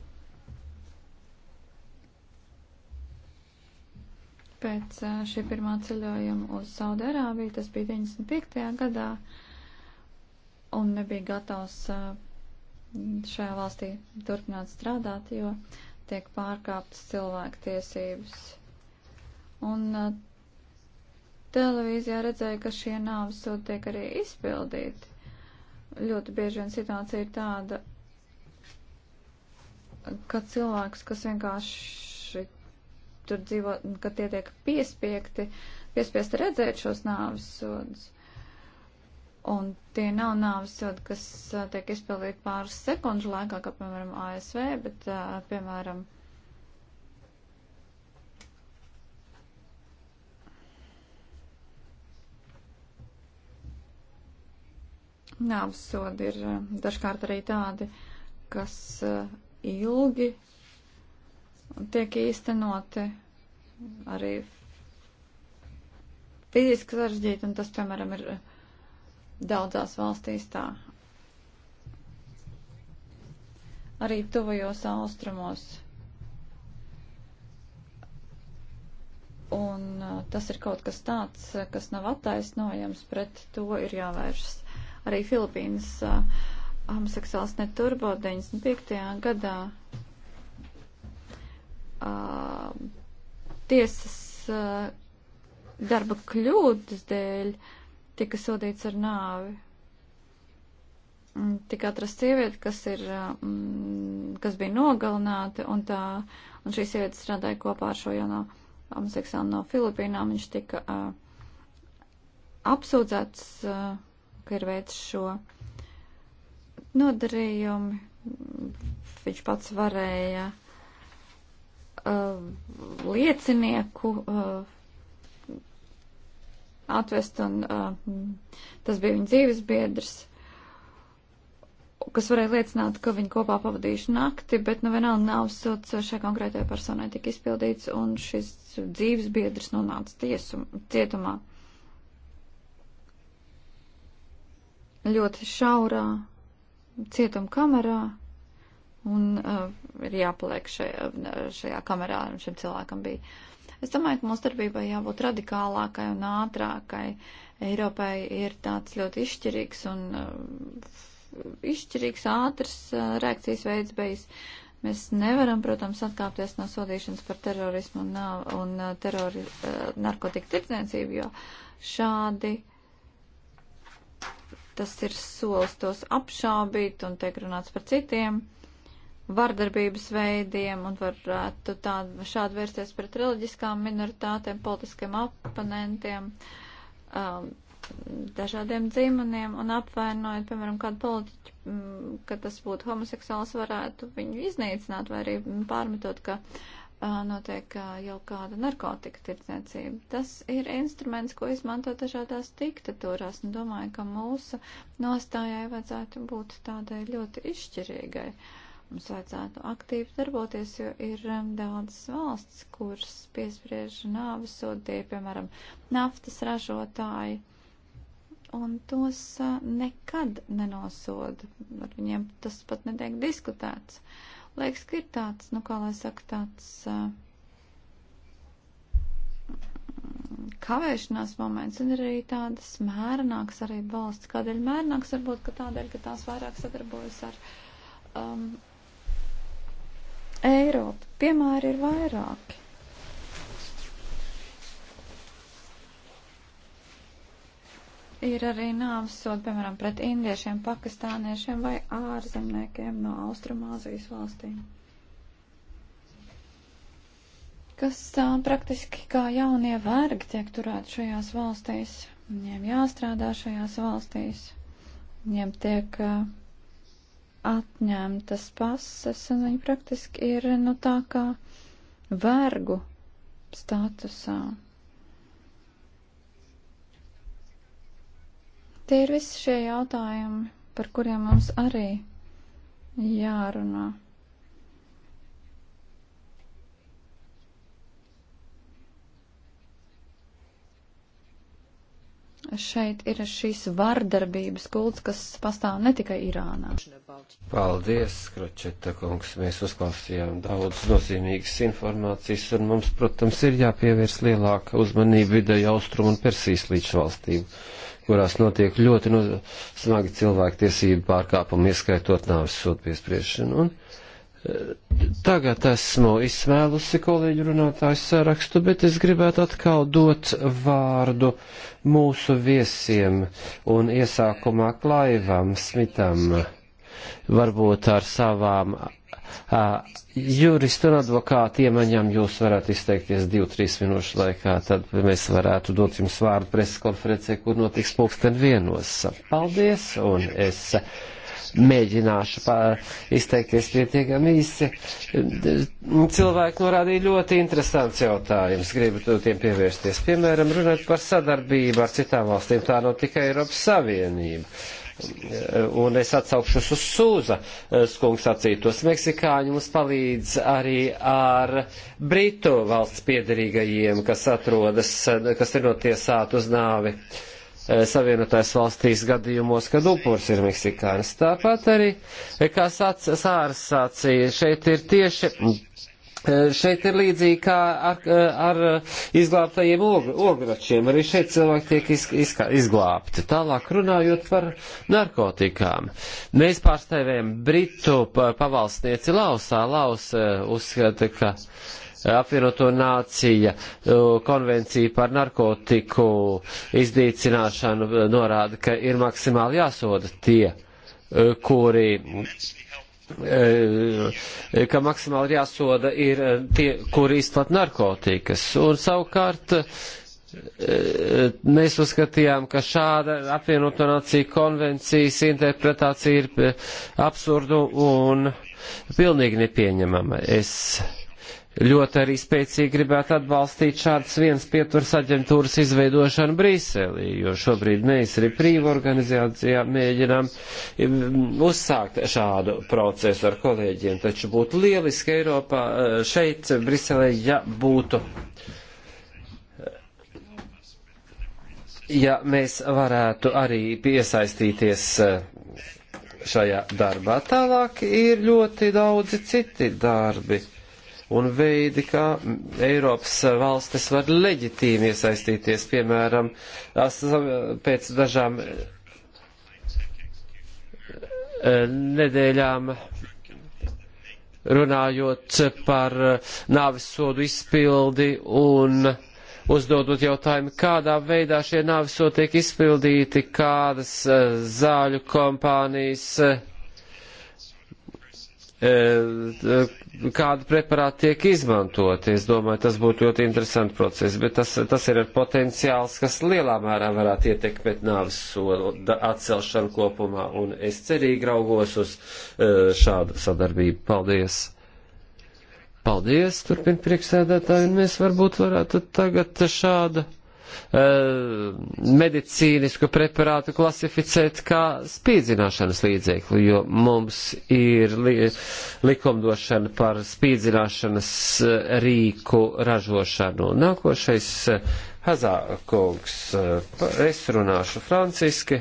Pēc šī pirmā ceļojuma uz Saudārābiju, tas bija 95. gadā, un nebija gatavs šajā valstī turpināt strādāt, jo tiek pārkāptas cilvēku tiesības. Un televīzijā redzēja, ka šie nāves sodi tiek arī izpildīti. Ļoti bieži vien situācija ir tāda, ka cilvēks, kas vienkārši tur dzīvo, ka tie tiek piespiegti, piespiesti redzēt šos nāvis sodus. Un tie nav nāvis sodi, kas uh, tiek izpildīti pāris sekundžu laikā, kā piemēram ASV, bet uh, piemēram. Nāvis sodi ir uh, dažkārt arī tādi, kas ilgi tiek īstenoti arī fiziski sarežģīti, un tas, piemēram, ir daudzās valstīs tā. Arī tuvajos austrumos. Un uh, tas ir kaut kas tāds, uh, kas nav attaisnojams, pret to ir jāvēršas. Arī Filipīnas uh, homoseksuāls neturbo 95. Nu, gadā uh, tiesas uh, darba kļūdas dēļ tika sodīts ar nāvi. Tika atrasta sieviete, kas, ir, uh, mm, kas bija nogalināta, un, tā, un šī sieviete strādāja kopā ar šo jauno homoseksuālu no Filipīnām. Viņš tika uh, apsūdzēts, uh, ka ir veids šo nodarījumu. Viņš pats varēja uh, uh, liecinieku uh, atvest, un uh, tas bija viņa dzīves biedrs, kas varēja liecināt, ka viņi kopā pavadījuši nakti, bet nu vienalga nav sots šai konkrētajai personai tika izpildīts, un šis dzīves biedrs nonāca tiesu, cietumā. Ļoti šaurā cietuma kamerā Un uh, ir jāpaliek šajā, uh, šajā kamerā, un šim cilvēkam bija. Es domāju, ka mūsu darbībai jābūt radikālākai un ātrākai. Eiropai ir tāds ļoti izšķirīgs un uh, izšķirīgs ātrs uh, reakcijas veids bijis. Mēs nevaram, protams, atkāpties no sodīšanas par terorismu un, uh, un uh, terori, uh, narkotiku tirdzniecību, jo šādi tas ir solis tos apšābīt un tiek runāts par citiem. Uh, vardarbības veidiem un varētu tādu, šādu vērsties pret reliģiskām minoritātēm, politiskiem oponentiem, um, dažādiem dzīmeniem un apvainojot, piemēram, kādu politiķu, mm, ka tas būtu homoseksuāls, varētu viņu iznīcināt vai arī pārmetot, ka uh, notiek uh, jau kāda narkotika tirdzniecība. Tas ir instruments, ko izmanto dažādās diktatūrās, un domāju, ka mūsu nostājai vajadzētu būt tādai ļoti izšķirīgai. Uh, Mums vajadzētu aktīvi darboties, jo ir um, daudzas valsts, kuras piespriež nāvis sodīja, piemēram, naftas ražotāji, un tos uh, nekad nenosoda. Ar viņiem tas pat netiek diskutēts. Liekas, ka ir tāds, nu kā lai saka, tāds uh, kavēšanās moments, un ir arī tādas mērenākas arī valsts. Kādēļ mērenākas? Varbūt, ka tādēļ, ka tās vairāk sadarbojas ar. Um, Eiropu. Piemēri ir vairāki. Ir arī nāves sodi, piemēram, pret indiešiem, pakistāniešiem vai ārzemniekiem no Austrumāzijas valstīm. Kas tā, praktiski kā jaunie vergi tiek turēti šajās valstīs, viņiem jāstrādā šajās valstīs, viņiem tiek uh, atņemtas pases, un viņi praktiski ir, nu, tā kā vergu statusā. Tie ir visi šie jautājumi, par kuriem mums arī jārunā. šeit ir šīs vardarbības kults, kas pastāv ne tikai Irānā. Paldies, Kročeta kungs. Mēs uzklausījām daudz nozīmīgas informācijas, un mums, protams, ir jāpievērs lielāka uzmanība vidēja austrumu un Persijas līča valstīm, kurās notiek ļoti no, smagi cilvēktiesību pārkāpumi, ieskaitot nāvis sodpiespriešanu. Un Tagad esmu izsmēlusi kolēģu runātāju sarakstu, bet es gribētu atkal dot vārdu mūsu viesiem un iesākumā klaivam smitam, varbūt ar savām a, juristu un advokātu iemaņām jūs varētu izteikties 2-3 minūšu laikā, tad mēs varētu dot jums vārdu preskonferencē, kur notiks pulksten vienos. Paldies, un es. A, mēģināšu izteikties pietiekami īsi. Cilvēki norādīja ļoti interesants jautājums, gribu tiem pievērsties. Piemēram, runāt par sadarbību ar citām valstīm, tā nav tikai Eiropas Savienība. Un es atsaukšos uz Sūza skunks acītos. Meksikāņi mums palīdz arī ar Britu valsts piedarīgajiem, kas atrodas, kas ir notiesāti uz nāvi. Uh, Eh, Savienotās valstīs gadījumos, kad upurs ir meksikānis. Tāpat arī, eh, kā sāc, sārs sācīja, šeit ir tieši. Eh, šeit ir līdzīgi kā ar, ar izglābtajiem ogračiem. Arī šeit cilvēki tiek iz, iz, izglābti. Tālāk runājot par narkotikām. Mēs pārstāvējam Britu pavalstnieci Lausā. Laus uzskata, ka. Uh, apvienoto nācija konvencija par narkotiku izdīcināšanu norāda, ka ir maksimāli jāsoda tie, kuri ka maksimāli jāsoda ir tie, kuri izplat narkotikas. Un savukārt mēs uzskatījām, ka šāda apvienoto nāciju konvencijas interpretācija ir absurdu un pilnīgi nepieņemama. Es ļoti arī spēcīgi gribētu atbalstīt šādas vienas pieturas aģentūras izveidošanu Brīselī, jo šobrīd mēs arī brīvu organizācijā mēģinām mm, uzsākt šādu procesu ar kolēģiem, taču būtu lieliski Eiropā eh, šeit, Briselē, ja būtu. Ja mēs varētu arī piesaistīties eh, šajā darbā, tālāk ir ļoti daudzi citi darbi un veidi, kā Eiropas valstis var leģitīmi iesaistīties, piemēram, pēc dažām eh, nedēļām runājot par eh, nāvis sodu izpildi un uzdodot jautājumu, kādā veidā šie nāvis sodi tiek izpildīti, kādas eh, zāļu kompānijas Eh, kādu preparātu tiek izmantoti. Es domāju, tas būtu ļoti interesants process, bet tas, tas ir potenciāls, kas lielā mērā varētu ietekmēt nāvis sodu atcelšanu kopumā, un es cerīgi raugos uz eh, šādu sadarbību. Paldies! Paldies, turpin priekšsēdētāji, un mēs varbūt varētu tagad šādu Eh, medicīnisku preparātu klasificēt kā spīdzināšanas līdzekli, jo mums ir li likumdošana par spīdzināšanas eh, rīku ražošanu. Nākošais eh, Hazākungs, es runāšu franciski,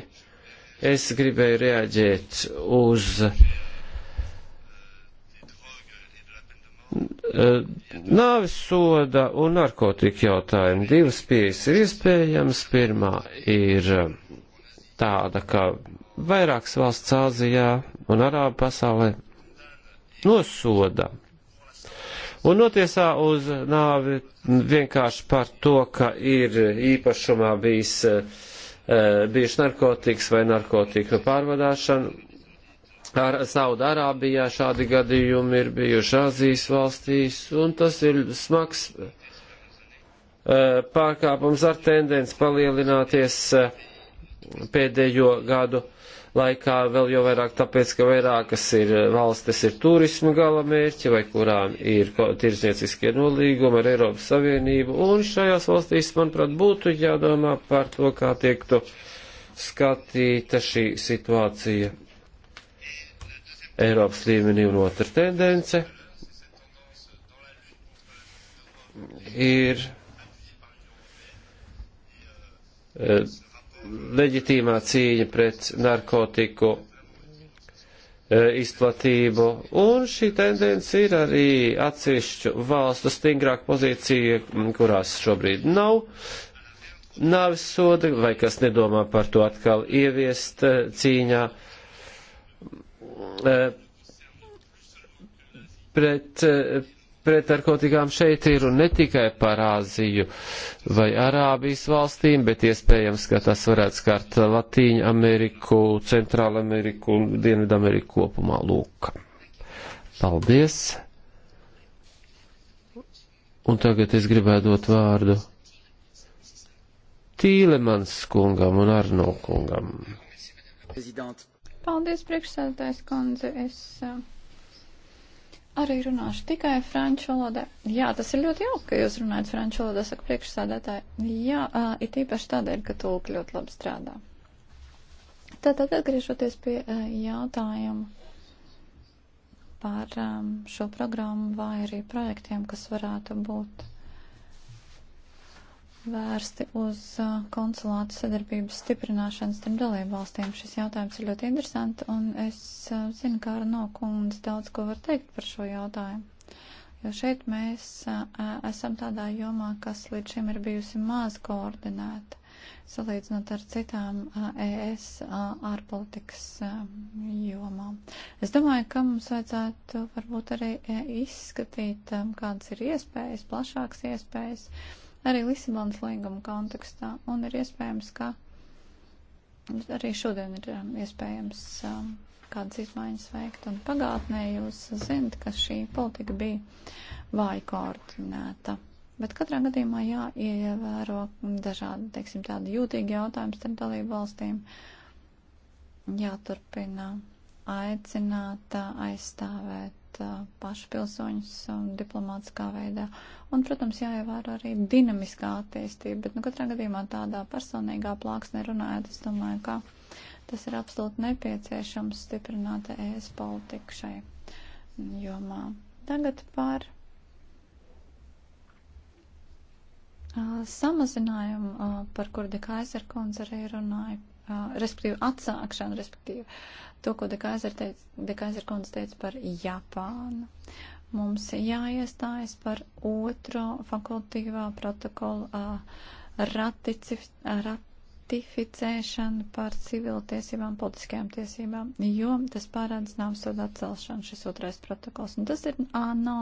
es gribēju reaģēt uz uh, Nāves soda un narkotika jautājumi divas pieejas ir iespējams. Pirmā ir tāda, ka vairākas valsts Āzijā un Arābu pasaulē nosoda un notiesā uz nāvi vienkārši par to, ka ir īpašumā bijis, bijuši narkotikas vai narkotika pārvadāšana Ar Saudārābijā šādi gadījumi ir bijuši Azijas valstīs, un tas ir smags uh, pārkāpums ar tendenci palielināties uh, pēdējo gadu laikā, vēl jau vairāk tāpēc, ka vairākas ir eh, valstis ir turismu gala mērķi, vai kurām ir tirsnieciskie nolīgumi ar Eiropas Savienību, un šajās valstīs, manuprāt, būtu jādomā par to, kā tiektu skatīta šī situācija Eiropas līmenī un otra tendence ir e, leģitīmā cīņa pret narkotiku e, izplatību, un šī tendence ir arī atsevišķu valstu stingrāk pozīcija, kurās šobrīd nav nāvis soda, vai kas nedomā par to atkal ieviest e, cīņā Eh, pret, eh, pret narkotikām šeit ir un ne tikai par Āziju vai Arābijas valstīm, bet iespējams, ka tas varētu skart Latīņu Ameriku, Centrālu Ameriku un Dienvidu Ameriku kopumā. Lūk. Paldies! Un tagad es gribētu dot vārdu Tīlemans kungam un Arno kungam. Prezident. Paldies, priekšsēdētājs kundze. Es uh, arī runāšu tikai franču valodā. Jā, tas ir ļoti jauki, ka jūs runājat franču valodā, saka priekšsēdētāji. Jā, uh, it īpaši tādēļ, ka tulk ļoti labi strādā. Tātad atgriežoties pie uh, jautājuma par um, šo programmu vai arī projektiem, kas varētu būt vērsti uz konsulātu sadarbības stiprināšanu starp dalību valstīm. Šis jautājums ir ļoti interesants, un es zinu, kā ar nokundz daudz ko var teikt par šo jautājumu. Jo šeit mēs esam tādā jomā, kas līdz šim ir bijusi maz koordinēta, salīdzinot ar citām ES ārpolitikas jomām. Es domāju, ka mums vajadzētu varbūt arī izskatīt, kādas ir iespējas, plašākas iespējas arī Lisabonas līguma kontekstā, un ir iespējams, ka arī šodien ir um, iespējams um, kādas izmaiņas veikt, un pagātnē jūs zinat, ka šī politika bija vāji koordinēta. Bet katrā gadījumā jāievēro um, dažādi, teiksim, tādi jūtīgi jautājumi starp dalību valstīm. Jāturpina aicināt, uh, aizstāvēt pašu pilsoņus diplomātiskā veidā. Un, protams, jāievēro arī dinamiskā attīstība, bet, nu, katrā gadījumā tādā personīgā plāksnē runājot, es domāju, ka tas ir absolūti nepieciešams stiprināt ES politiku šai jomā. Tagad par samazinājumu, par kur Dekaiser kundze arī runāja respektīvi atsākšanu, respektīvi to, ko Dekaizer teica, Dekaizer kundze teica par Japānu. Mums jāiestājas par otro fakultīvā protokola ratificēšanu par civilu tiesībām, politiskajām tiesībām, jo tas pārādz nāvsodu atcelšanu, šis otrais protokols. Un tas ir ANO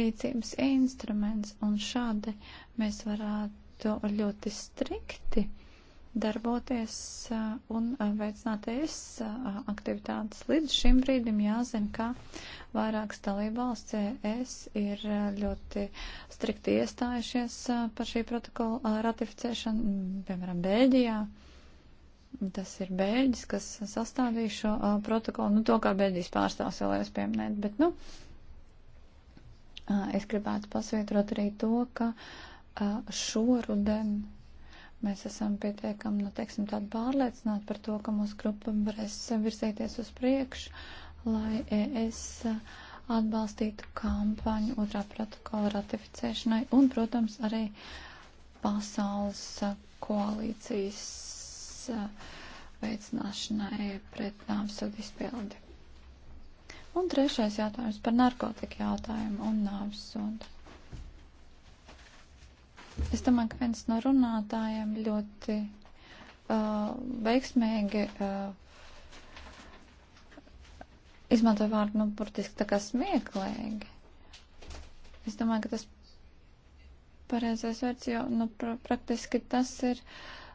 rīcības instruments, un šādi mēs varētu ļoti strikti uh, darboties un veicināt es aktivitātes. Līdz šim brīdim jāzina, ka vairākas dalībvalsts ES ir ļoti strikti iestājušies par šī protokola ratificēšanu, mm, piemēram, Bēļģijā. Tas ir Bēļģis, kas sastādīja šo protokolu. Nu, to kā Bēļģijas pārstāvs vēlējos pieminēt, bet, nu, es gribētu pasvietrot arī to, ka šoruden Mēs esam pietiekami, nu, teiksim, tādi pārliecināti par to, ka mūsu grupa varēs virzīties uz priekšu, lai es atbalstītu kampaņu otrā protokola ratificēšanai un, protams, arī pasaules koalīcijas veicināšanai pret nāvsodu izpildi. Un trešais jautājums par narkotiku jautājumu un nāvsodu. Es domāju, ka viens no runātājiem ļoti uh, veiksmīgi uh, izmantoja vārdu, nu, burtiski tā kā smieklīgi. Es domāju, ka tas pareizais vērts, jo, nu, pra praktiski tas ir.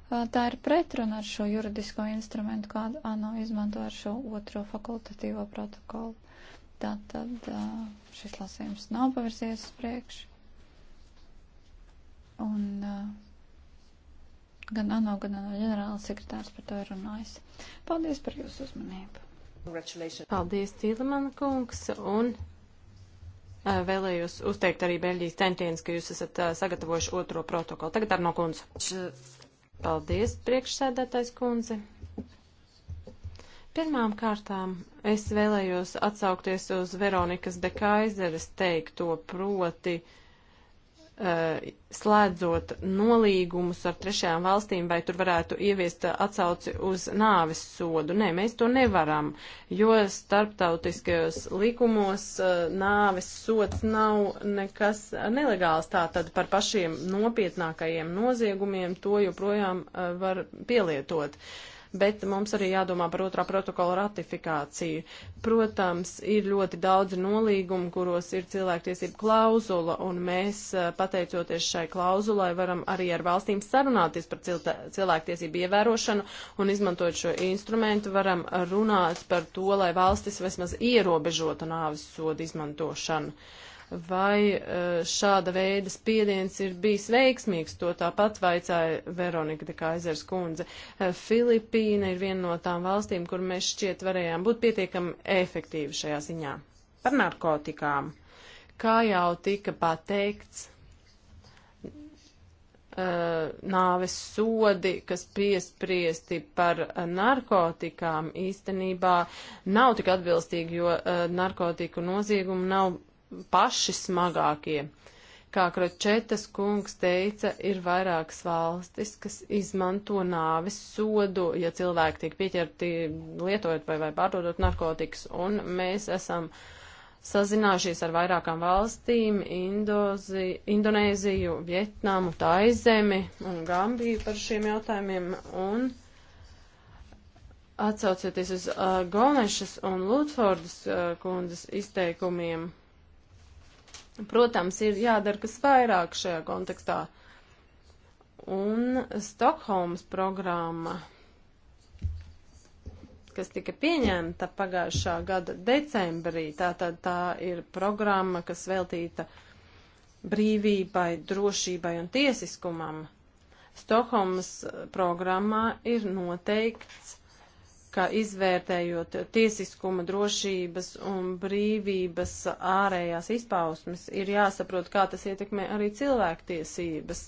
Uh, tā ir pretruna ar šo juridisko instrumentu, kādu ANO izmanto ar šo otro fakultatīvo protokolu. Tātad uh, šis lasījums nav pavirsies uz priekšu. Un uh, gan ANO, gan ANO ģenerāla sekretārs par to ir runājis. Paldies par jūsu uzmanību. Paldies, Tīlemana kungs, un uh, vēlējos uzteikt arī Beļģijas centienus, ka jūs esat uh, sagatavojuši otro protokolu. Tagad ar no kundze. Paldies, priekšsēdētājs kundze. Pirmām kārtām es vēlējos atsaukties uz Veronikas de Kaizeres teikto proti. Uh, Eh, slēdzot nolīgumus ar trešajām valstīm, vai tur varētu ieviest atsauci uz nāves sodu. Nē, mēs to nevaram, jo starptautiskajos likumos eh, nāves sods nav nekas nelegāls. Tātad par pašiem nopietnākajiem noziegumiem to joprojām eh, var pielietot. Uh, bet mums arī jādomā par otrā protokola ratifikāciju. Protams, ir ļoti daudz nolīgumu, kuros ir cilvēktiesība klauzula, un mēs, eh, pateicoties šai klauzulai, varam arī ar valstīm sarunāties par cilvēktiesību ievērošanu un izmantojot šo instrumentu, varam runāt par to, lai valstis vismaz ierobežotu nāvis sodu izmantošanu vai eh, šāda veida spiediens ir bijis veiksmīgs, to tāpat vaicāja Veronika de Kaizers kundze. Eh, Filipīna ir viena no tām valstīm, kur mēs šķiet varējām būt pietiekami efektīvi šajā ziņā. Par narkotikām. Kā jau tika pateikts, eh, nāves sodi, kas piespriesti par narkotikām, īstenībā nav tik atbilstīgi, jo narkotiku noziegumu nav paši smagākie. Kā Kročetas kungs teica, ir vairākas valstis, kas izmanto nāvis sodu, ja cilvēki tiek pieķerti lietojot vai, vai pārdodot narkotikas, un mēs esam sazinājušies ar vairākām valstīm Indozi, Indonēziju, Vietnamu, Taizemi un Gambiju par šiem jautājumiem, un atsaucoties uz uh, Gomešas un Lutfordas uh, kundzes izteikumiem Protams, ir jādara kas vairāk šajā kontekstā. Un Stokholmas programma, kas tika pieņemta pagājušā gada decembrī, tā tad tā ir programma, kas veltīta brīvībai, drošībai un tiesiskumam. Stokholmas programmā ir noteikts ka izvērtējot tiesiskuma, drošības un brīvības ārējās izpausmes, ir jāsaprot, kā tas ietekmē arī cilvēktiesības.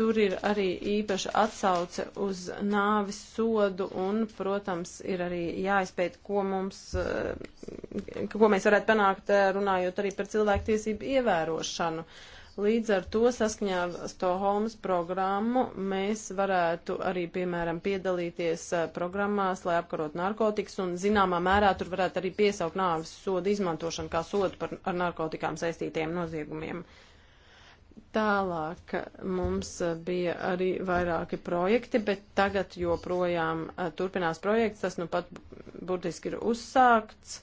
Tur ir arī īpaša atsauce uz nāvis sodu un, protams, ir arī jāizpēt, ko, mums, eh, ko mēs varētu panākt, eh, runājot arī par cilvēktiesību ievērošanu. Uh, Līdz ar to saskaņā ar Stoholmas programmu mēs varētu arī, piemēram, piedalīties eh, programmās, lai apkarot narkotikas un zināmā mērā tur varētu arī piesaukt nāvis sodu izmantošanu kā sodu par, ar narkotikām saistītiem noziegumiem. Tālāk eh, mums eh, bija arī vairāki projekti, bet tagad joprojām turpinās projekts. Tas nu pat burtiski ir uzsākts,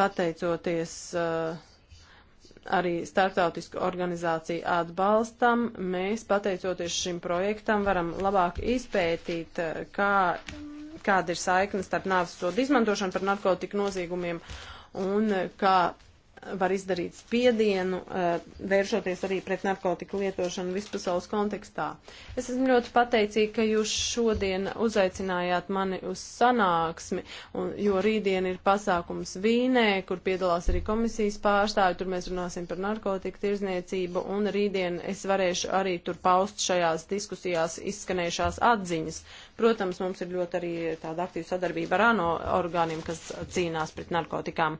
pateicoties uh, arī starptautisku organizāciju atbalstam, mēs pateicoties šim projektam varam labāk izpētīt, eh, kā, kāda ir saikne starp nāves sodu izmantošanu par narkotiku noziegumiem un eh, kā var izdarīt spiedienu, eh, vēršoties arī pret narkotiku lietošanu vispasaules kontekstā. Es esmu ļoti pateicīga, ka jūs šodien uzaicinājāt mani uz sanāksmi, un, jo rītdien ir pasākums Vīnē, kur piedalās arī komisijas pārstāvi, tur mēs runāsim par narkotiku tirzniecību, un rītdien es varēšu arī tur paust šajās diskusijās izskanējušās atziņas. Protams, mums ir ļoti arī tāda aktīva sadarbība ar ANO orgāniem, kas cīnās pret narkotikām.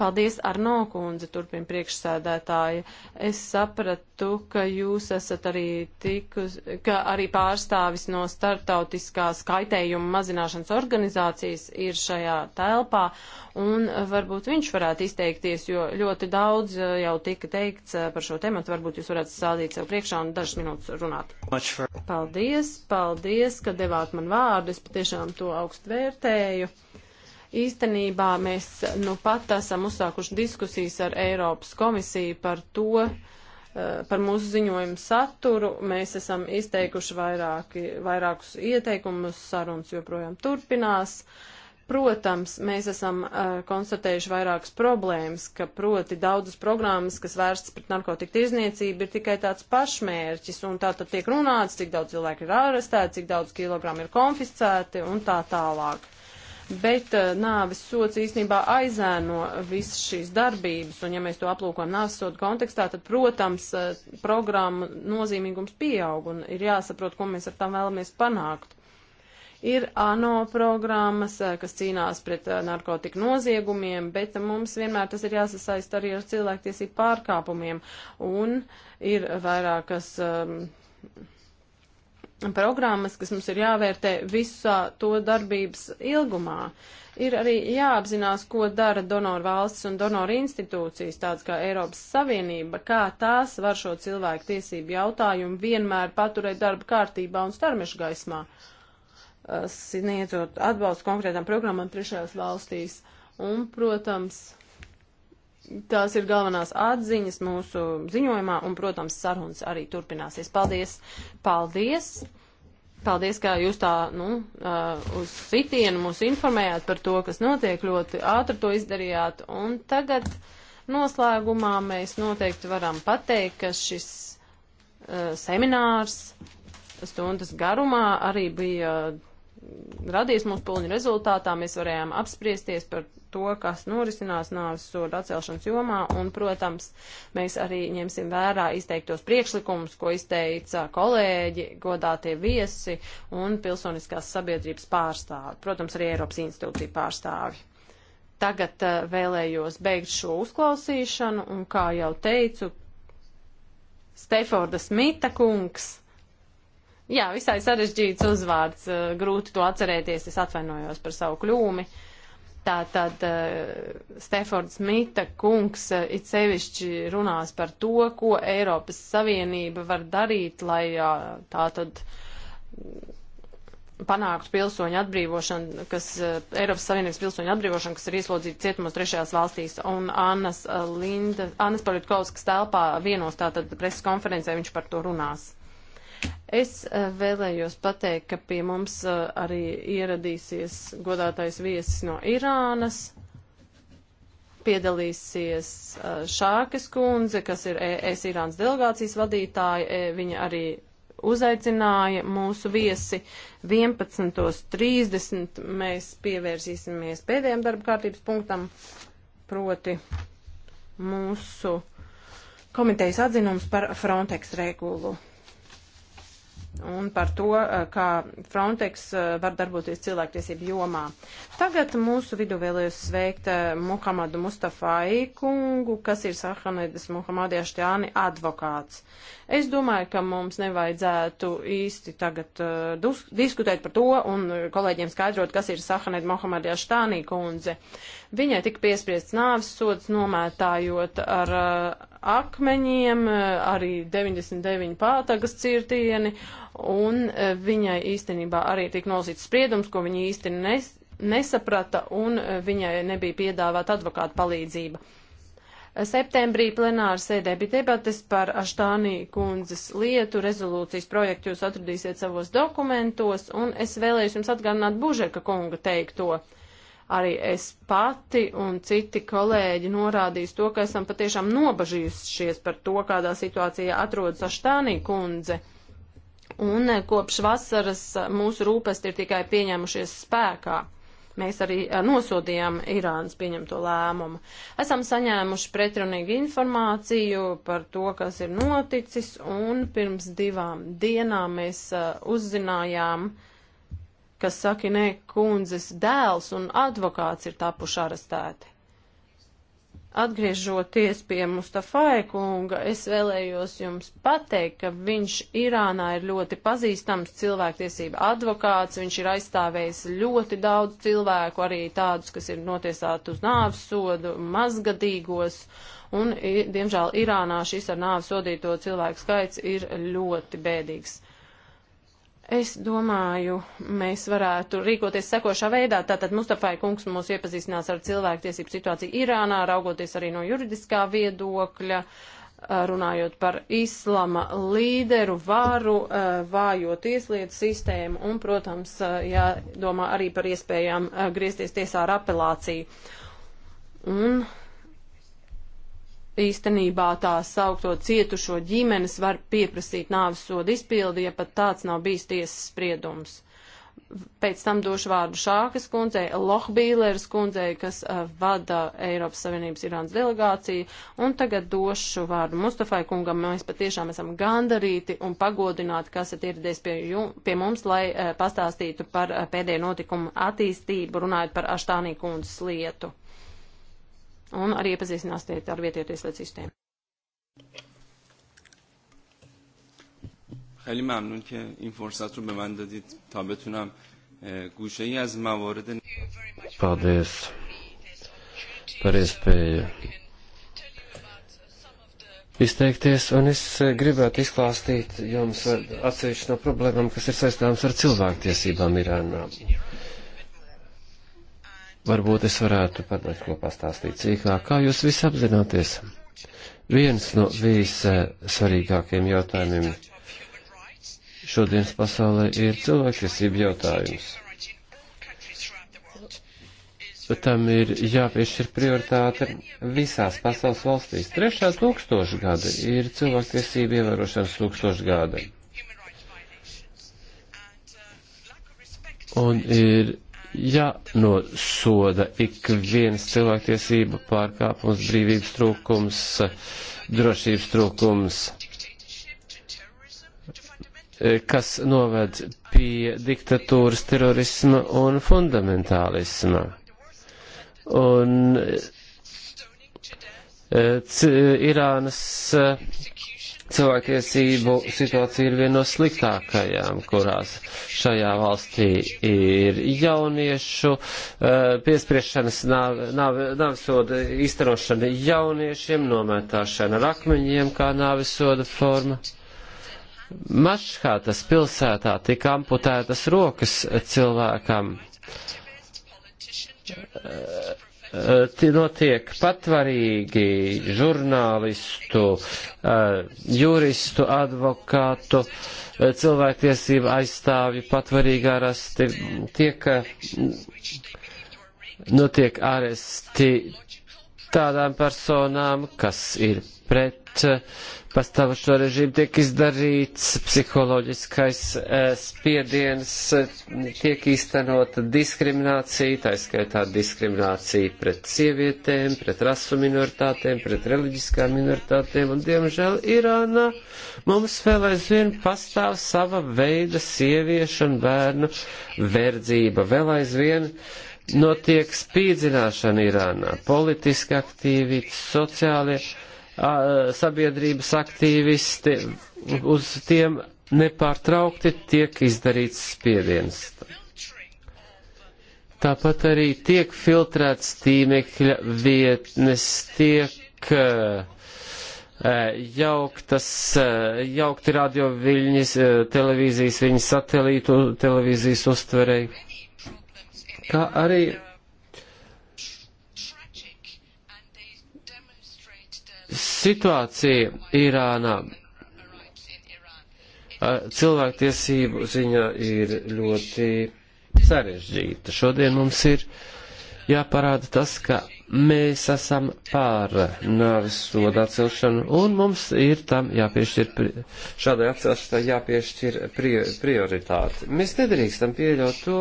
Paldies, Arno kundze, turpina priekšsēdētāja. Es sapratu, ka jūs esat arī tikus, ka arī pārstāvis no startautiskās kaitējuma mazināšanas organizācijas ir šajā telpā, un varbūt viņš varētu izteikties, jo ļoti daudz eh, jau tika teikts eh, par šo tematu, varbūt jūs varētu sādīt sev priekšā un dažas minūtes runāt. Paldies, paldies, ka devāt man vārdu, es patiešām to augstu vērtēju. Īstenībā mēs nu pat esam uzsākuši diskusijas ar Eiropas komisiju par to, eh, par mūsu ziņojumu saturu. Mēs esam izteikuši vairāki, vairākus ieteikumus, sarunas joprojām turpinās. Protams, mēs esam uh, konstatējuši vairākas problēmas, ka proti daudzas programmas, kas vērstas pret narkotiku tirzniecību, ir tikai tāds pašmērķis, un tā tad tiek runāts, cik daudz cilvēku ir ārestēti, cik daudz kilogramu ir konfiscēti un tā tālāk bet uh, nāves sots īstenībā aizēno visas šīs darbības, un ja mēs to aplūkojam nāves sodu kontekstā, tad, protams, uh, programma nozīmīgums pieaug, un ir jāsaprot, ko mēs ar tām vēlamies panākt. Ir ANO programmas, uh, kas cīnās pret narkotiku noziegumiem, bet mums vienmēr tas ir jāsasaist arī ar cilvēktiesību pārkāpumiem, un ir vairākas. Um, programmas, kas mums ir jāvērtē visā to darbības ilgumā. Ir arī jāapzinās, ko dara donoru valsts un donoru institūcijas, tāds kā Eiropas Savienība, kā tās var šo cilvēku tiesību jautājumu vienmēr paturēt darba kārtībā un starmešu gaismā, eh, sniedzot atbalstu konkrētām programmām trešajās valstīs. Un, protams, Tās ir galvenās atziņas mūsu ziņojumā, un, protams, sarunas arī turpināsies. Paldies! Paldies! Paldies, kā jūs tā, nu, uh, uz sitienu mūs informējāt par to, kas notiek, ļoti ātri to izdarījāt, un tagad noslēgumā mēs noteikti varam pateikt, ka šis uh, seminārs stundas garumā arī bija uh, radījis mūsu pūliņu rezultātā, mēs varējām apspriesties par to, kas norisinās nāves soda atcelšanas jomā, un, protams, mēs arī ņemsim vērā izteiktos priekšlikumus, ko izteica kolēģi, godātie viesi un pilsoniskās sabiedrības pārstāvi, protams, arī Eiropas institūcija pārstāvi. Tagad uh, vēlējos beigt šo uzklausīšanu, un, kā jau teicu, Steforda Smita kungs. Jā, visai sarežģīts uzvārds, uh, grūti to atcerēties, es atvainojos par savu kļūmi. Uh, Tātad eh, Stefords Mita kungs eh, it sevišķi runās par to, ko Eiropas Savienība var darīt, lai eh, tātad panāktu pilsoņu atbrīvošanu, kas Eiropas Savienības pilsoņu atbrīvošanu, kas ir ieslodzīti cietumos trešajās valstīs. Un Annas Linda, Annas Politkovskas telpā vienos tātad preses konferencē viņš par to runās. Es eh, vēlējos pateikt, ka pie mums eh, arī ieradīsies godātais viesis no Irānas. Piedalīsies eh, Šākas kundze, kas ir e- ES Irānas delegācijas vadītāja. E- viņa arī uzaicināja mūsu viesi 11.30. Mēs pievērsīsimies pēdējiem darba kārtības punktam, proti mūsu komitejas atzinums par Frontex regulu un par to, eh, kā Frontex eh, var darboties cilvēktiesību jomā. Tagad mūsu vidu vēlējos sveikt eh, Muhamadu Mustafai kungu, kas ir Sahanedes Muhamadija Šķāni advokāts. Es domāju, ka mums nevajadzētu īsti tagad uh, dus, diskutēt par to un kolēģiem skaidrot, kas ir Sahaneda Muhamadija Štānī kundze. Viņai tika piespriests nāves sods, nomētājot ar uh, akmeņiem, uh, arī 99 pātagas cirtieni, un uh, viņai īstenībā arī tika nosīts spriedums, ko viņa īsti nes, nesaprata, un uh, viņai nebija piedāvāta advokāta palīdzība. Septembrī plenāra sēdē bija debates par Aštānī kundzes lietu, rezolūcijas projektu jūs atradīsiet savos dokumentos, un es vēlēšu jums atgādināt Bužeka kunga teikto. Uh, Arī es pati un citi kolēģi norādījis to, ka esam patiešām nobažījušies par to, kādā situācijā atrodas Aštānī kundze. Un eh, kopš vasaras eh, mūsu rūpesti ir tikai pieņēmušies spēkā mēs arī eh, nosodījām Irānas pieņemto lēmumu. Esam saņēmuši pretrunīgu informāciju par to, kas ir noticis, un pirms divām dienām mēs uzzinājām, uh, kas saka, nē, kundzes dēls un advokāts ir tapuši arestēti. Atgriežoties pie Mustafai e kunga, es vēlējos jums pateikt, ka viņš Irānā ir ļoti pazīstams cilvēktiesība advokāts, viņš ir aizstāvējis ļoti daudz cilvēku, arī tādus, kas ir notiesāti uz nāves sodu, mazgadīgos, un, diemžēl, Irānā šis ar nāves sodīto cilvēku skaits ir ļoti bēdīgs. Es domāju, mēs varētu rīkoties sekošā veidā. Tātad Mustafai kungs mūs iepazīstinās ar cilvēktiesību situāciju Irānā, raugoties arī no juridiskā viedokļa, runājot par islama līderu varu, vājo tieslietu sistēmu un, protams, jādomā arī par iespējām griezties tiesā ar apelāciju. Un īstenībā tā saukto cietušo ģimenes var pieprasīt nāves sodu izpildi, ja pat tāds nav bijis tiesas spriedums. Pēc tam došu vārdu Šākas kundzei, Lohbīleres kundzei, kas uh, vada Eiropas Savienības Irānas delegāciju, un tagad došu vārdu Mustafai kungam. Mēs patiešām esam gandarīti un pagodināti, kas ir ieradies pie, jum, pie mums, lai uh, pastāstītu par uh, pēdējo notikumu attīstību, runājot par Aštānī kundzes lietu un arī iepazīstināsiet ar vietējo tieslietu sistēmu. خیلی ممنون که این فرصت رو به من دادید تا بتونم گوشه ای از موارد پادس پر iespēju izteikties, un es gribētu izklāstīt jums atsevišķi no problēmām, kas ir saistāmas ar cilvēktiesībām Irānā. Varbūt es varētu padot, ko pastāstīt cīkāk, kā jūs visi apzināties. Viens no vissvarīgākajiem jautājumiem šodienas pasaulē ir cilvēktiesība jautājums. Tam ir jāpiešķir prioritāte visās pasaules valstīs. Trešā tūkstoša gada ir cilvēktiesība ievērošanas tūkstoša gada. Un ir ja nosoda ik viens cilvēktiesība pārkāpums, brīvības trūkums, drošības trūkums, kas noved pie diktatūras, terorisma un fundamentālisma. Un eh, Irānas eh, cilvēktiesību situācija ir viena no sliktākajām, kurās šajā valstī ir jauniešu eh, piespriešanas nav, nav, navsoda iztarošana jauniešiem, nometāšana ar akmeņiem kā nāvisoda forma. Mašhātas pilsētā tika amputētas rokas cilvēkam. Uh, Eh, notiek patvarīgi žurnālistu, eh, juristu, advokātu, eh, cilvēktiesību aizstāvju patvarīgi arasti, tiek, notiek aresti tādām personām, kas ir pret eh, pastāvošo režīmu, tiek izdarīts psiholoģiskais eh, spiediens, eh, tiek īstenota diskriminācija, tā skaitā diskriminācija pret sievietēm, pret rasu minoritātēm, pret reliģiskām minoritātēm, un diemžēl Irānā mums vēl aizvien pastāv sava veida sieviešu un bērnu verdzība, vēl aizvien uh, notiek spīdzināšana Irānā, politiski aktīvi, sociāli a, sabiedrības aktīvisti, uz tiem nepārtraukti tiek izdarīts spiediens. Tāpat arī tiek filtrēts tīmekļa vietnes, tiek uh, jauktas, jaukti radio viļņas, televīzijas viņas satelītu televīzijas uztverei kā arī situācija Irānā cilvēktiesību ziņā ir ļoti sarežģīta. Šodien mums ir jāparāda tas, ka mēs esam pār nāves sodu atcelšanu, un mums ir tam jāpiešķir, šādai atcelšanai jāpiešķir prioritāti. Mēs nedrīkstam pieļaut to,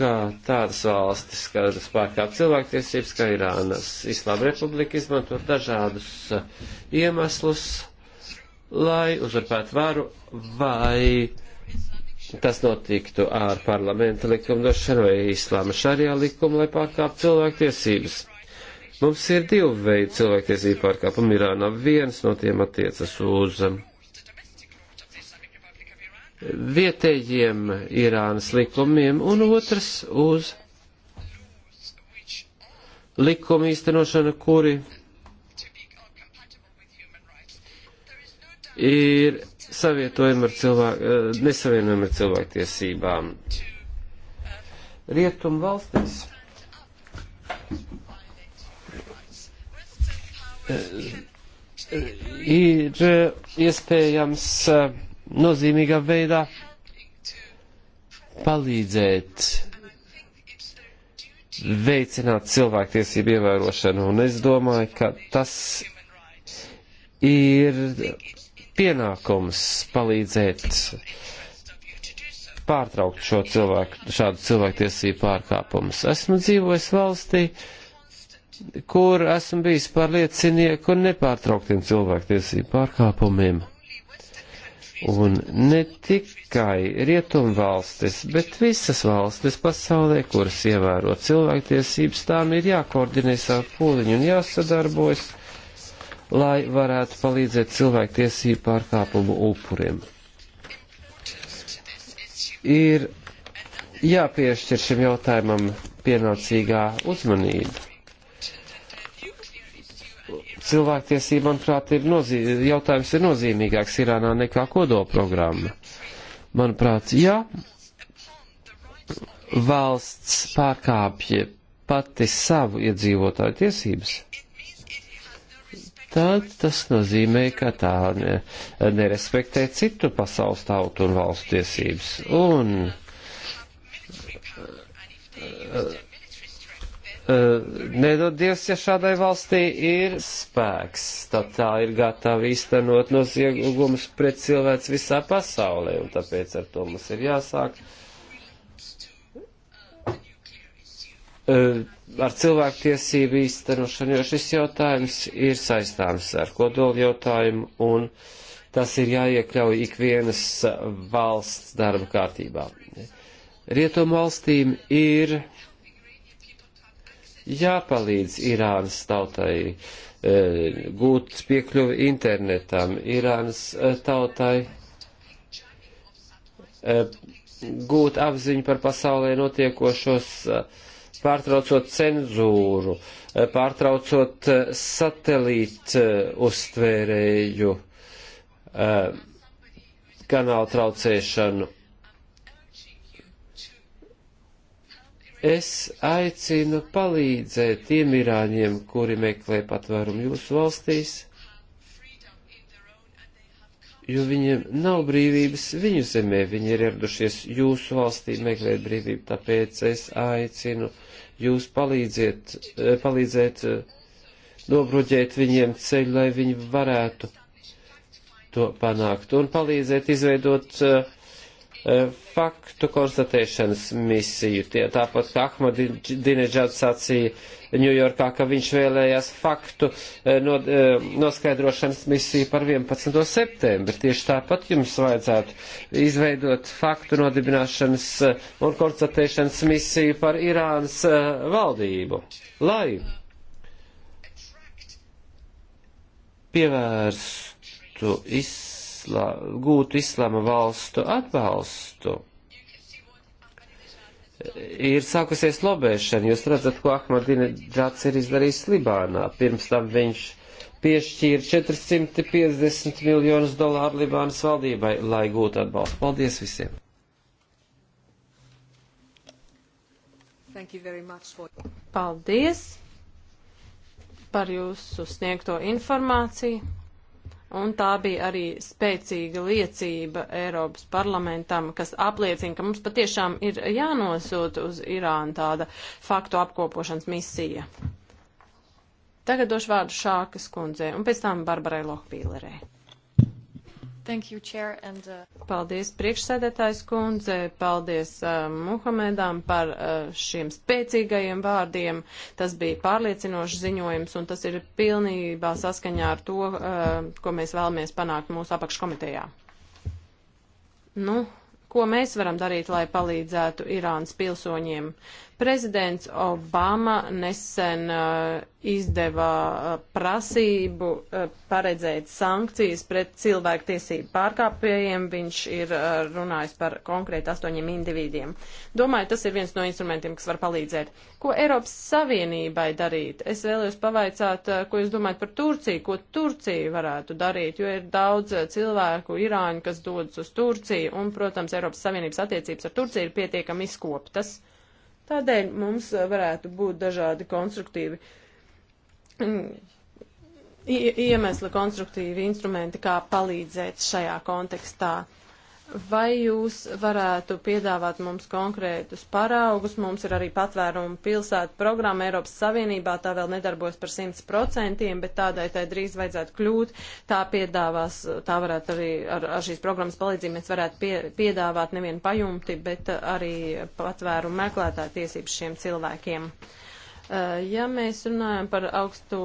ka tādas valstis, kad spēkā cilvēktiesības, kā Irānas Islāma Republika, izmanto dažādus eh, iemeslus, lai uzurpētu varu vai tas notiktu ar parlamenta likumdošanu vai islāma šarijā likumu, lai pārkāptu cilvēktiesības. Mums ir divi veidi cilvēktiesību pārkāpumu Irānā. Viens no tiem attiecas uz um, vietējiem Irānas likumiem un otrs uz likumu īstenošanu, kuri ir savietojumi ar cilvēku, eh, nesavienojumi ar cilvēktiesībām. Rietumu valstis. Eh, ir iespējams uh, nozīmīgā veidā palīdzēt veicināt cilvēktiesību ievērošanu, un es domāju, ka tas ir pienākums palīdzēt pārtraukt šo cilvēku, šādu cilvēktiesību pārkāpumus. Esmu dzīvojis valstī, kur esmu bijis par liecinieku nepārtrauktiem cilvēktiesību pārkāpumiem. Un ne tikai rietumvalstis, bet visas valstis pasaulē, kuras ievēro cilvēktiesības, tām ir jākoordinē savu pūliņu un jāsadarbojas, lai varētu palīdzēt cilvēktiesību pārkāpumu upuriem. Ir jāpiešķir šim jautājumam pienācīgā uzmanība cilvēktiesība, manuprāt, ir nozī... jautājums ir nozīmīgāks Irānā nekā kodolprogramma. Manuprāt, ja valsts pārkāpja pati savu iedzīvotāju tiesības, tad tas nozīmē, ka tā ne, nerespektē citu pasaules tautu un valstu tiesības. Un, uh, uh, Eh, nedodies, ja šādai valstī ir spēks, tad tā ir gatava īstenot noziegumus pret cilvēks visā pasaulē, un tāpēc ar to mums ir jāsāk. Eh, ar cilvēktiesību īstenošanu, jo šis jautājums ir saistāms ar kodolu jautājumu, un tas ir jāiekļauj ikvienas valsts darba kārtībā. Rietumu valstīm ir jāpalīdz Irānas tautai e, gūt piekļuvi internetam, Irānas e, tautai e, gūt apziņu par pasaulē notiekošos, pārtraucot cenzūru, pārtraucot satelītu uztvērēju kanālu traucēšanu Es aicinu palīdzēt tiem irāņiem, kuri meklē patvērumu jūsu valstīs, jo viņiem nav brīvības viņu zemē, viņi ir ieradušies jūsu valstī meklēt brīvību, tāpēc es aicinu jūs palīdziet, eh, palīdzēt eh, nobruģēt viņiem ceļu, lai viņi varētu to panākt un palīdzēt izveidot uh, Eh, faktu konstatēšanas misiju. Tie, tāpat kā Ahmadineģāds sacīja Ņujorkā, ka viņš vēlējās faktu eh, no, eh, noskaidrošanas misiju par 11. septembri. Tieši tāpat jums vajadzētu izveidot faktu nodibināšanas un konstatēšanas misiju par Irānas valdību. Lai pievērstu izsākumu islā, gūtu islama valstu atbalstu. Ir sākusies lobēšana. Jūs redzat, ko Ahmadineģāts ir izdarījis Libānā. Pirms tam viņš piešķīra 450 miljonus dolāru Libānas valdībai, lai gūtu atbalstu. Paldies visiem! Paldies par jūsu sniegto informāciju. Un tā bija arī spēcīga liecība Eiropas parlamentam, kas apliecina, ka mums patiešām ir jānosūta uz Irānu tāda faktu apkopošanas misija. Tagad došu vārdu Šākas kundzei un pēc tam Barbarai Lohpīlerei. Thank you, Chair, and, uh... Paldies priekšsēdētājs kundze, paldies uh, Muhamedām par uh, šiem spēcīgajiem vārdiem. Tas bija pārliecinošs ziņojums, un tas ir pilnībā saskaņā ar to, uh, ko mēs vēlamies panākt mūsu apakškomitejā. Nu, ko mēs varam darīt, lai palīdzētu Irānas pilsoņiem? Uh, Prezidents Obama nesen uh, izdeva uh, prasību uh, paredzēt sankcijas pret cilvēktiesību pārkāpējiem. Viņš ir uh, runājis par konkrēti astoņiem individiem. Domāju, tas ir viens no instrumentiem, kas var palīdzēt. Ko Eiropas Savienībai darīt? Es vēlējos pavaicāt, uh, ko jūs domājat par Turciju, ko Turcija varētu darīt, jo ir daudz uh, cilvēku, Irāņu, kas dodas uz Turciju, un, protams, Eiropas Savienības attiecības ar Turciju ir pietiekami izkoptas. Uh, Tādēļ mums eh, varētu būt dažādi konstruktīvi mm, iemesli, konstruktīvi instrumenti, kā palīdzēt šajā kontekstā. Vai jūs varētu piedāvāt mums konkrētus paraugus? Mums ir arī patvērumu pilsētu programma Eiropas Savienībā, tā vēl nedarbojas par 100%, bet tādai tai drīz vajadzētu kļūt. Tā piedāvās, tā varētu arī ar, ar šīs programmas palīdzību mēs varētu pie, piedāvāt nevienu pajumti, bet arī patvērumu meklētāju tiesības šiem cilvēkiem. Uh, Eh, ja mēs runājam par augsto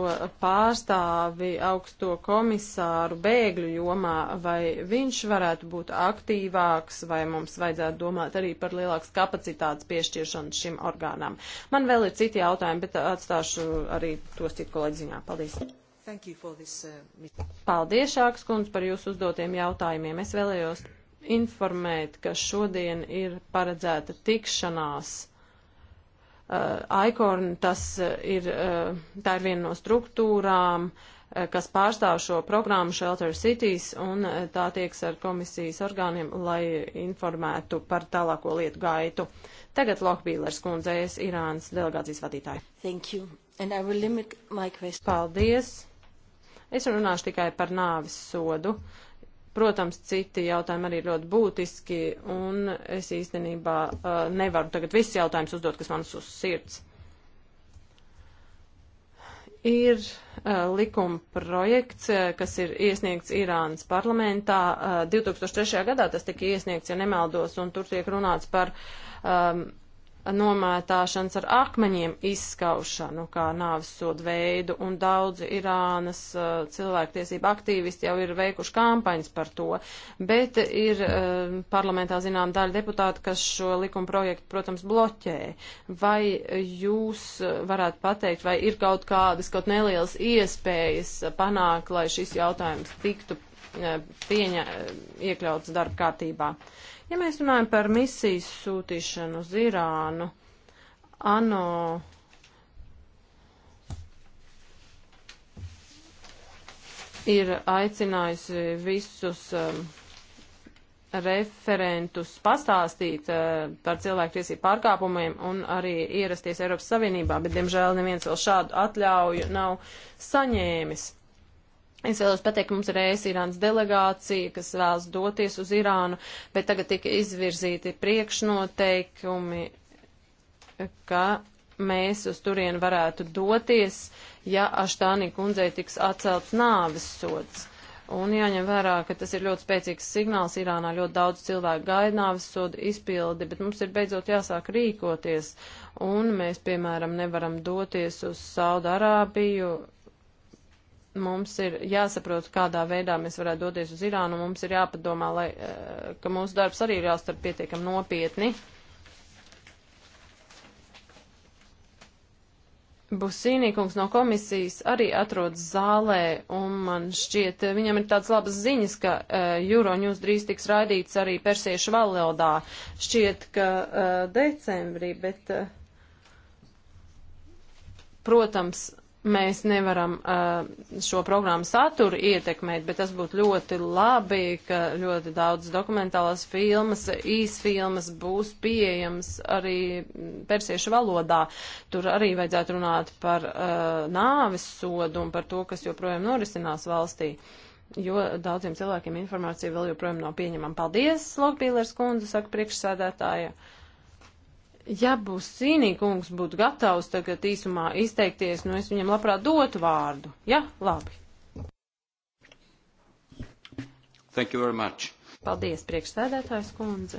pārstāvi, augsto komisāru bēgļu jomā, vai viņš varētu būt aktīvāks, vai mums vajadzētu domāt arī par lielākas kapacitātes piešķiršanu šim orgānam? Man vēl ir citi jautājumi, bet atstāšu arī tos citu kolēģi ziņā. Paldies! This, uh... Paldies, Šāks kundz, par jūsu uzdotiem jautājumiem. Es vēlējos informēt, ka šodien ir paredzēta tikšanās Eh, ICORN, tas eh, ir, eh, tā ir viena no struktūrām, kas pārstāv šo programmu Shelter Cities, un tā tieks ar komisijas orgāniem, lai informētu par tālāko lietu gaitu. Tagad Lohbīlers kundzējas Irānas delegācijas vadītāja. Thank you, and I will limit my question. Paldies. Es runāšu tikai par nāvis sodu. Uh, Protams, citi jautājumi arī ļoti būtiski, un es īstenībā uh, nevaru tagad visus jautājumus uzdot, kas manas uz sirds. Ir uh, likuma projekts, uh, kas ir iesniegts Irānas parlamentā. Uh, 2003. gadā tas tika iesniegts, ja nemaldos, un tur tiek runāts par um, nomētāšanas ar akmeņiem izskaušanu kā nāvis sodu veidu, un daudzi Irānas uh, cilvēktiesība aktīvisti jau ir veikuši kampaņas par to, bet ir uh, parlamentā zinām daļa deputāta, kas šo likuma projektu, protams, bloķē. Vai jūs varētu pateikt, vai ir kaut kādas, kaut nelielas iespējas panākt, lai šis jautājums tiktu uh, pieņa, iekļauts darba kārtībā? Uh, Ja mēs runājam par misijas sūtīšanu uz Irānu, ANO ir aicinājusi visus um, referentus pastāstīt uh, par cilvēktiesību pārkāpumiem un arī ierasties Eiropas Savienībā, bet, diemžēl, neviens vēl šādu atļauju nav saņēmis. Es vēlos pateikt, ka mums ir ES Irānas delegācija, kas vēlas doties uz Irānu, bet tagad tika izvirzīti priekšnoteikumi, ka mēs uz turienu varētu doties, ja Aštānī kundzei tiks atcelts nāves sods. Un jāņem vērā, ka tas ir ļoti spēcīgs signāls. Irānā ļoti daudz cilvēku gaida nāves sodu izpildi, bet mums ir beidzot jāsāk rīkoties. Un mēs, piemēram, nevaram doties uz Saudarābiju, mums ir jāsaprot, kādā veidā mēs varētu doties uz Irānu, mums ir jāpadomā, lai, eh, ka mūsu darbs arī ir jāuztver pietiekam nopietni. Busīnīkungs no komisijas arī atrodas zālē, un man šķiet, eh, viņam ir tāds labas ziņas, ka uh, eh, Euronews drīz tiks raidīts arī persiešu valodā. Šķiet, ka uh, decembrī, bet, uh, protams, mēs nevaram uh, šo programmu saturu ietekmēt, bet tas būtu ļoti labi, ka ļoti daudz dokumentālās filmas, īsfilmas būs pieejams arī persiešu valodā. Tur arī vajadzētu runāt par uh, nāves sodu un par to, kas joprojām norisinās valstī, jo daudziem cilvēkiem informācija vēl joprojām nav pieņemama. Paldies, Logpīlers kundze, saka priekšsēdētāja. Uh, Ja būs cīnīkums, būtu gatavs tagad īsumā izteikties, nu es viņam labprāt dotu vārdu. Ja? Labi. Thank you very much. Paldies, priekšsēdētājs kundze.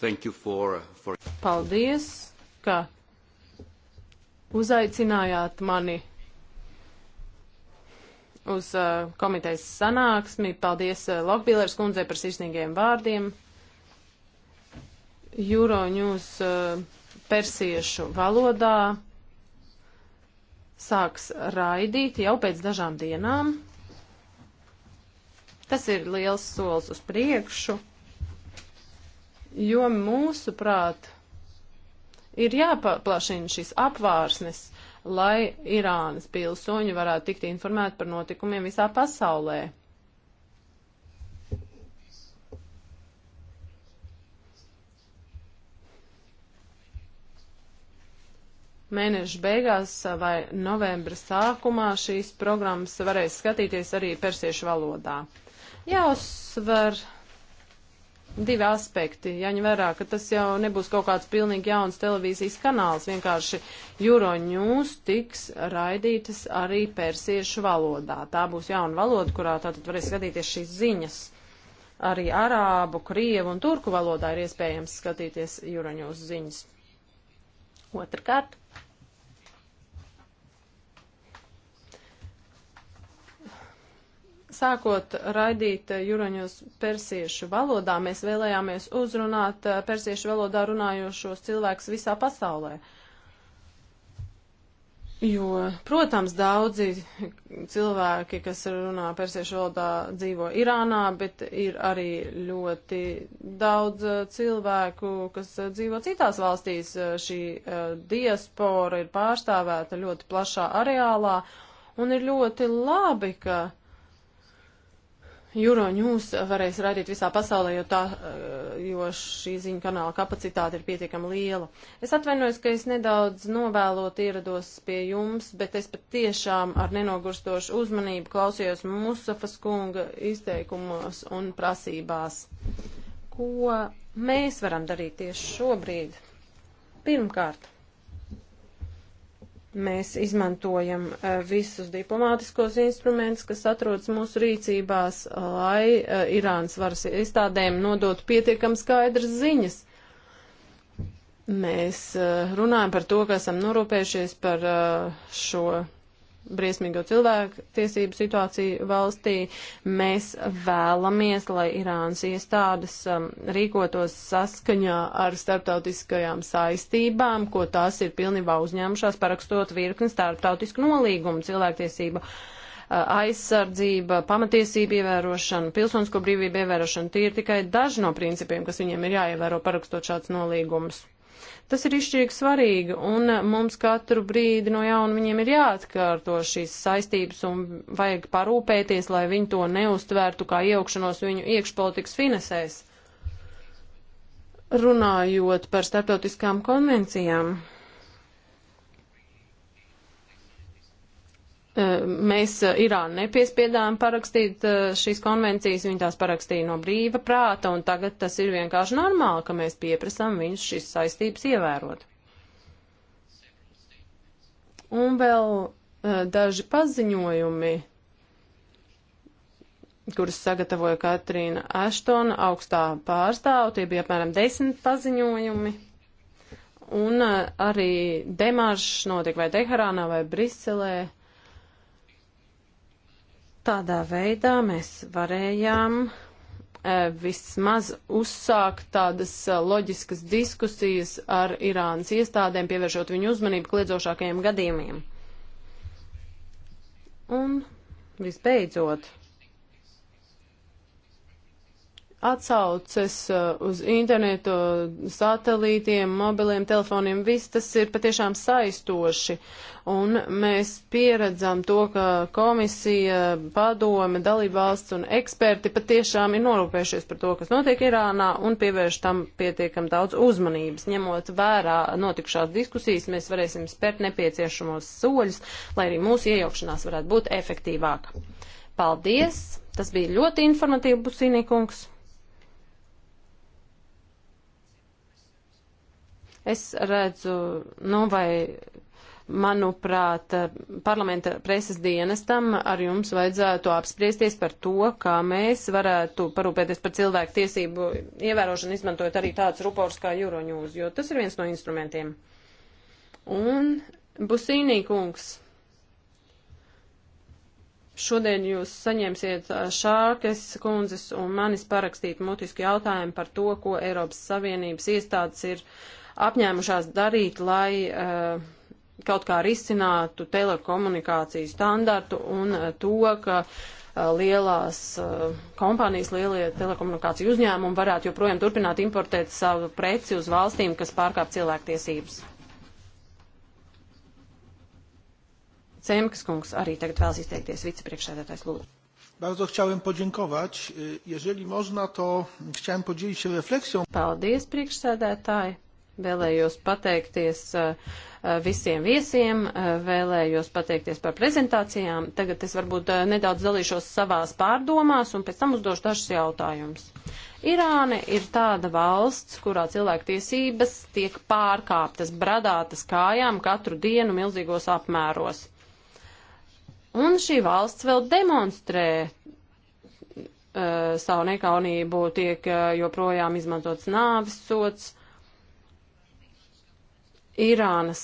Thank you for, for... Paldies, ka uzaicinājāt mani uz uh, komitejas sanāksmi. Paldies uh, Lokbīlers kundzei par sirsnīgiem vārdiem. Euronews eh, persiešu valodā sāks raidīt jau pēc dažām dienām. Tas ir liels solis uz priekšu, jo mūsuprāt ir jāpaplašina šīs apvārsnes, lai Irānas pilsoņi varētu tikt informēti par notikumiem visā pasaulē. mēneša beigās vai novembra sākumā šīs programmas varēs skatīties arī persiešu valodā. Jāuzsver divi aspekti, jaņem vērā, ka tas jau nebūs kaut kāds pilnīgi jauns televīzijas kanāls, vienkārši Euronews tiks raidītas arī persiešu valodā. Tā būs jauna valoda, kurā tātad varēs skatīties šīs ziņas. Arī arābu, krievu un turku valodā ir iespējams skatīties Euronews ziņas. Otrkārt, sākot raidīt jūraņos persiešu valodā, mēs vēlējāmies uzrunāt eh, persiešu valodā runājošos cilvēkus visā pasaulē. Jo, protams, daudzi cilvēki, kas runā persiešu valodā, dzīvo Irānā, bet ir arī ļoti daudz eh, cilvēku, kas eh, dzīvo citās valstīs. Šī uh, diaspora ir pārstāvēta ļoti plašā areālā, un ir ļoti labi, ka Euronews varēs radīt visā pasaulē, jo, tā, eh, jo šī ziņu kanāla kapacitāte ir pietiekami liela. Es atvainojos, ka es nedaudz novēlot ierados pie jums, bet es pat tiešām ar nenogurstošu uzmanību klausījos Musafas kunga izteikumos un prasībās. Ko mēs varam darīt tieši šobrīd? Pirmkārt. Mēs izmantojam eh, visus diplomātiskos instrumentus, kas atrodas mūsu rīcībās, lai eh, Irānas varas iestādēm nodot pietiekam skaidras ziņas. Mēs eh, runājam par to, ka esam norūpējušies par šo briesmīgo cilvēku tiesību situāciju valstī. Mēs vēlamies, lai Irānas iestādes um, rīkotos saskaņā ar starptautiskajām saistībām, ko tās ir pilnībā uzņēmušās, parakstot virkni starptautisku nolīgumu cilvēktiesību uh, aizsardzība, pamatiesība ievērošana, pilsonisko brīvību ievērošana. Tie ir tikai daži no principiem, kas viņiem ir jāievēro parakstot šāds nolīgums. Tas ir izšķirīgi svarīgi, un mums katru brīdi no jauna viņiem ir jāatkārto šīs saistības, un vajag parūpēties, lai viņi to neuztvērtu kā iejaukšanos viņu iekšpolitikas finansēs. Runājot par starptautiskām konvencijām, Eh, mēs eh, Irānu nepiespiedām parakstīt eh, šīs konvencijas, viņi tās parakstīja no brīva prāta, un tagad tas ir vienkārši normāli, ka mēs pieprasām viņus šīs saistības ievērot. Un vēl daži paziņojumi, kurus sagatavoja Katrīna Aštona augstā pārstāvu, tie bija apmēram desmit paziņojumi un arī demaršs notiek vai Teherānā vai Briselē. Tādā veidā mēs varējām e, vismaz uzsākt tādas e, loģiskas diskusijas ar Irānas iestādēm, pievēršot viņu uzmanību kliedzošākajiem gadījumiem. Un visbeidzot, atsauces uh, uz internetu, satelītiem, mobiliem telefoniem, viss tas ir patiešām saistoši. Un mēs pieredzam to, ka komisija, padome, dalībvalsts un eksperti patiešām ir norūpējušies par to, kas notiek Irānā un pievērš tam pietiekam daudz uzmanības. Ņemot vērā notikušās diskusijas, mēs varēsim spērt nepieciešamos soļus, lai arī mūsu iejaukšanās varētu būt efektīvāka. Paldies! Tas bija ļoti informatīvs, Busīnīkungs. Es redzu, nu vai, manuprāt, parlamenta preses dienestam ar jums vajadzētu apspriesties par to, kā mēs varētu parūpēties par cilvēku tiesību ievērošanu, izmantojot arī tāds rupors kā Euronews, jo tas ir viens no instrumentiem. Un Busīnī kungs. Šodien jūs saņemsiet Šārkes kundzes un manis parakstīt mutisku jautājumu par to, ko Eiropas Savienības iestādes ir apņēmušās darīt, lai uh, kaut kā risinātu telekomunikāciju standartu un uh, to, ka uh, lielās kompānijas, lielie telekomunikāciju uzņēmumi varētu joprojām turpināt importēt savu preci uz valstīm, kas pārkāp cilvēktiesības. Cemkas kungs arī tagad vēlas izteikties, vicepriekšsēdētājs lūdzu. Bardzo chciałem podziękować. Jeżeli można, to chciałem podzielić się refleksją. Paldies, priekšsēdētāji. Vēlējos pateikties uh, uh, visiem viesiem, uh, vēlējos pateikties par prezentācijām. Tagad es varbūt nedaudz dalīšos savās pārdomās un pēc tam uzdošu dažus jautājumus. Irāna ir tāda valsts, kurā cilvēktiesības tiek pārkāptas, bradātas kājām katru dienu milzīgos apmēros. Un šī valsts vēl demonstrē uh, savu nekaunību, tiek uh, joprojām izmantots nāvis sots. Irānas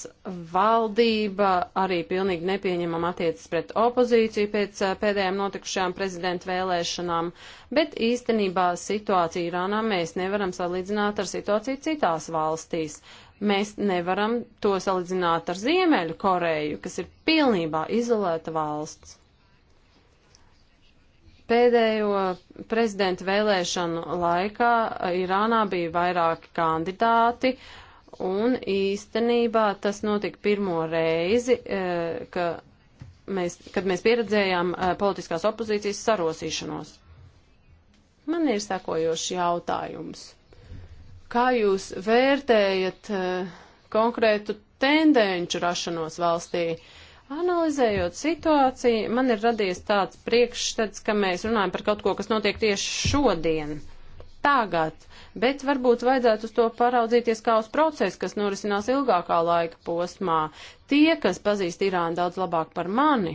valdība arī pilnīgi nepieņemam attiecas pret opozīciju pēc eh, pēdējām notikušajām prezidenta vēlēšanām, bet īstenībā situāciju Irānā mēs nevaram salīdzināt ar situāciju citās valstīs. Mēs nevaram to salīdzināt ar Ziemeļu Koreju, kas ir pilnībā izolēta valsts pēdējo prezidenta vēlēšanu laikā Irānā bija vairāki kandidāti, un īstenībā tas notika pirmo reizi, e, ka mēs, kad mēs pieredzējām e, politiskās opozīcijas sarosīšanos. Man ir sekojošs jautājums. Kā jūs vērtējat e, konkrētu tendenču rašanos valstī? Analizējot situāciju, man ir radies tāds priekšstats, ka mēs runājam par kaut ko, kas notiek tieši šodien. Uh, tagad, bet varbūt vajadzētu uz to paraudzīties kā uz procesu, kas norisinās ilgākā laika posmā. Tie, kas pazīst Irānu daudz labāk par mani,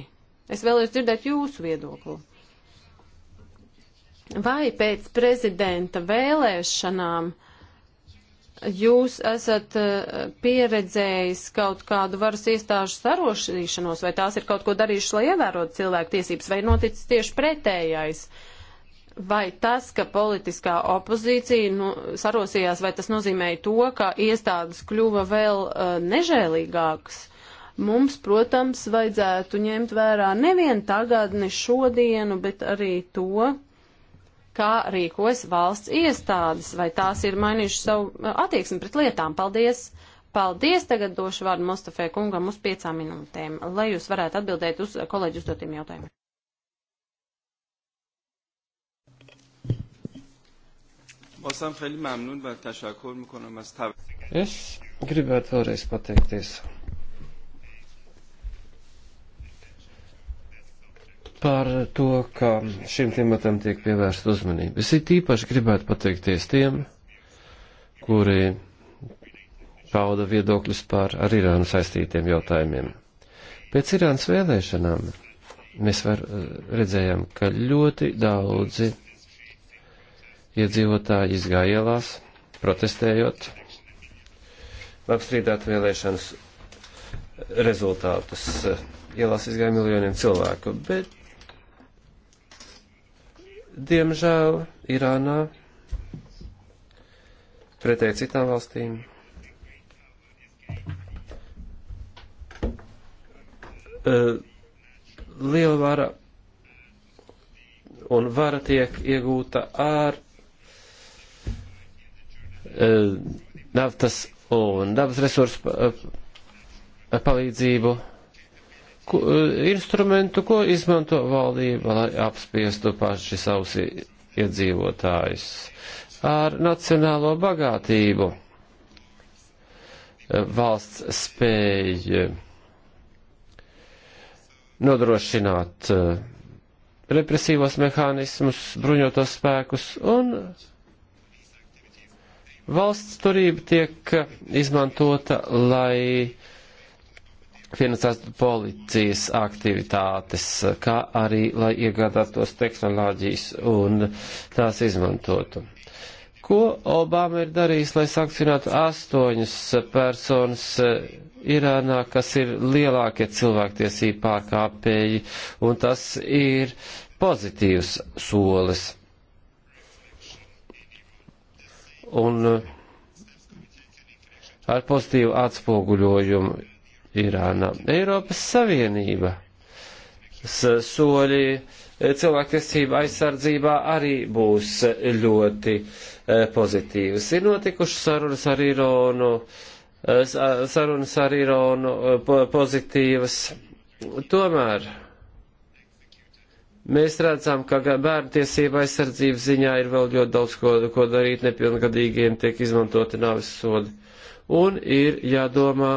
es vēlējos dzirdēt jūsu viedokli. Vai pēc prezidenta vēlēšanām jūs esat eh, pieredzējis kaut kādu varas iestāžu sarošīšanos, vai tās ir kaut ko darījušas, lai ievērotu cilvēku tiesības, vai noticis tieši pretējais? Uh, Vai tas, ka politiskā opozīcija nu, sarosījās, vai tas nozīmēja to, ka iestādes kļuva vēl uh, nežēlīgākas? Mums, protams, vajadzētu ņemt vērā nevien tagadni šodienu, bet arī to, kā rīkojas valsts iestādes, vai tās ir mainījušas savu eh, attieksmi pret lietām. Paldies! Paldies! Tagad došu vārdu Mustafē kungam uz piecām minūtēm, lai jūs varētu atbildēt uz kolēģi uzdotiem jautājumiem. Es gribētu vēlreiz pateikties par to, ka šim tematam tiek pievērsta uzmanība. Es it īpaši gribētu pateikties tiem, kuri pauda viedokļus par ar Irānu saistītiem jautājumiem. Pēc Irānas vēlēšanām mēs var, eh, redzējām, ka ļoti daudzi iedzīvotāji izgāja ielās, protestējot, lai apstrīdētu vēlēšanas rezultātus. Ielās izgāja miljoniem cilvēku, bet, diemžēl, Irānā, pretēji citām valstīm, e, liela vara un vara tiek iegūta ar Eh, naftas un dabas resursu eh, palīdzību eh, instrumentu, ko izmanto valdība, lai apspiestu paši savus iedzīvotājus ar nacionālo bagātību. Valsts spēja nodrošināt represīvos mehānismus, bruņotos spēkus un Valsts turība tiek izmantota, lai finansētu policijas aktivitātes, kā arī, lai iegādātos tehnoloģijas un tās izmantotu. Ko Obama ir darījis, lai sankcionētu astoņas personas Irānā, kas ir lielākie cilvēktiesību pārkāpēji, un tas ir pozitīvs solis. un uh, ar pozitīvu atspoguļojumu Irānā. Eiropas Savienība soļi e, cilvēktiesību aizsardzībā arī būs e, ļoti e, pozitīvas. Ir notikušas sarunas ar Irānu, sarunas ar Irānu pozitīvas. Tomēr Mēs redzam, ka bērnu tiesība aizsardzības ziņā ir vēl ļoti daudz ko, ko darīt, nepilngadīgiem tiek izmantoti nāvis sodi. Un ir jādomā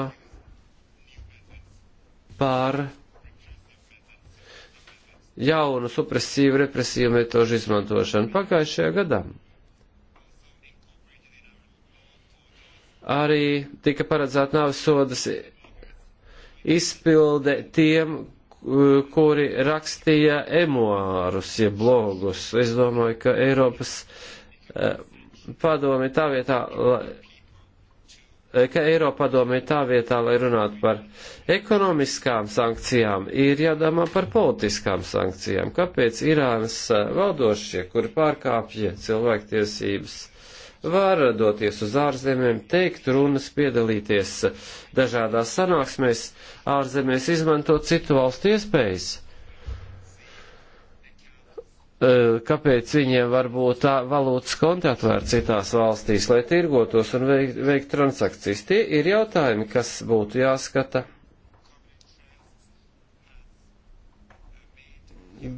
par jaunu supresīvu represīvu metožu izmantošanu pagājušajā gadā. Arī tika paredzēta nāvis sodas izpilde tiem, kuri rakstīja emuārus, ja blogus. Es domāju, ka Eiropas eh, padomi tā vietā, lai, ka Eiropa padomi tā vietā, lai runātu par ekonomiskām sankcijām, ir jādomā par politiskām sankcijām. Kāpēc Irānas eh, valdošie, kuri pārkāpja cilvēktiesības, var doties uz ārzemēm, teikt runas, piedalīties dažādās sanāksmēs, ārzemēs izmantot citu valstu iespējas. E, kāpēc viņiem var būt tā valūtas konta atvērta citās valstīs, lai tirgotos un veikt, veikt transakcijas? Tie ir jautājumi, kas būtu jāskata.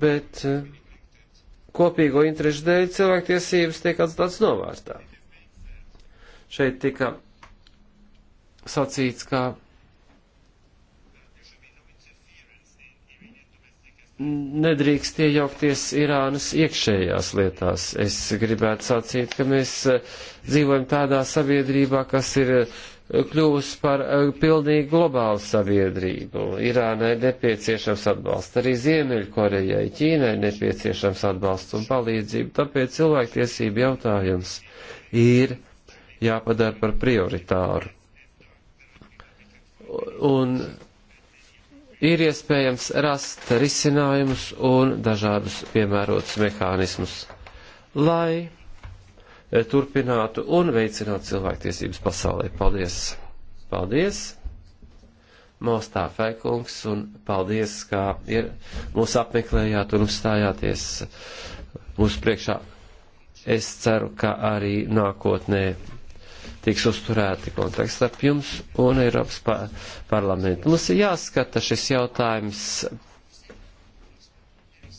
Bet e, kopīgo interešu dēļ cilvēktiesības tiek atstāts novārtā. Šeit tika sacīts, ka nedrīkst iejaukties Irānas iekšējās lietās. Es gribētu sacīt, ka mēs eh, dzīvojam tādā sabiedrībā, kas ir eh, kļuvusi par eh, pilnīgi globālu sabiedrību. Irānai nepieciešams atbalsts, arī Ziemeļkorejai, Ķīnai nepieciešams atbalsts un palīdzību, tāpēc cilvēktiesību jautājums ir jāpadara par prioritāru. Un ir iespējams rast risinājumus un dažādus piemērotus mehānismus, lai e, turpinātu un veicinātu cilvēktiesības pasaulē. Paldies! Paldies! Mostā Fēkungs un paldies, kā ir mūs apmeklējāt un uzstājāties mūsu priekšā. Es ceru, ka arī nākotnē tiks uzturēti kontakts starp jums un Eiropas par parlamentu. Mums ir jāskata šis jautājums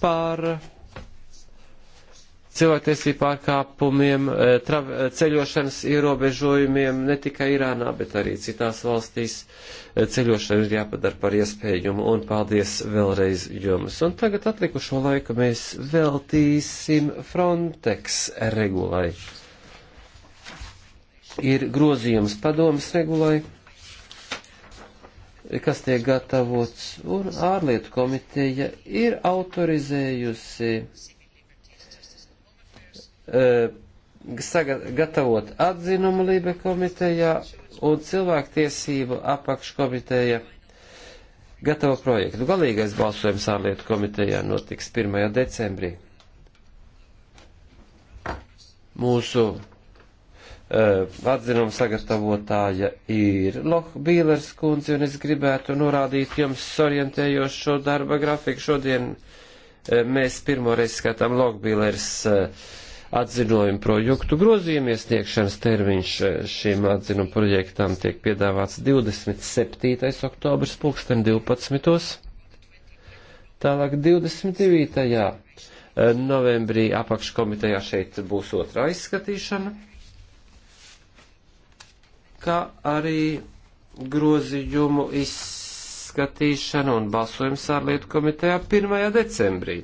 par cilvēktiesību pārkāpumiem, eh, trav, eh, ceļošanas ierobežojumiem ne tikai Irānā, bet arī citās valstīs. Eh, ceļošana ir jāpadara par iespējumu un paldies vēlreiz jums. Un tagad atlikušo laiku mēs veltīsim Frontex regulai ir grozījums padomas regulai, kas tiek gatavots, un ārlietu komiteja ir autorizējusi uh, gatavot atzinumu Lībe komitejā un cilvēktiesību apakškomiteja gatavo projektu. Galīgais balsojums ārlietu komitejā notiks 1. decembrī. Mūsu Eh, atzinuma sagatavotāja ir Lohbīlers kundze, un es gribētu norādīt jums orientējošo darba grafiku. Šodien eh, mēs pirmoreiz skatām Lohbīlers eh, atzinojumu projektu grozījumu iesniegšanas termiņš šim atzinumu projektam tiek piedāvāts 27. oktobrs 2012. Tālāk 29. novembrī apakškomitejā šeit būs otrā izskatīšana kā arī grozījumu izskatīšanu un balsojums ārlietu komitejā 1. decembrī.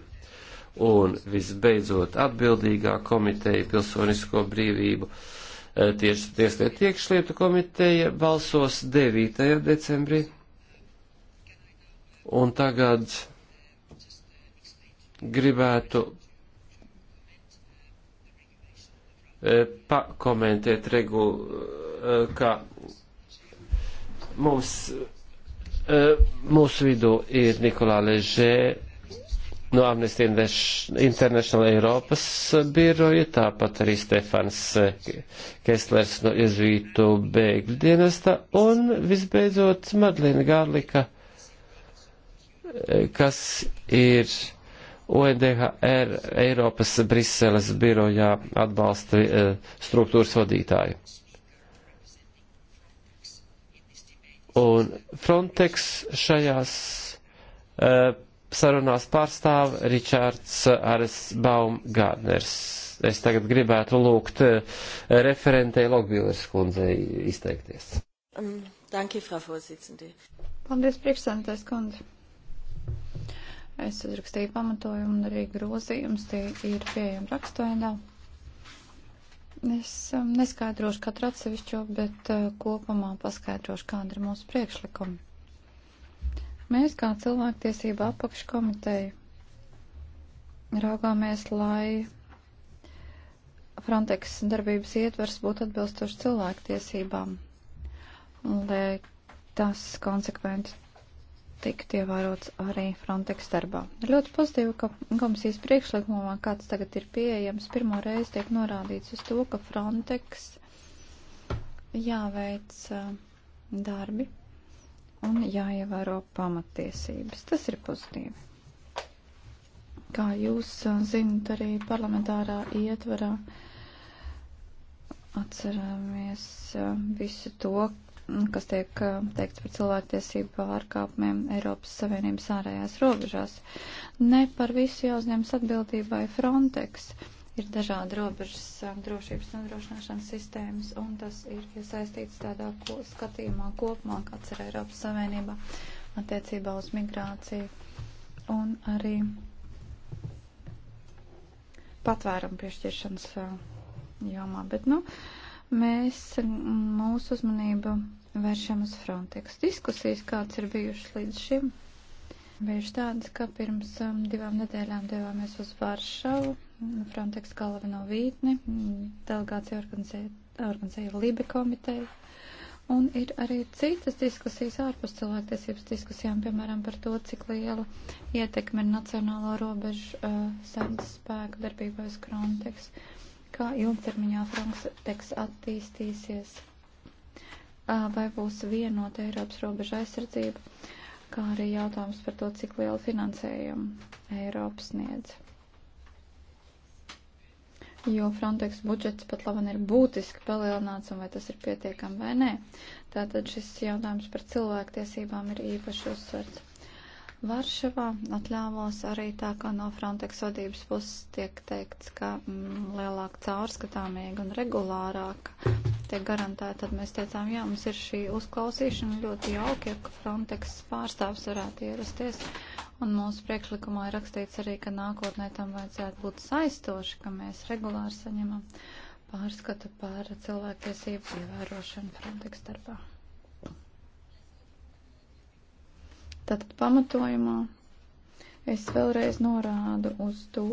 Un visbeidzot atbildīgā komiteja pilsonisko brīvību eh, tieši tieslietu iekšlietu komiteja balsos 9. decembrī. Un tagad gribētu eh, pakomentēt regulu Eh, ka mums, eh, mūsu vidū ir Nikolā Ležē no Amnesty International Eiropas biroja, tāpat arī Stefans eh, Keslers no Jezvītu bēgļu dienesta un visbeidzot Madlina Gārlika, kas ir ONDHR Eiropas Briseles birojā atbalsta struktūras vadītāju. Un Frontex šajās uh, sarunās pārstāv Ričards Ares Baumgārners. Es tagad gribētu lūgt uh, referentei Logbīlers kundzei izteikties. Um, danke, Frau Vorsitzende. Paldies, priekšsēdētājs kundze. Es uzrakstīju pamatojumu un arī grozījumus, tie ir pieejami rakstveidā. Es um, neskaidrošu katru atsevišķo, bet uh, kopumā paskaidrošu, kāda ir mūsu priekšlikuma. Mēs kā cilvēktiesība apakškomiteja raugāmies, lai Frontex darbības ietvers būtu atbilstoši cilvēktiesībām, lai tas konsekventi tiktu ievērots arī Frontex darbā. Ir ļoti pozitīvi, ka komisijas priekšlikumā, kāds tagad ir pieejams, pirmo reizi tiek norādīts uz to, ka Frontex jāveic uh, darbi un jāievēro pamatiesības. Tas ir pozitīvi. Kā jūs uh, zinat, arī parlamentārā ietvarā atceramies uh, visu to, kas tiek eh, teikts par cilvēktiesību pārkāpumiem Eiropas Savienības ārējās robežās. Ne par visu jāuzņems atbildībai Frontex. Ir dažādi robežas eh, drošības nodrošināšanas sistēmas, un tas ir iesaistīts tādā ko, skatījumā kopumā, kāds ir Eiropas Savienība attiecībā uz migrāciju un arī patvērumu piešķiršanas eh, jomā. Bet, nu, uh, mēs mūsu uzmanību vēršam uz Frontex. Diskusijas, kāds ir bijušas līdz šim, bijuši tādas, ka pirms um, divām nedēļām devāmies uz Varšavu, Frontex galveno vītni, delegācija organizē, organizēja Libe komiteju. Un ir arī citas diskusijas ārpus cilvēktiesības diskusijām, piemēram, par to, cik liela ietekme ir Nacionālo robežu uh, sardzes spēku darbībā uz Frontex. Uh, kā ilgtermiņā Frontex attīstīsies, vai būs vienota Eiropas robeža aizsardzība, kā arī jautājums par to, cik lielu finansējumu Eiropas sniedz. Jo Frontex budžets pat labam ir būtiski palielināts, un vai tas ir pietiekami vai nē. Tātad šis jautājums par cilvēktiesībām ir īpaši uzsverts. Varšavā atļāvos arī tā, ka no Frontex vadības puses tiek teikts, ka mm, lielāk caurskatāmīga un regulārāk tiek garantēta, tad mēs teicām, jā, mums ir šī uzklausīšana ļoti jauki, ja Frontex pārstāvs varētu ierasties. Un mūsu priekšlikumā ir rakstīts arī, ka nākotnē tam vajadzētu būt saistoši, ka mēs regulāri saņemam pārskatu par cilvēktiesību ievērošanu Frontex darbā. Tātad pamatojumā es vēlreiz norādu uz to,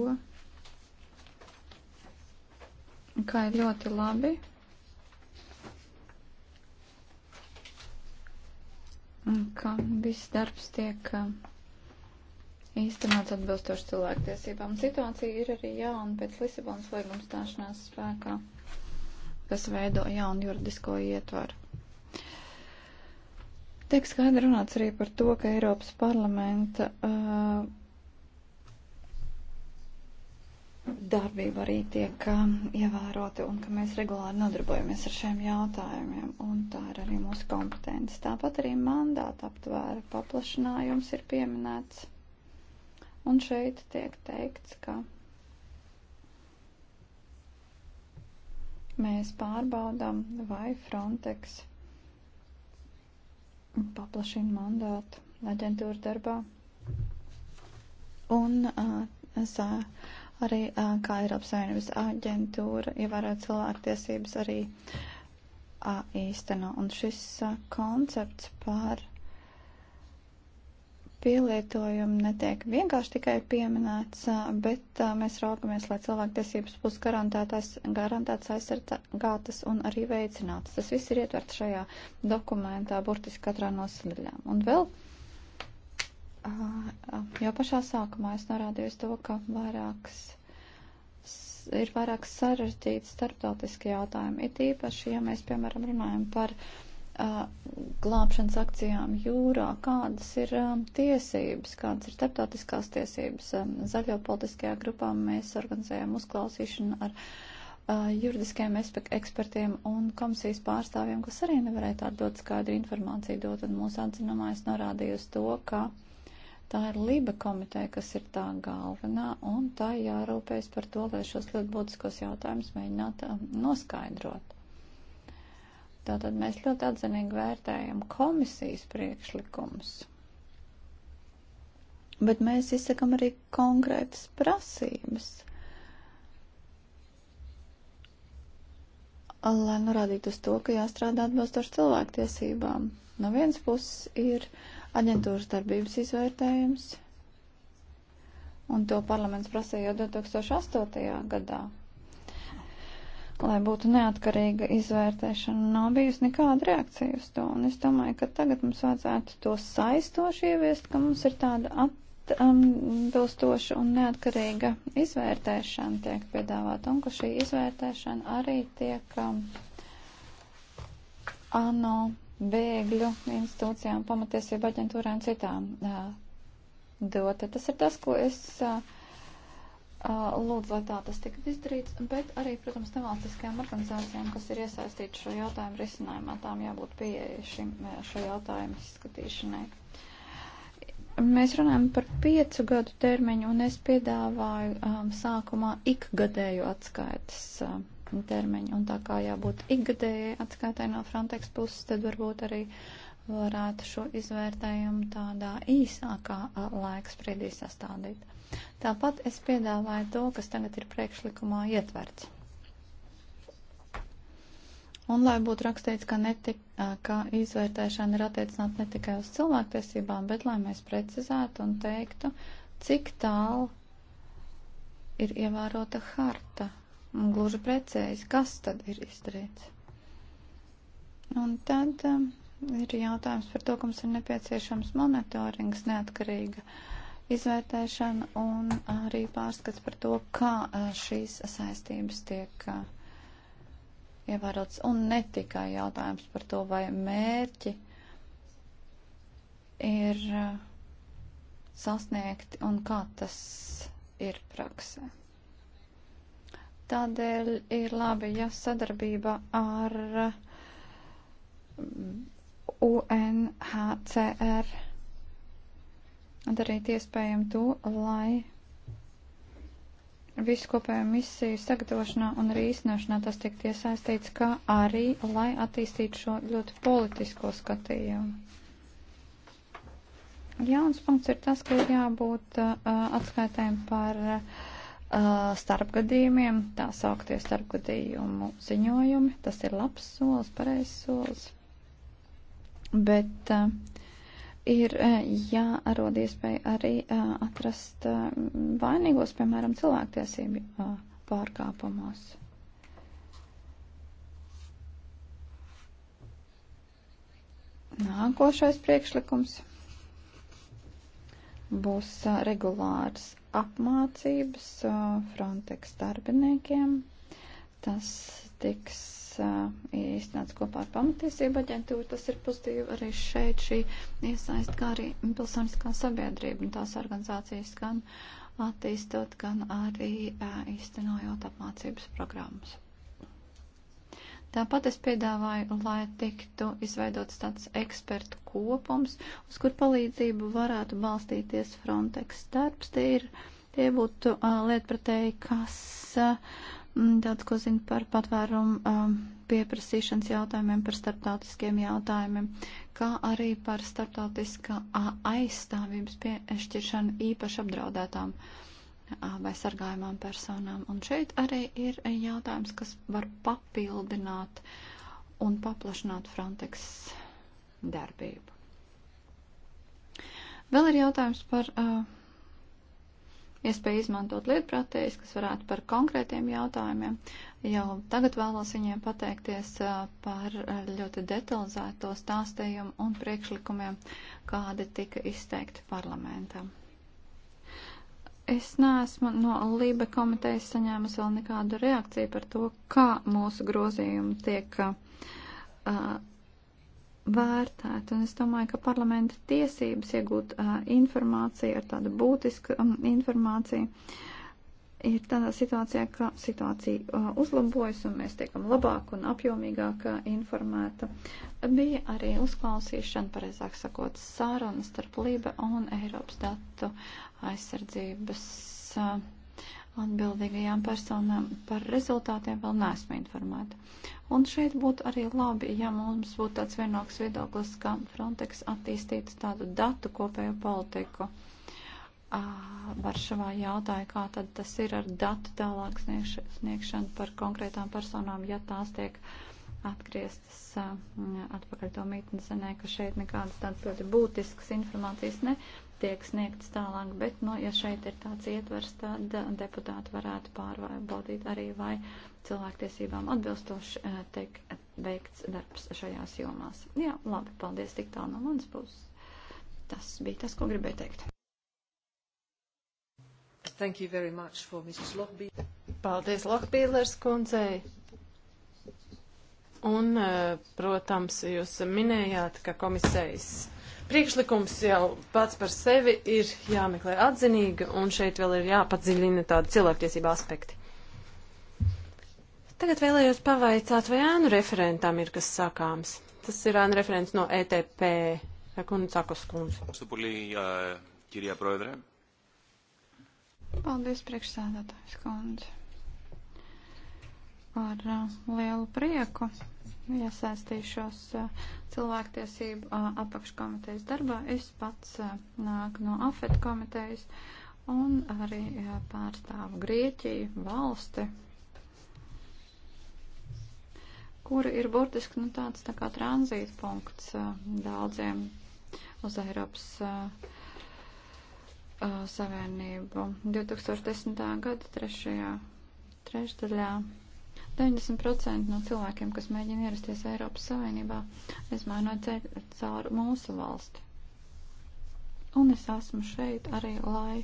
kā ir ļoti labi. ka viss darbs tiek uh, īstenots atbilstoši cilvēktiesībām. Situācija ir arī jauna pēc Lisabonas līguma stāšanās spēkā, kas veido jaunu juridisko ietvaru. Tiek skaidri runāts arī par to, ka Eiropas parlamenta uh, darbība arī tiek uh, ievērota un ka mēs regulāri nodarbojamies ar šiem jautājumiem, un tā ir arī mūsu kompetence. Tāpat arī mandāta aptvēra paplašinājums ir pieminēts, un šeit tiek teikts, ka mēs pārbaudām, vai Frontex paplašina mandātu aģentūra darbā. Un es arī, kā Eiropas Savienības aģentūra, ievēro ja cilvēktiesības arī īsteno. Un šis koncepts par pielietojumu netiek vienkārši tikai pieminēts, bet mēs raugamies, lai cilvēktiesības būs garantētas, garantētas aizsargātas un arī veicinātas. Tas viss ir ietverts šajā dokumentā, burtiski katrā nosadaļā. Un vēl, jau pašā sākumā es norādīju to, ka vairākas ir vairāk sarežģīti starptautiski jautājumi. It īpaši, ja mēs, piemēram, runājam par uh, glābšanas akcijām jūrā, kādas ir tiesības, kādas ir starptautiskās tiesības. Zaļo politiskajā grupā mēs organizējām uzklausīšanu ar juridiskiem ekspertiem un komisijas pārstāvjiem, kas arī nevarēja tādu dot skaidru informāciju dot, un mūsu atzinumais norādīja uz to, ka tā ir Liba komiteja, kas ir tā galvenā, un tā jārūpējas par to, lai šos ļoti būtiskos jautājumus mēģinātu noskaidrot. Tātad mēs ļoti atzinīgi vērtējam komisijas priekšlikums. Bet mēs izsakam arī konkrētas prasības. lai norādītu uz to, ka jāstrādā atbilstoši cilvēktiesībām. No vienas puses ir aģentūras darbības izvērtējums, un to parlaments prasīja jau 2008. gadā lai būtu neatkarīga izvērtēšana, nav bijusi nekāda reakcija uz to. Un es domāju, ka tagad mums vajadzētu to saistoši ieviest, ka mums ir tāda atbilstoša um, un neatkarīga izvērtēšana tiek piedāvāta, un ka šī izvērtēšana arī tiek um, ANO bēgļu institūcijām, pamatiesību aģentūrām citām uh, dota. Tas ir tas, ko es. Uh, lūdzu, lai tā tas tika izdarīts, bet arī, protams, nevalstiskajām organizācijām, kas ir iesaistīti šo jautājumu risinājumā, tām jābūt pieeja šim, šo jautājumu izskatīšanai. Mēs runājam par piecu gadu termiņu, un es piedāvāju um, sākumā ikgadēju atskaites um, termiņu, un tā kā jābūt ikgadējai atskaitai no Frontex puses, tad varbūt arī varētu šo izvērtējumu tādā īsākā laikspriedī sastādīt. Tāpat es piedāvāju to, kas tagad ir priekšlikumā ietverts. Un lai būtu rakstīts, ka, netik, ka izvērtēšana ir attiecināta ne tikai uz cilvēktiesībām, bet lai mēs precizētu un teiktu, cik tālu ir ievērota harta. Un gluži precējas, kas tad ir izdarīts. Un tad um, ir jautājums par to, ka mums ir nepieciešams monitorings, neatkarīga uh, izvērtēšana un arī pārskats par to, kā šīs saistības tiek ievērotas. Un ne tikai jautājums par to, vai mērķi ir sasniegti un kā tas ir praksē. Tādēļ ir labi, ja sadarbība ar UNHCR darīt iespējami to, lai visu kopējo misiju sagatavošanā un arī īstenošanā tas tiek iesaistīts, kā arī, lai attīstītu šo ļoti politisko skatījumu. Jauns punkts ir tas, ka ir jābūt uh, atskaitēm par uh, starpgadījumiem, tā sauktie starpgadījumu ziņojumi. Tas ir labs solis, pareizs solis. Bet uh, ir eh, jārod iespēja arī eh, atrast eh, vainīgos, piemēram, cilvēktiesību pārkāpumos. Nākošais priekšlikums būs regulārs apmācības Frontex darbiniekiem. Tas tiks īstenots kopā ar pamatiesību aģentūru. Tas ir pozitīvi arī šeit šī iesaist, kā arī pilsoniskā sabiedrība un tās organizācijas gan attīstot, gan arī īstenojot apmācības programmas. Tāpat es piedāvāju, lai tiktu izveidots tāds ekspertu kopums, uz kur palīdzību varētu balstīties Frontex darbs. Tie, ir, tie būtu uh, lietpratēji, kas uh, Mm, daudz ko zinu par patvērumu um, pieprasīšanas jautājumiem, par starptautiskiem jautājumiem, kā arī par starptautiskā aizstāvības piešķiršanu īpaši apdraudētām vai sargājumām personām. Un šeit arī ir jautājums, kas var papildināt un paplašināt Frontex darbību. Vēl ir jautājums par uh, iespēju izmantot lietprātējus, kas varētu par konkrētiem jautājumiem. Jau tagad vēlos viņiem pateikties par ļoti detalizēto stāstījumu un priekšlikumiem, kādi tika izteikti parlamentam. Es neesmu no Lība komitejas saņēmis vēl nekādu reakciju par to, kā mūsu grozījumi tiek uh, vērtēt. Un es domāju, ka parlamenta tiesības iegūt uh, informāciju ar tādu būtisku um, informāciju ir tādā situācijā, ka situācija uh, uzlabojas un mēs tiekam labāk un apjomīgāk uh, informēta. Bija arī uzklausīšana, pareizāk sakot, sāruna starp Lība un Eiropas datu aizsardzības. Uh, atbildīgajām personām par rezultātiem vēl neesmu informēta. Un šeit būtu arī labi, ja mums būtu tāds vienāks viedoklis, ka Frontex attīstītu tādu datu kopējo politiku. Varšavā jautāja, kā tad tas ir ar datu tālāk sniegšanu par konkrētām personām, ja tās tiek atgrieztas atpakaļ to mītnes, ne, ka šeit nekādas tādas ļoti būtiskas informācijas ne tiek sniegts tālāk, bet, nu, ja šeit ir tāds ietvers, tad uh, deputāti varētu pārbaudīt arī, vai cilvēktiesībām atbilstoši uh, tiek veikts darbs šajās jomās. Jā, labi, paldies tik tālu no manas puses. Tas bija tas, ko gribēju teikt. Thank you very much for Mrs. Lochbieler. Paldies Lochbielers kundzei. Un, uh, protams, jūs minējāt, ka komisijas Priekšlikums jau pats par sevi ir jāmeklē atzinīga, un šeit vēl ir jāpadziļina tādi cilvēktiesība aspekti. Tagad vēlējos pavaicāt, vai ēnu referentām ir kas sakāms. Tas ir ēnu referents no ETP. Kundze, Cakos kundze. Paldies, priekšsēdētājs kundze. Ar uh, lielu prieku iesaistīšos eh, cilvēktiesību eh, apakškomitejas darbā. Es pats eh, nāku no AFET komitejas un arī pārstāvu Grieķiju valsti, kura ir burtiski nu, tāds tā kā tranzīta punkts daudziem uz Eiropas Savienību. 2010. gada trešajā trešdaļā 90% no cilvēkiem, kas mēģina ierasties Eiropas Savienībā, izmaino ceļu caur mūsu valsti. Un es esmu šeit arī, lai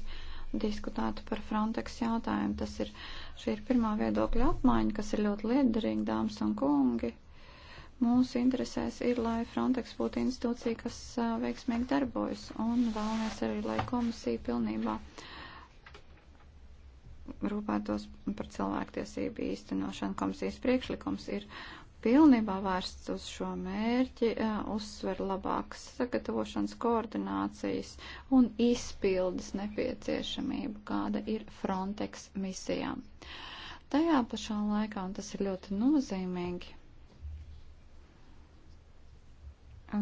diskutētu par Frontex jautājumu. Tas ir, šī ir pirmā viedokļa apmaiņa, kas ir ļoti liederīga, dāmas un kungi. Mūsu interesēs ir, lai Frontex būtu institūcija, kas veiksmīgi darbojas, un vēlamies arī, lai komisija pilnībā uh, rūpētos par cilvēktiesību īstenošanu. Komisijas priekšlikums ir pilnībā vērsts uz šo mērķi, uzsver labākas sagatavošanas, koordinācijas un izpildes nepieciešamību, kāda ir Frontex misijām. Tajā pašā laikā, un tas ir ļoti nozīmīgi,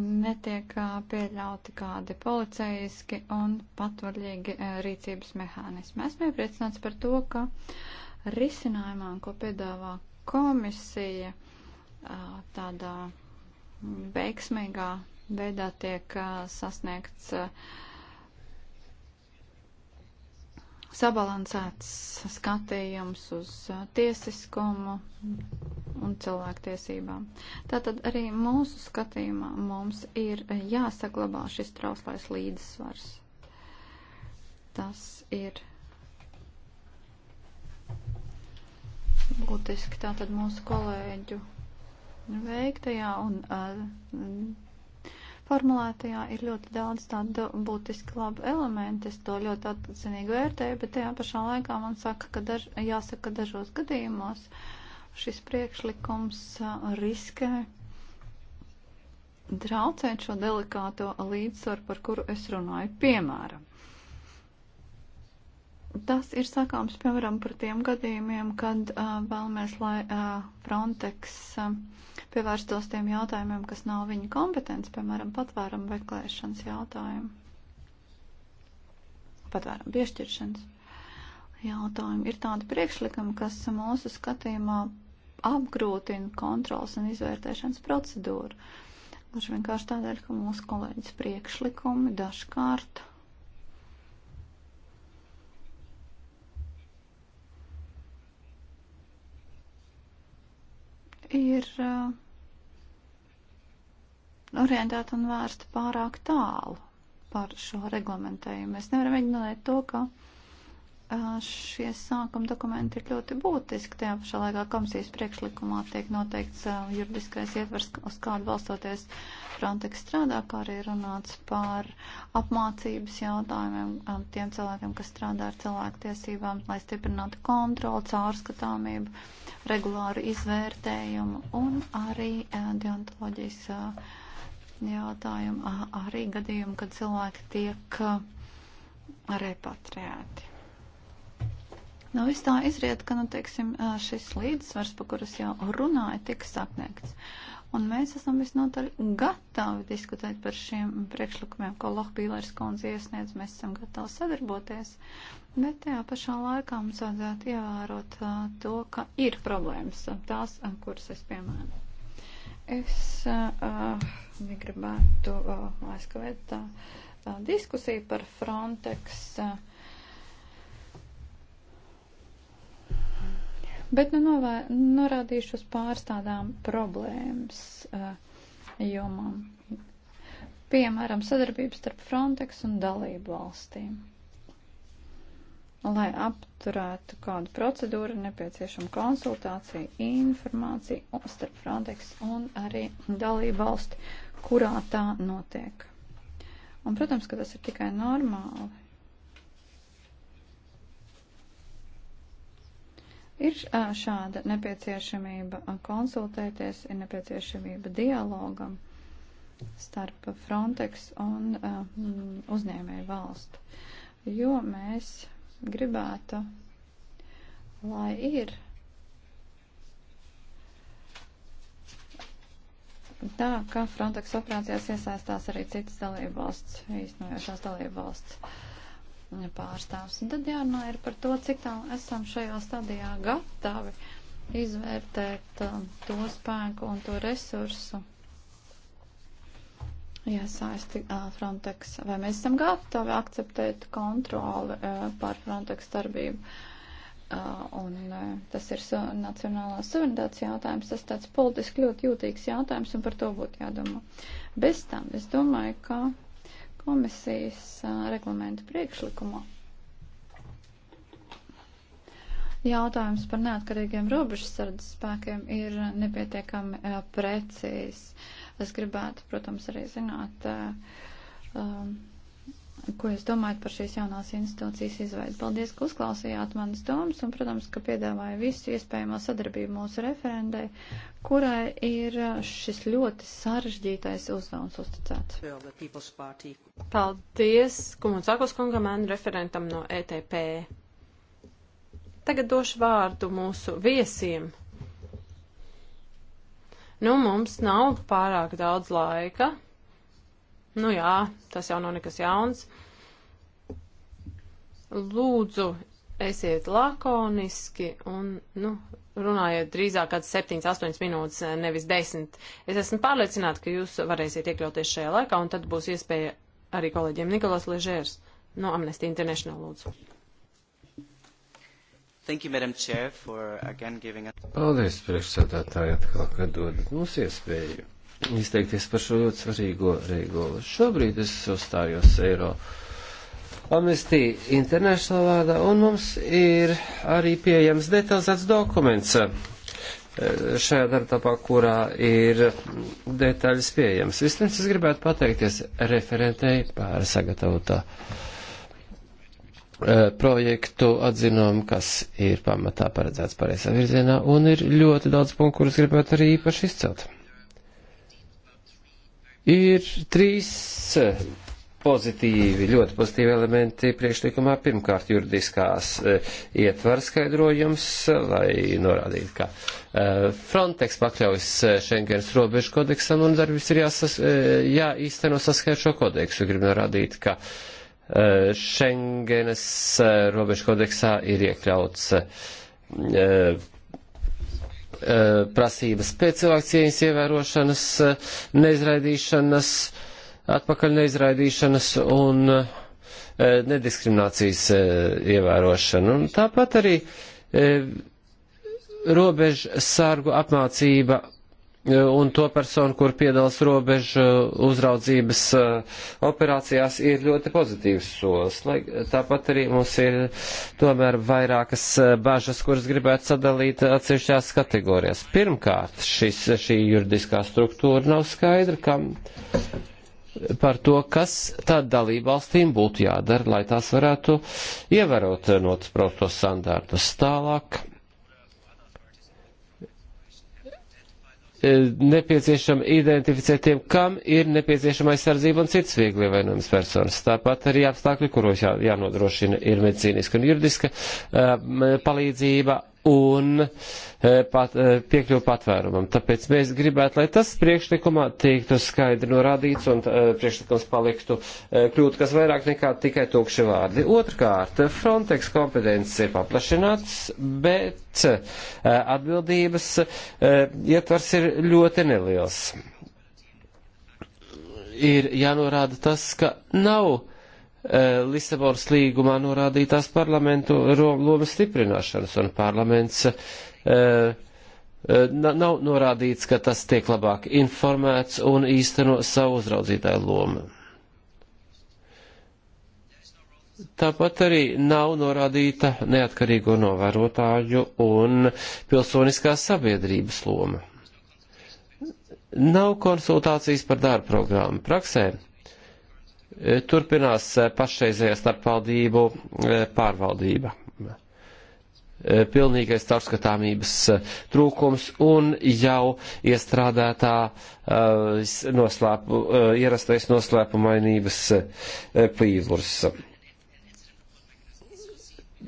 netiek pieļauti kādi policeiski un patvaļīgi rīcības mehānismi. Esmu iepriecināts par to, ka risinājumā, ko piedāvā komisija, tādā veiksmīgā veidā tiek sasniegts sabalansēts skatījums uz tiesiskumu, un cilvēktiesībām. Tātad arī mūsu skatījumā mums ir jāsaglabā šis trauslais līdzsvars. Tas ir būtiski tātad mūsu kolēģu veiktajā un uh, formulētajā ir ļoti daudz tādu būtiski labu elementu. Es to ļoti atzinīgi vērtēju, bet tajā pašā laikā man saka, ka daž, jāsaka, ka dažos gadījumos uh, Šis priekšlikums riskē traucēt šo delikāto līdzsvaru, par kuru es runāju, piemēram. Tas ir sakāms, piemēram, par tiem gadījumiem, kad uh, vēlamies, lai uh, Frontex uh, pievērstos tiem jautājumiem, kas nav viņa kompetence, piemēram, patvērumu meklēšanas jautājumu, patvērumu piešķiršanas jautājumu. Ir tādi priekšlikumi, kas mūsu skatījumā apgrūtina kontrols un izvērtēšanas procedūru. Gluži vienkārši tādēļ, ka mūsu kolēģis priekšlikumi dažkārt ir uh, orientēta un vērsta pārāk tālu par šo reglamentējumu. Mēs nevaram ignorēt to, ka uh, šie sākuma dokumenti ir ļoti būtiski. Tajā pašā laikā komisijas priekšlikumā tiek noteikts juridiskais ietvers, uz kādu balstoties Frontex strādā, kā arī runāts par apmācības jautājumiem tiem cilvēkiem, kas strādā ar cilvēktiesībām, lai stiprinātu kontroli, caurskatāmību, regulāru izvērtējumu un arī deontoloģijas jautājumu, arī gadījumu, kad cilvēki tiek repatriēti. Nu, viss tā izriet, ka, nu, teiksim, šis līdzsvars, pa kuras jau runāja, tiks sapniegts. Un mēs esam visnotaļ gatavi diskutēt par šiem priekšlikumiem, ko Lohbīlērs kundze iesniedz. Mēs esam gatavi sadarboties, bet tajā pašā laikā mums vajadzētu ievērot uh, to, ka ir problēmas, tās, kuras es piemēru. Es uh, negribētu uh, aizskavēt uh, diskusiju par Frontex. Uh, Bet nu novē, norādīšu uz pāris tādām problēmas uh, jomām. Piemēram, sadarbības starp Frontex un dalību valstīm. Lai apturētu kādu procedūru, nepieciešama konsultācija, informācija starp Frontex un arī dalību valsti, kurā tā notiek. Un, protams, ka tas ir tikai normāli. Ir šāda nepieciešamība konsultēties, ir nepieciešamība dialogam starp Frontex un mm, uzņēmēju valstu, jo mēs gribētu, lai ir tā, ka Frontex operācijās iesaistās arī citas dalību valsts, īstenojošās dalību valsts pārstāvs. Un tad jārunā ir par to, cik tālu esam šajā stadijā gatavi izvērtēt um, to spēku un to resursu iesaisti uh, Frontex, vai mēs esam gatavi akceptēt kontroli uh, pār Frontex darbību. Uh, un uh, tas ir su, nacionālās suverenitātes jautājums, tas tāds politiski ļoti jūtīgs jautājums, un par to būtu jādomā. Bez tam, es domāju, ka komisijas reglamentu priekšlikumā. Jautājums par neatkarīgiem robežsardzes spēkiem ir nepietiekami precīzs. Es gribētu, protams, arī zināt, um, ko jūs domājat par šīs jaunās institūcijas izveidu. Paldies, ka uzklausījāt manas domas un, protams, ka piedāvāja visu iespējamo sadarbību mūsu referendai, kurai ir uh, šis ļoti sarežģītais uzdevums uzticēts. Paldies, Kumunsakos kungam, referentam no ETP. Tagad došu vārdu mūsu viesiem. Nu, mums nav pārāk daudz laika. Nu jā, tas jau nav nekas jauns. Lūdzu, esiet lakoniski un, nu, runājiet drīzāk kāds 7-8 minūtes, nevis 10. Es esmu pārliecināta, ka jūs varēsiet iekļauties šajā laikā, un tad būs iespēja arī kolēģiem Nikolas Ležērs no Amnesty International lūdzu. Thank you, Madam Chair, for again giving us... Paldies, priekšsēdētāji, atkal, ka dodat mums iespēju izteikties par šo ļoti svarīgo regulu. Šobrīd es uzstājos Eiro Amnesty International vārdā, un mums ir arī pieejams detalizēts dokuments eh, šajā darbā, kurā ir detaļas pieejamas. Vispirms es gribētu pateikties referentei par sagatavotā eh, projektu atzinumu, kas ir pamatā paredzēts pareizā virzienā, un ir ļoti daudz punktu, kurus gribētu arī īpaši izcelt. Ir trīs eh, pozitīvi, ļoti pozitīvi elementi priekšlikumā. Pirmkārt, juridiskās eh, ietvar skaidrojums, lai norādītu, ka eh, Frontex pakļaujas Schengens robežu kodeksam un darbs ir jāsas, jāīsteno saskaņā šo kodeksu. Gribu norādīt, ka Schengenes robežu kodeksā ir iekļauts Eh, prasības pēc cilvēkcieņas ievērošanas, eh, neizraidīšanas, atpakaļ neizraidīšanas un eh, nediskriminācijas ievērošana. Un tāpat arī robežu sargu apmācība Eh, un to personu, kur piedalās robežu eh, uzraudzības eh, operācijās, ir ļoti pozitīvs solis. Lai, tāpat arī mums ir tomēr vairākas bažas, kuras gribētu sadalīt atsevišķās kategorijās. Pirmkārt, šis, šī juridiskā struktūra nav skaidra, kam par to, kas tad dalībvalstīm būtu jādara, lai tās varētu ievērot notasprotos standārtus tālāk E, nepieciešama identificēt tiem, kam ir nepieciešama aizsardzība un citas viegli vainojamas personas. Tāpat arī apstākļi, kuros jā, jānodrošina ir medicīniska un juridiska e, palīdzība un eh, pat, eh, piekļuvu patvērumam. Tāpēc mēs gribētu, lai tas priekšlikumā tiktu skaidri norādīts un eh, priekšlikums paliktu kļūt kas vairāk nekā tikai tūkši vārdi. Otrkārt, Frontex kompetences ir paplašināts, bet atbildības ietvars ir ļoti neliels. Ir jānorāda tas, ka nav Eh, Lisabonas līgumā norādītās parlamentu lomas stiprināšanas, un parlaments eh, eh, nav norādīts, ka tas tiek labāk informēts un īsteno savu uzraudzītāju lomu. Tāpat arī nav norādīta neatkarīgo novērotāju un pilsoniskās sabiedrības loma. Nav konsultācijas par darba programmu praksē turpinās eh, pašreizējā starpvaldību eh, pārvaldība. Eh, pilnīgais caurskatāmības trūkums un jau iestrādētā noslēpu, ierastais noslēpumainības pīvurs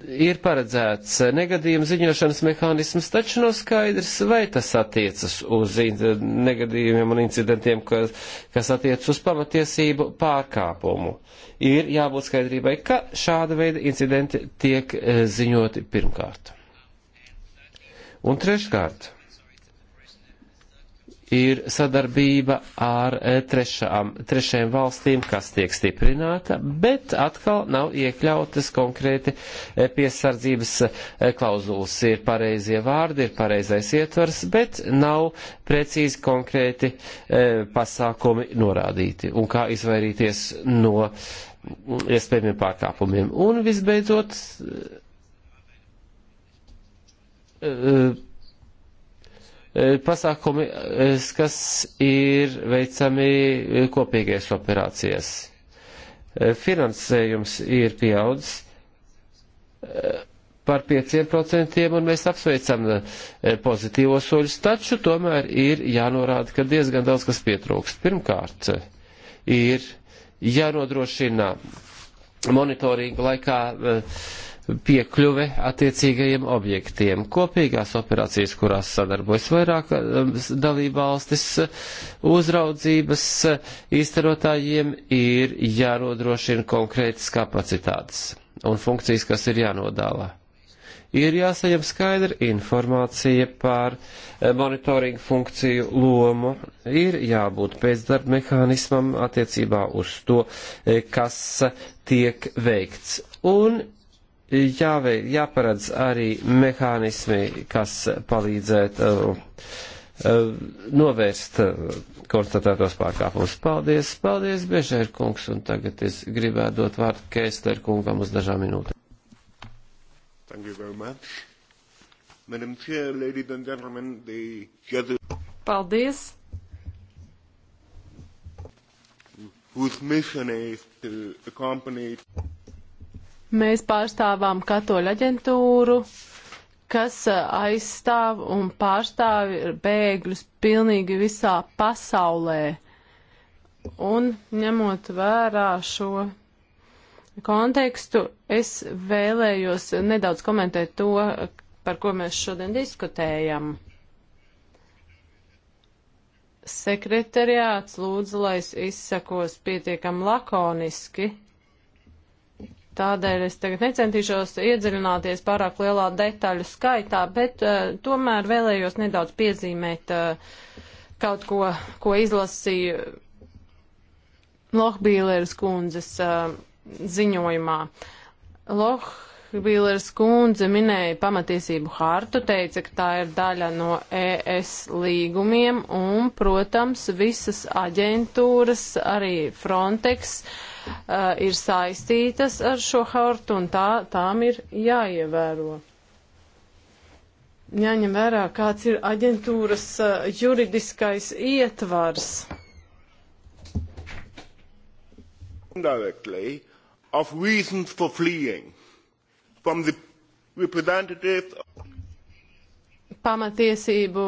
ir paredzēts negadījuma ziņošanas mehānisms, taču nav skaidrs, vai tas attiecas uz negadījumiem un incidentiem, kas, kas attiecas uz pamatiesību pārkāpumu. Ir jābūt skaidrībai, ka šāda veida incidenti tiek eh, ziņoti pirmkārt. Un treškārt, ir sadarbība ar e, trešām, trešajām valstīm, kas tiek stiprināta, bet atkal nav iekļautas konkrēti e, piesardzības e, klauzulas. Ir pareizie vārdi, ir pareizais ietvars, bet nav precīzi konkrēti pasākumi norādīti un kā izvairīties no iespējamiem pārkāpumiem. Un visbeidzot, E, pasākumi, e, kas ir veicami e, kopīgais operācijas. Finansējums ir pieaudzis par 5% un mēs apsveicam pozitīvos soļus, taču tomēr ir jānorāda, ka diezgan daudz kas pietrūkst. Pirmkārt, ir jānodrošina monitoringa laikā piekļuve attiecīgajiem objektiem. Kopīgās operācijas, kurās sadarbojas vairāk um, dalībvalstis, uzraudzības uh, īstenotājiem ir jānodrošina konkrētas kapacitātes un funkcijas, kas ir jānodala. Ir jāsaņem skaidra informācija par uh, monitoringu funkciju lomu, ir jābūt pēcdarba mehānismam attiecībā uz to, uh, kas tiek veikts. Un jāvei, jāparedz arī mehānismi, kas palīdzēt uh, uh, novērst uh, konstatētos pārkāpumus. Paldies, paldies, Bežēr kungs, un tagad es gribētu dot vārdu Kēster kungam uz dažām minūtēm. Paldies. Whose mission is to accompany Mēs pārstāvām katoļu aģentūru, kas eh, aizstāv un pārstāv bēgļus pilnīgi visā pasaulē. Un ņemot vērā šo kontekstu, es vēlējos nedaudz komentēt to, par ko mēs šodien diskutējam. Sekretariāts lūdzu, lai es izsakos pietiekam lakoniski Tādēļ es tagad necentīšos iedziļināties pārāk lielā detaļu skaitā, bet uh, tomēr vēlējos nedaudz piezīmēt uh, kaut ko, ko izlasīju Lohbīleres kundzes uh, ziņojumā. Lohbīleres kundze minēja pamatiesību hartu, teica, ka tā ir daļa no ES līgumiem un, protams, visas aģentūras, arī Frontex. Uh, Uh, ir saistītas ar šo hartu un tā, tām ir jāievēro. Jāņem vērā, kāds ir aģentūras uh, juridiskais ietvars. Indirectly of reasons for fleeing from the representative pamatiesību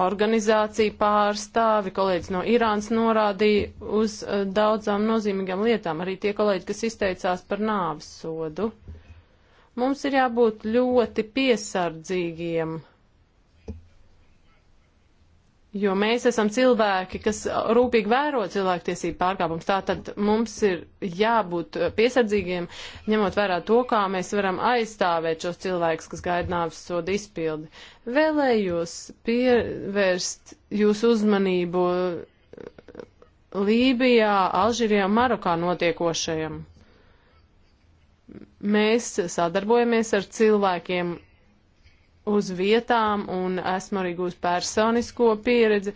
organizācija pārstāvi, kolēģis no Irānas norādīja uz daudzām nozīmīgām lietām, arī tie kolēģi, kas izteicās par nāves sodu. Mums ir jābūt ļoti piesardzīgiem Jo mēs esam cilvēki, kas rūpīgi vēro cilvēktiesību pārkāpumus. Tātad mums ir jābūt piesardzīgiem, ņemot vērā to, kā mēs varam aizstāvēt šos cilvēkus, kas gaida nāvis sodu izpildi. Vēlējos pievērst jūsu uzmanību Lībijā, Alžīrijā, Marokā notiekošajam. Mēs sadarbojamies ar cilvēkiem uz vietām un esmu arī gūs personisko pieredzi.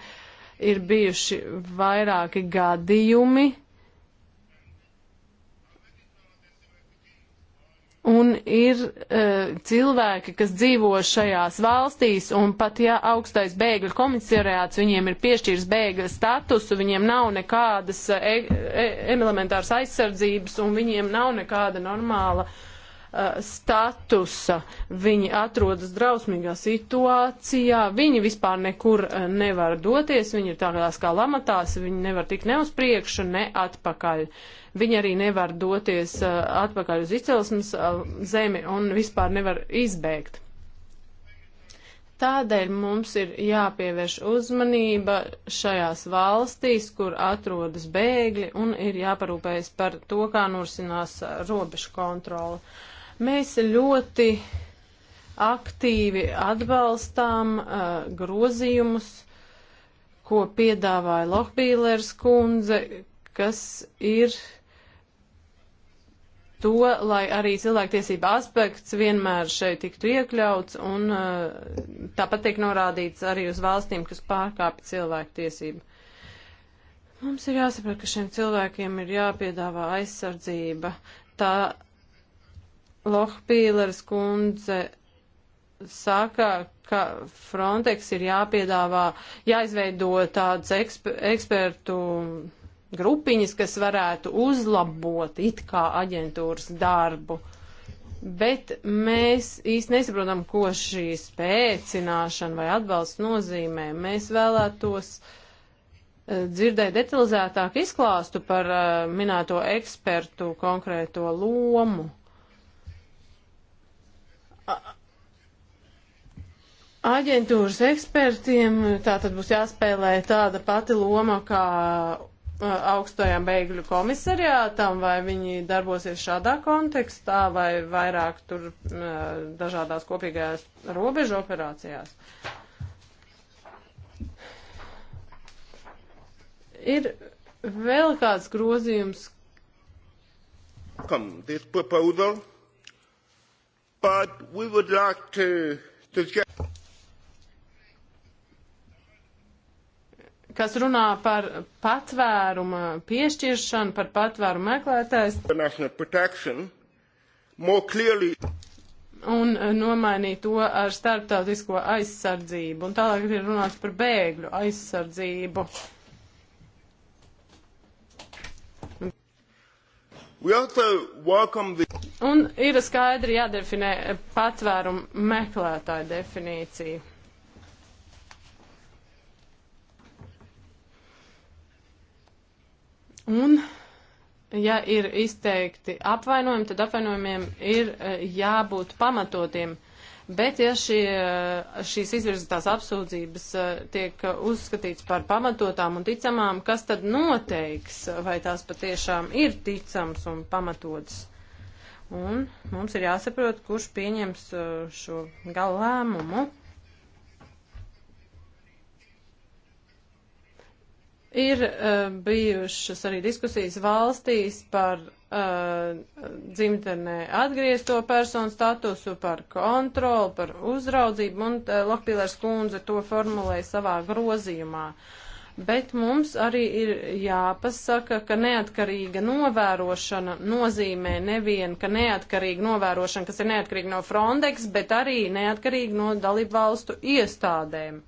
Ir bijuši vairāki gadījumi, Un ir uh, cilvēki, kas dzīvo šajās valstīs, un pat ja augstais bēgļu komisariāts viņiem ir piešķīris bēgļa statusu, viņiem nav nekādas e e elementāras aizsardzības, un viņiem nav nekāda normāla uh, Uh, statusa, viņi atrodas drausmīgā situācijā, viņi vispār nekur uh, nevar doties, viņi ir tādās kā lamatās, viņi nevar tikt ne uz priekšu, ne atpakaļ. Viņi arī nevar doties uh, atpakaļ uz izcelsmes zemi un vispār nevar izbēgt. Tādēļ mums ir jāpievērš uzmanība šajās valstīs, kur atrodas bēgļi, un ir jāparūpējas par to, kā norisinās robežu kontroli. Uh, Mēs ļoti aktīvi atbalstām uh, grozījumus, ko piedāvāja Lohbīlers kundze, kas ir to, lai arī cilvēktiesība aspekts vienmēr šeit tiktu iekļauts un uh, tāpat tiek norādīts arī uz valstīm, kas pārkāpja cilvēktiesību. Mums ir jāsaprot, ka šiem cilvēkiem ir jāpiedāvā aizsardzība. Tā Lohpīlers kundze saka, ka Frontex ir jāpiedāvā, jāizveido tāds eksper, ekspertu grupiņas, kas varētu uzlabot it kā aģentūras darbu. Bet mēs īsti nesaprotam, ko šī spēcināšana vai atbalsts nozīmē. Mēs vēlētos eh, dzirdēt detalizētāk izklāstu par eh, minēto ekspertu konkrēto lomu. Aģentūras ekspertiem tā tad būs jāspēlē tāda pati loma kā augstajām bēgļu komisariātām, vai viņi darbosies šādā kontekstā, vai vairāk tur dažādās kopīgajās robežu operācijās. Ir vēl kāds grozījums. Kam? Tiet papaudo? Pa but we would like to, to get... kas runā par patvēruma piešķiršanu, par patvērumu meklētājs. Un eh, nomainīt to ar starptautisko aizsardzību. Un tālāk ir runāts par bēgļu aizsardzību. Uh, The... Un ir skaidri jādefinē patvērumu meklētāju definīcija. Un, ja ir izteikti apvainojumi, tad apvainojumiem ir eh, jābūt pamatotiem. Uh, Bet, ja šie, šīs izvirzītās apsūdzības eh, tiek eh, uzskatīts par pamatotām un ticamām, kas tad noteiks, vai tās patiešām ir ticams un pamatotas? Un mums ir jāsaprot, kurš pieņems eh, šo galu lēmumu. Ir bijušas arī diskusijas valstīs par Uh, dzimtenē atgriezt to personu statusu par kontroli, par uzraudzību, un uh, Lokpīlērs kundze to formulēja savā grozījumā. Bet mums arī ir jāpasaka, ka neatkarīga novērošana nozīmē nevien, ka neatkarīga novērošana, kas ir neatkarīga no Frontex, bet arī neatkarīga no dalību valstu iestādēm.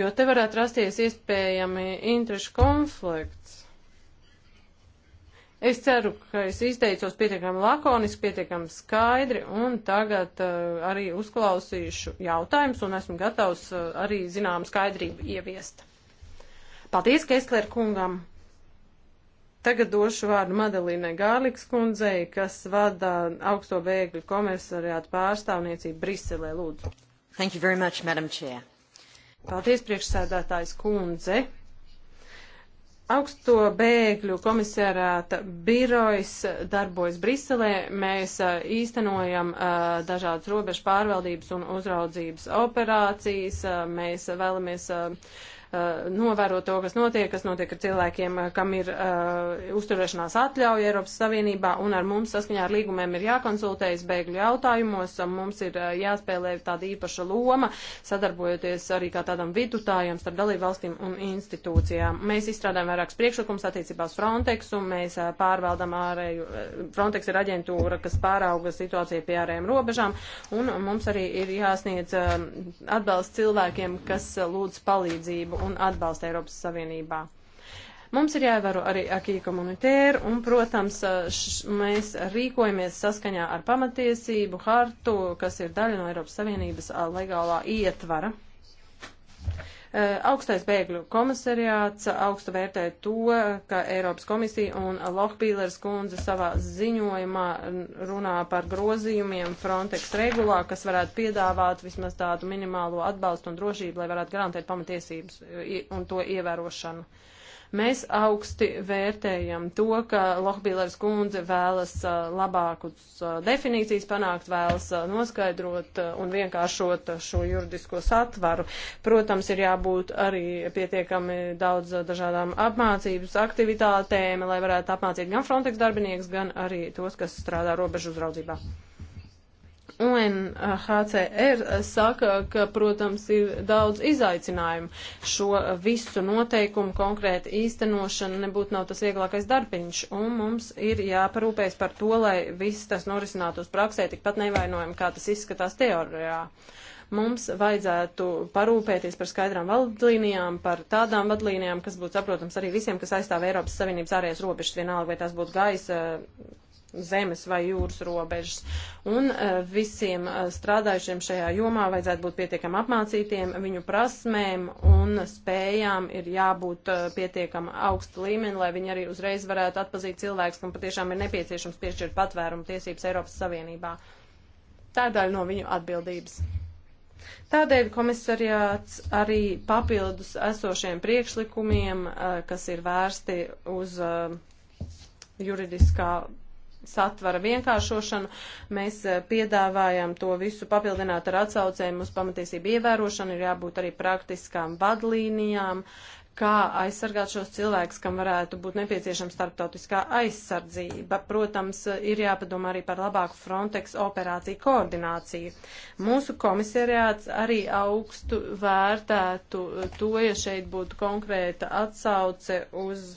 Jo te varētu rasties iespējami interešu konflikts. Es ceru, ka es izteicos pietiekami lakoniski, pietiekami skaidri, un tagad uh, arī uzklausīšu jautājumus, un esmu gatavs uh, arī zinām skaidrību ieviest. Paldies, Kessler kungam! Tagad došu vārdu Madalīnai Gārliks kundzei, kas vada augsto bēgļu komisariātu pārstāvniecību Briselē, lūdzu. Thank you very much, Madam Chair. Paldies, priekšsēdētājs kundze. Augsto bēgļu komisārāta birojs darbojas Briselē. Mēs īstenojam dažādas robežu pārvaldības un uzraudzības operācijas. Mēs vēlamies Uh, novērot to, kas notiek, kas notiek ar cilvēkiem, uh, kam ir uh, uzturēšanās atļauja Eiropas Savienībā, un ar mums saskaņā ar līgumiem ir jākonsultējas bēgļu jautājumos, mums ir uh, jāspēlē tāda īpaša loma, sadarbojoties arī kā tādam vidutājam starp dalību valstīm un institūcijām. Mēs izstrādājam vairākus priekšlikumus attiecībā uz Frontexu, mēs uh, pārvaldam ārēju, uh, Frontex ir aģentūra, kas pārauga situāciju pie ārējiem robežām, un mums arī ir jāsniedz uh, atbalsts cilvēkiem, kas uh, lūdz palīdzību dialogu un atbalstu Eiropas Savienībā. Mums ir jāievēro arī akī komunitēru, un, protams, š, mēs rīkojamies saskaņā ar pamatiesību hartu, kas ir daļa no Eiropas Savienības legālā ietvara. Eh, augstais bēgļu komisariāts augstu vērtē to, ka Eiropas komisija un Lohbīlers kundze savā ziņojumā runā par grozījumiem Frontex regulā, kas varētu piedāvāt vismaz tādu minimālo atbalstu un drošību, lai varētu garantēt pamatiesības eh, un to ievērošanu. Mēs augsti vērtējam to, ka Lohbīlers kundze vēlas uh, labākus uh, definīcijas panākt, vēlas uh, noskaidrot un vienkāršot šo juridisko satvaru. Protams, ir jābūt arī pietiekami daudz dažādām apmācības aktivitātēm, lai varētu apmācīt gan Frontex darbiniekus, gan arī tos, kas strādā robežu uzraudzībā. UNHCR eh, saka, ka, protams, ir daudz izaicinājumu šo eh, visu noteikumu konkrēti īstenošana nebūtu nav tas vieglākais darbiņš, un mums ir jāparūpējas par to, lai viss tas norisinātos praksē tikpat nevainojami, kā tas izskatās teorijā mums vajadzētu parūpēties par skaidrām vadlīnijām, par tādām vadlīnijām, kas būtu saprotams arī visiem, kas aizstāv Eiropas Savienības ārējās robežas, vienalga vai tās būtu gaisa, zemes vai jūras robežas. Un eh, visiem eh, strādājušiem šajā jomā vajadzētu būt pietiekami apmācītiem, viņu prasmēm un spējām ir jābūt eh, pietiekami augsta līmeni, lai viņi arī uzreiz varētu atpazīt cilvēks, kam patiešām ir nepieciešams piešķirt patvērumu tiesības Eiropas Savienībā. Tā ir daļa no viņu atbildības. Tādēļ komisariāts arī papildus esošiem priekšlikumiem, kas ir vērsti uz juridiskā satvara vienkāršošanu. Mēs eh, piedāvājam to visu papildināt ar atsaucēm uz pamatiesību ievērošanu, ir jābūt arī praktiskām vadlīnijām, kā aizsargāt šos cilvēkus, kam varētu būt nepieciešama starptautiskā aizsardzība. Protams, ir jāpadomā arī par labāku Frontex operāciju koordināciju. Mūsu komisariāts arī augstu vērtētu to, ja šeit būtu konkrēta atsauce uz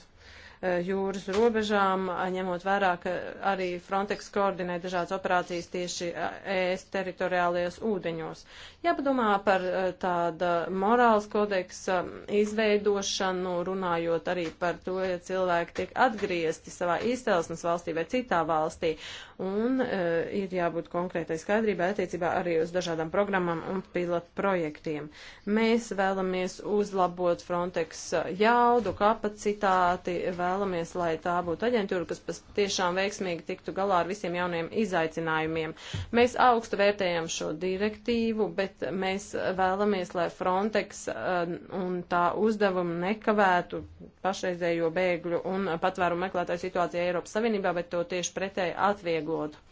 jūras robežām, ņemot vērā, ka arī Frontex koordinē dažādas operācijas tieši ES teritoriālajos ūdeņos. Jāpadomā par tāda morāls kodeksa izveidošanu, runājot arī par to, ja cilvēki tiek atgriezti savā izcelsmes valstī vai citā valstī, un ir jābūt konkrētai skaidrībai attiecībā arī uz dažādām programmām un pilotu projektiem. Mēs vēlamies uzlabot Frontex jaudu, kapacitāti, vēl vēlamies, lai tā būtu aģentūra, kas tiešām veiksmīgi tiktu galā ar visiem jauniem izaicinājumiem. Mēs augstu vērtējam šo direktīvu, bet mēs vēlamies, lai Frontex uh, un tā uzdevumu nekavētu pašreizējo bēgļu un patvērumu meklētāju situāciju Eiropas Savienībā, bet to tieši pretēji atvieglotu.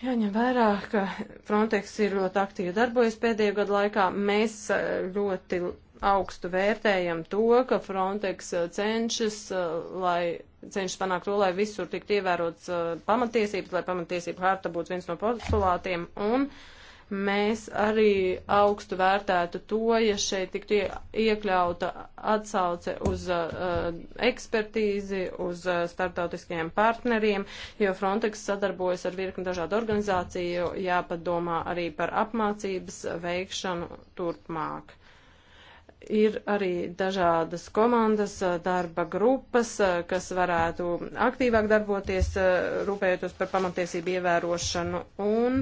Jāņem vērā, ka Frontex ir ļoti aktīvi darbojies pēdējo gadu laikā. Mēs uh, ļoti augstu vērtējam to, ka Frontex uh, cenšas, uh, lai cenšas panākt to, lai visur tiktu ievērots uh, pamatiesības, lai pamatiesība harta būtu viens no postulātiem, un mēs arī augstu vērtētu to, ja šeit tiktu iekļauta atsauce uz uh, ekspertīzi, uz uh, starptautiskajiem partneriem, jo Frontex sadarbojas ar virkni dažādu organizāciju, jāpadomā arī par apmācības veikšanu turpmāk ir arī dažādas komandas, darba grupas, kas varētu aktīvāk darboties, rūpējoties par pamatiesību ievērošanu un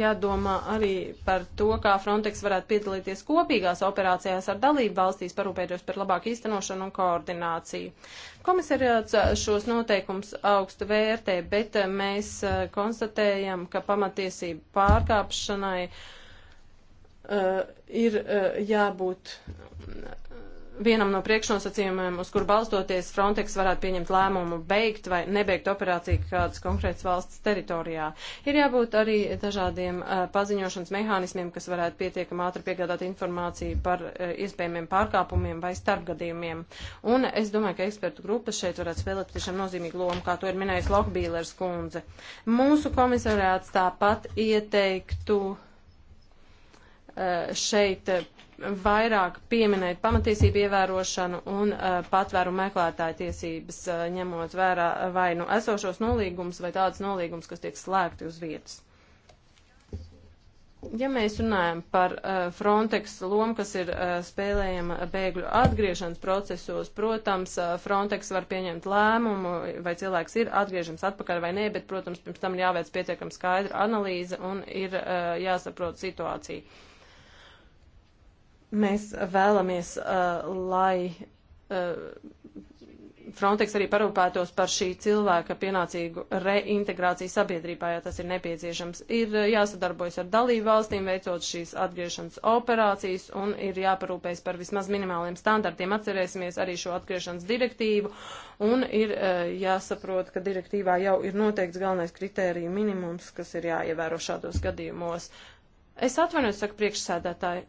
jādomā arī par to, kā Frontex varētu piedalīties kopīgās operācijās ar dalību valstīs, parūpēties par labāku īstenošanu un koordināciju. Komisariāts šos noteikums augstu vērtē, bet mēs konstatējam, ka pamatiesību pārkāpšanai uh, uh, ir uh, jābūt vienam no priekšnosacījumiem, uz kur balstoties Frontex varētu pieņemt lēmumu beigt vai nebeigt operāciju kādas konkrētas valsts teritorijā. Ir jābūt arī dažādiem uh, paziņošanas mehānismiem, kas varētu pietiekam ātri piegādāt informāciju par uh, iespējamiem pārkāpumiem vai starpgadījumiem. Un es domāju, ka ekspertu grupas šeit varētu spēlēt tiešām nozīmīgu lomu, kā to ir minējis Lokbīlers kundze. Mūsu komisariāts tāpat ieteiktu Eh, šeit eh, vairāk pieminēt pamatiesību ievērošanu un uh, eh, patvēru meklētāju tiesības, uh, ņemot vērā vai nu esošos nolīgumus vai tādas nolīgumus, kas tiek slēgti uz vietas. Ja mēs runājam par uh, Frontex lomu, kas ir uh, spēlējama bēgļu atgriešanas procesos, protams, uh, Frontex var pieņemt lēmumu, vai cilvēks ir atgriežams atpakaļ vai nē, bet, protams, pirms tam jāveic pietiekam skaidra analīze un ir uh, jāsaprot situācija. Uh, Mēs vēlamies, uh, lai uh, Frontex arī parūpētos par šī cilvēka pienācīgu reintegrāciju sabiedrībā, ja tas ir nepieciešams. Ir uh, jāsadarbojas ar dalību valstīm, veicot šīs atgriešanas operācijas, un ir jāparūpējas par vismaz minimāliem standartiem. Atcerēsimies arī šo atgriešanas direktīvu, un ir uh, jāsaprot, ka direktīvā jau ir noteikts galvenais kritērija minimums, kas ir jāievēro šādos gadījumos. Es atvainojos, saka priekšsēdētāji,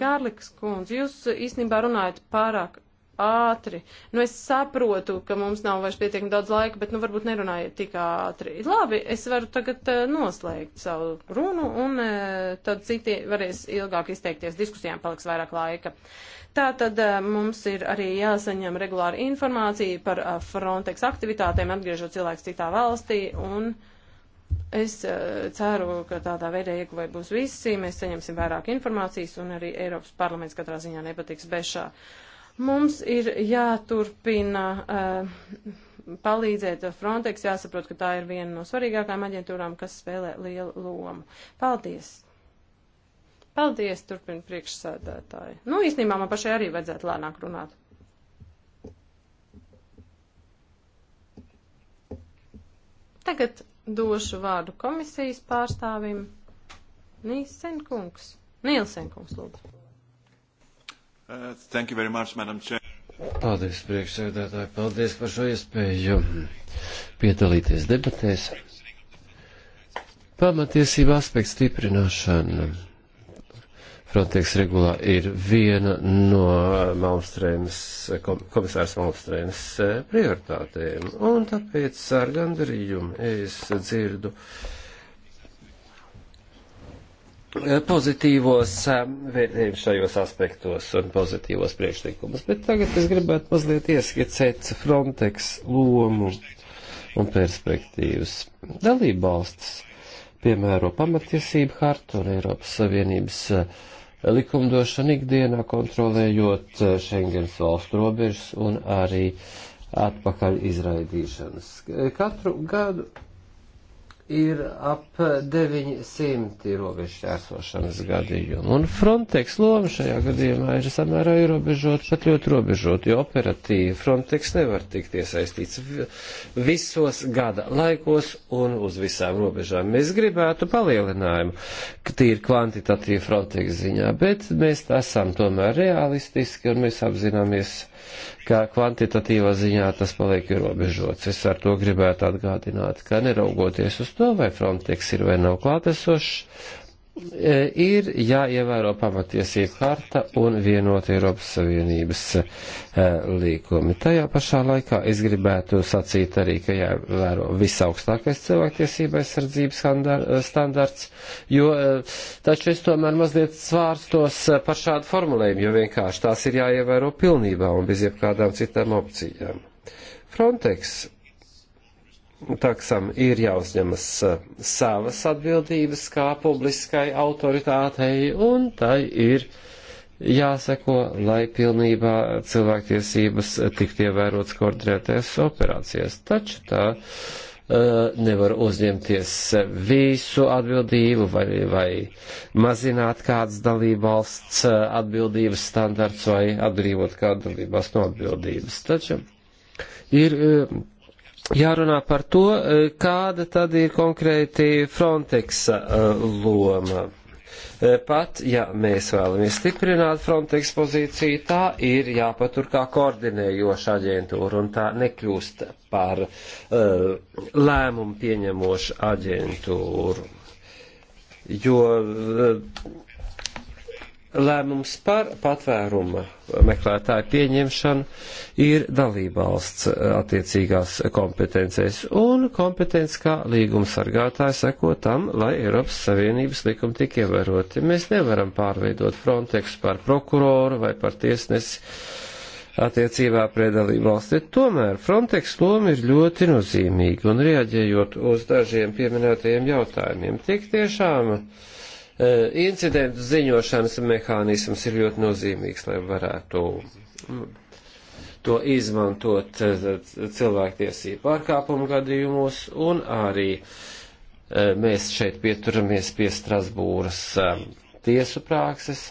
Gārlikas kundze, jūs īstenībā runājat pārāk ātri. Nu, es saprotu, ka mums nav vairs pietiekami daudz laika, bet, nu, varbūt nerunājiet tik ātri. Labi, es varu tagad uh, noslēgt savu runu, un uh, tad citi varēs ilgāk izteikties. Diskusijām paliks vairāk laika. Tātad uh, mums ir arī jāsaņem regulāra informācija par Frontex aktivitātēm, atgriežot cilvēks citā valstī, un uh, Es eh, ceru, ka tādā veidā ieguvai būs visi, mēs saņemsim vairāk informācijas un arī Eiropas parlaments katrā ziņā nepatiks bešā. Mums ir jāturpina uh, palīdzēt Frontex, jāsaprot, ka tā ir viena no svarīgākām aģentūrām, kas spēlē lielu lomu. Paldies! Paldies, turpina priekšsēdētāji. Nu, īstenībā man pašai arī vajadzētu lēnāk runāt. Tagad došu vārdu komisijas pārstāvim Nīsen kungs. Nīlsen kungs, lūdzu. Uh, thank you very much, Madam Chair. Paldies, priekšsēdētāji, paldies par šo iespēju piedalīties debatēs. Pamatiesība aspekts stiprināšana Frontex regulā ir viena no Malmstrēmas, komisārs Malmstrēmas eh, prioritātēm. Un tāpēc ar gandarījumu es dzirdu eh, pozitīvos eh, vērtējumus šajos aspektos un pozitīvos priekšlikumus. Bet tagad es gribētu mazliet ieskicēt Frontex lomu un perspektīvas. Dalībvalstis piemēro pamatiesību hartu un Eiropas Savienības uh, likumdošanu ikdienā, kontrolējot e, Schengens valstu robežas un arī atpakaļ izraidīšanas. Katru gadu ir ap 900 robežu šķērsošanas gadījumu. Un Frontex loma šajā gadījumā ir samērā ierobežot, pat ļoti robežot, jo operatīvi Frontex nevar tikt iesaistīts visos gada laikos un uz visām robežām. Mēs gribētu palielinājumu, ka tī ir kvantitatīva Frontex ziņā, bet mēs esam tomēr realistiski un mēs apzināmies ka kvantitatīvā ziņā tas paliek ierobežots. Es ar to gribētu atgādināt, ka neraugoties uz to, vai Frontex ir vai nav klātesošs, E, ir jāievēro pamatiesība harta un vienot Eiropas Savienības e, līkumi. Tajā pašā laikā es gribētu sacīt arī, ka jāievēro visaugstākais cilvēktiesība aizsardzības e, standarts, jo taču es tomēr mazliet svārstos par šādu formulējumu, jo vienkārši tās ir jāievēro pilnībā un bez jebkādām citām opcijām. Frontex taksam ir jāuzņemas eh, savas atbildības kā publiskai autoritātei, un tai ir jāseko, lai pilnībā cilvēktiesības tiktu ievērotas koordinētās operācijas. Taču tā uh, nevar uzņemties visu atbildību vai, vai mazināt kādas dalībvalsts eh, atbildības standarts vai atbrīvot kādu dalībās no atbildības. Taču ir uh, jārunā par to, e, kāda tad ir konkrēti Frontex e, loma. E, pat, ja mēs vēlamies stiprināt Frontex pozīciju, tā ir jāpatur kā koordinējoša aģentūra un tā nekļūst par uh, lēmumu pieņemošu aģentūru. Jo uh, lēmums par patvērumu meklētāju pieņemšanu ir dalībvalsts eh, attiecīgās kompetencijas un kompetence kā līguma sargātāja seko tam, lai Eiropas Savienības likumi tik ievēroti. Mēs nevaram pārveidot Frontex par prokuroru vai par tiesnesi attiecībā pret dalībvalsti. Tomēr Frontex loma ir ļoti nozīmīga un reaģējot uz dažiem pieminētajiem jautājumiem. Tik tiešām. Uh, incidentu ziņošanas mehānisms ir ļoti nozīmīgs, lai varētu to izmantot cilvēktiesību pārkāpumu gadījumos, un arī mēs šeit pieturamies pie Strasbūras tiesu prākses.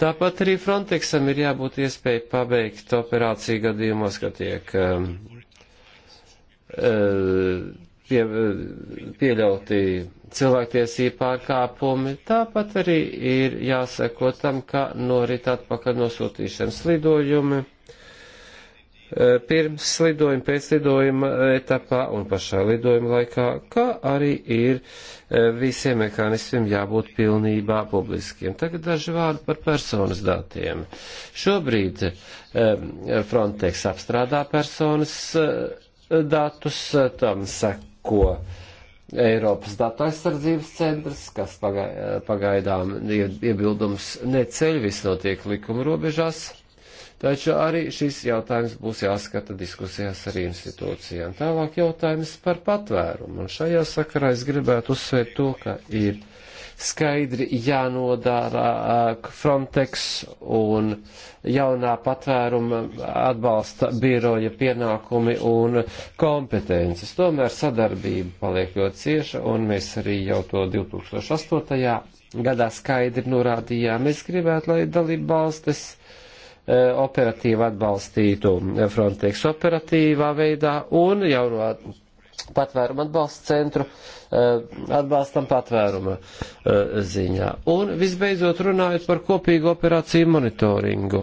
Tāpat arī Frontexam ir jābūt iespēja pabeigt operāciju gadījumos, kad tiek pie, pieļauti cilvēktiesību pārkāpumi. Tāpat arī ir jāseko tam, ka norit atpakaļ nosūtīšanas lidojumi e, pirms lidojuma, pēc lidojuma etapā un pašā lidojuma laikā, kā arī ir e, visiem mehānismiem jābūt pilnībā publiskiem. Tagad daži vārdi par personas datiem. Šobrīd e, Frontex apstrādā personas datus, tam seko Eiropas datu aizsardzības centrs, kas pagaidām iebildums neceļ, viss notiek likuma robežās. Taču arī šis jautājums būs jāskata diskusijās ar institūcijām. Tālāk jautājums par patvērumu. Un šajā sakarā es gribētu uzsvērt to, ka ir skaidri jānodara Frontex un jaunā patvēruma atbalsta biroja pienākumi un kompetences. Tomēr sadarbība paliek ļoti cieša, un mēs arī jau to 2008. gadā skaidri norādījām. Mēs gribētu, lai dalība valstis operatīvi atbalstītu Frontex operatīvā veidā un jau no patvērumu atbalsta centru Eh, atbalstam patvēruma eh, ziņā. Un visbeidzot runājot par kopīgu operāciju monitoringu.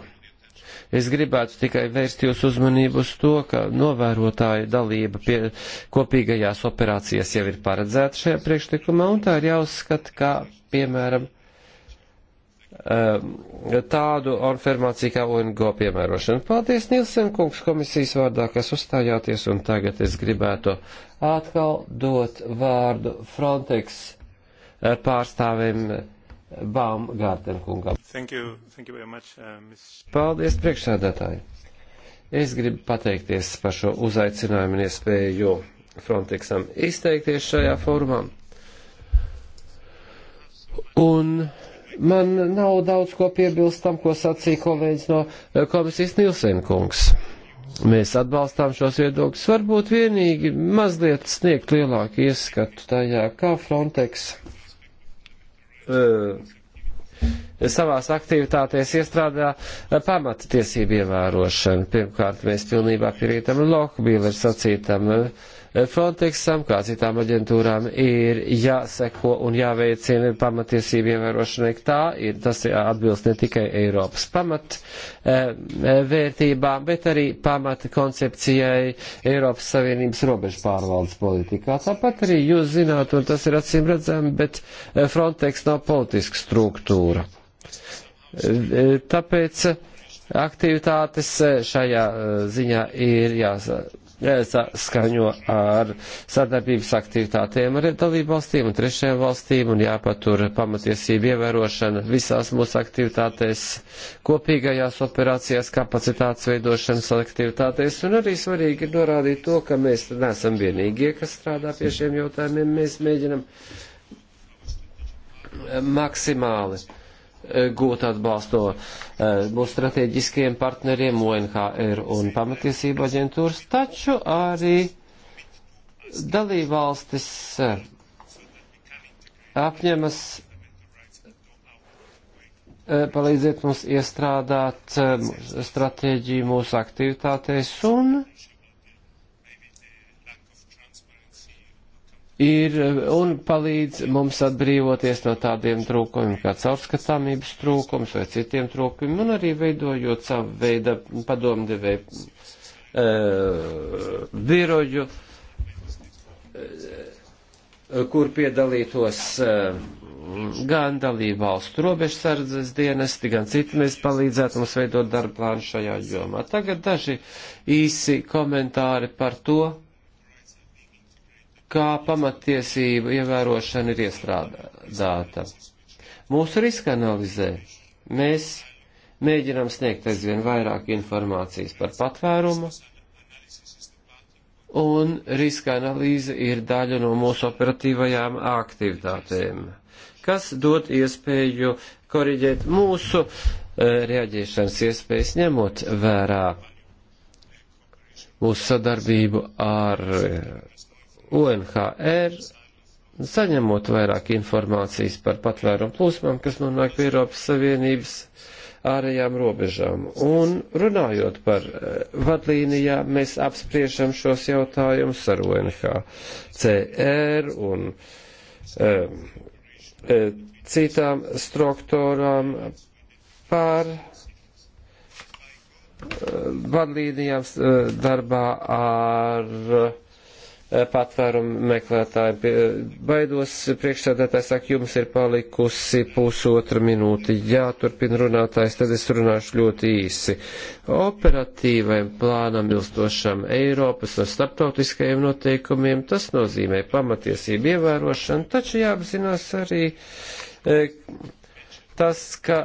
Es gribētu tikai vērst jūsu uzmanību uz to, ka novērotāja dalība pie kopīgajās operācijas jau ir paredzēta šajā priekšlikumā, un tā ir jāuzskata, kā piemēram eh, tādu informāciju kā ONG piemērošana. Paldies, Nilsen kungs, komisijas vārdā, kas uzstājāties, un tagad es gribētu atkal dot vārdu Frontex eh, pārstāvim eh, Bām Gārtenkungam. Thank you, thank you very much, uh, Ms. Paldies priekšsēdētāji. Es gribu pateikties par šo uzaicinājumu un iespēju Frontexam izteikties šajā formā. Un man nav daudz ko piebilst tam, ko sacīja kolēģis no eh, komisijas Nilsenkungs. kungs Mēs atbalstām šos viedokļus, varbūt vienīgi mazliet sniegt lielāku ieskatu tajā, kā Frontex uh, savās aktivitātēs iestrādā eh, pamata tiesību ievērošanu. Pirmkārt, mēs pilnībā piekrītam Lohbīleru sacītam. Uh, Frontexam, kā citām aģentūrām, ir jāseko un jāveicina pamatiesību ievērošanai. Tā ir, tas ir atbilst ne tikai Eiropas pamat eh, eh, vērtībām, bet arī pamat koncepcijai Eiropas Savienības robežu pārvaldes politikā. Tāpat arī jūs zināt, un tas ir acīm redzami, bet eh, Frontex nav politiska struktūra. Tāpēc aktivitātes šajā ziņā ir jāsaka saskaņo ar sadarbības aktivitātēm ar dalību valstīm un trešajām valstīm un jāpatur pamatiesību ievērošana visās mūsu aktivitātēs, kopīgajās operācijās, kapacitātes veidošanas aktivitātēs un arī svarīgi ir norādīt to, ka mēs neesam vienīgie, kas strādā pie šiem jautājumiem, mēs mēģinam maksimāli Eh, gūt atbalsto eh, mūsu strateģiskajiem partneriem, UNHR un pamatiesību aģentūras, taču arī dalībvalstis eh, apņemas palīdziet mums iestrādāt stratēģiju mūsu aktivitātēs un ir un palīdz mums atbrīvoties no tādiem trūkumiem, kā caurskatāmības trūkums vai citiem trūkumiem, un arī veidojot savu veidu padomdevēju uh, biroju, uh, kur piedalītos uh, gan dalību valstu robežsardzes dienesti, gan citi mēs palīdzētu mums veidot darba plānu šajā jomā. Tagad daži īsi komentāri par to, kā pamatiesība ievērošana ir iestrādāta. Mūsu riska analizē mēs mēģinām sniegt aizvien vairāk informācijas par patvērumu, un riska analīze ir daļa no mūsu operatīvajām aktivitātēm, kas dod iespēju koriģēt mūsu e, reaģēšanas iespējas ņemot vērā mūsu sadarbību ar e, UNHR, saņemot vairāk informācijas par patvērumu plūsmām, kas nonāk pie Eiropas Savienības ārējām robežām. Un runājot par eh, vadlīnijām, mēs apspriešam šos jautājumus ar UNHCR un e, e, citām struktūrām par vadlīnijām darbā ar Eh, patvērumu meklētāji. Eh, baidos, priekšsēdētāji saka, jums ir palikusi pusotra minūte. Jā, turpina runātājs, tad es runāšu ļoti īsi. Operatīvajam plānam ilstošam Eiropas un starptautiskajiem noteikumiem tas nozīmē pamatiesību ievērošanu, taču jāapzinās arī. E, tas, ka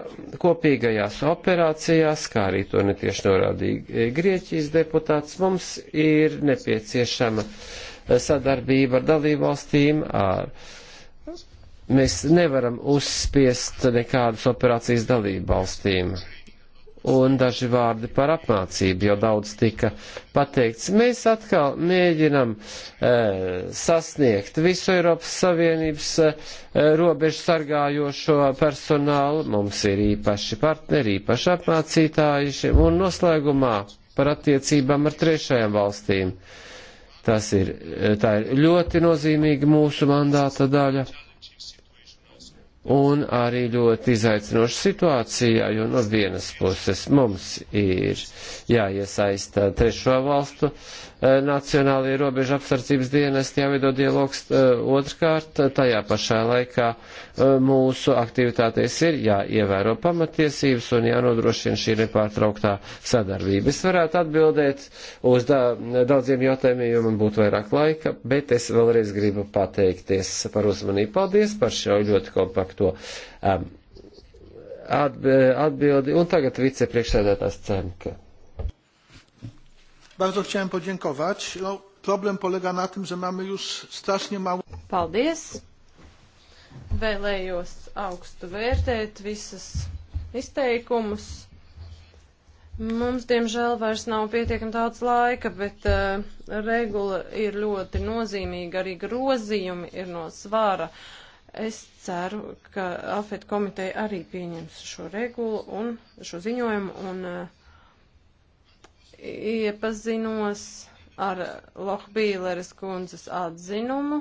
kopīgajās operācijās, kā arī to netieši norādīja Grieķijas deputāts, mums ir nepieciešama uh, sadarbība ar dalībvalstīm, ar mēs nevaram uzspiest nekādas operācijas dalībvalstīm. Un daži vārdi par apmācību, jo daudz tika pateikts. Mēs atkal mēģinam e, sasniegt visu Eiropas Savienības e, robežu sargājošo personālu. Mums ir īpaši partneri, īpaši apmācītāji, un noslēgumā par attiecībām ar trešajām valstīm. E, Tas ir, tā ir ļoti nozīmīga mūsu mandāta daļa un arī ļoti izaicinoša situācijā, jo no vienas puses mums ir jāiesaista trešo valstu uh, Eh, nacionālajie robežu apsardzības dienesti jāveido dialogs eh, otrkārt, tajā pašā laikā eh, mūsu aktivitātēs ir jāievēro pamatiesības un jānodrošina šī nepārtrauktā sadarbība. Es varētu atbildēt uz da daudziem jautājumiem, jo man būtu vairāk laika, bet es vēlreiz gribu pateikties par uzmanību. Paldies par šo ļoti kompakto um, atbildi. Un tagad vicepriekšsēdētājs Cemka. Bardzo chciałem podziękować. No, problem polega na tym, że mamy już strasznie mało. Paldies! Vēlējos augstu vērtēt visas izteikumus. Mums, diemžēl, vairs nav pietiekami daudz laika, bet uh, regula ir ļoti nozīmīga, arī grozījumi ir no svāra. Es ceru, ka AFET komiteja arī pieņems šo regulu un šo ziņojumu un uh, iepazinos ar Lohbīleres kundzes atzinumu.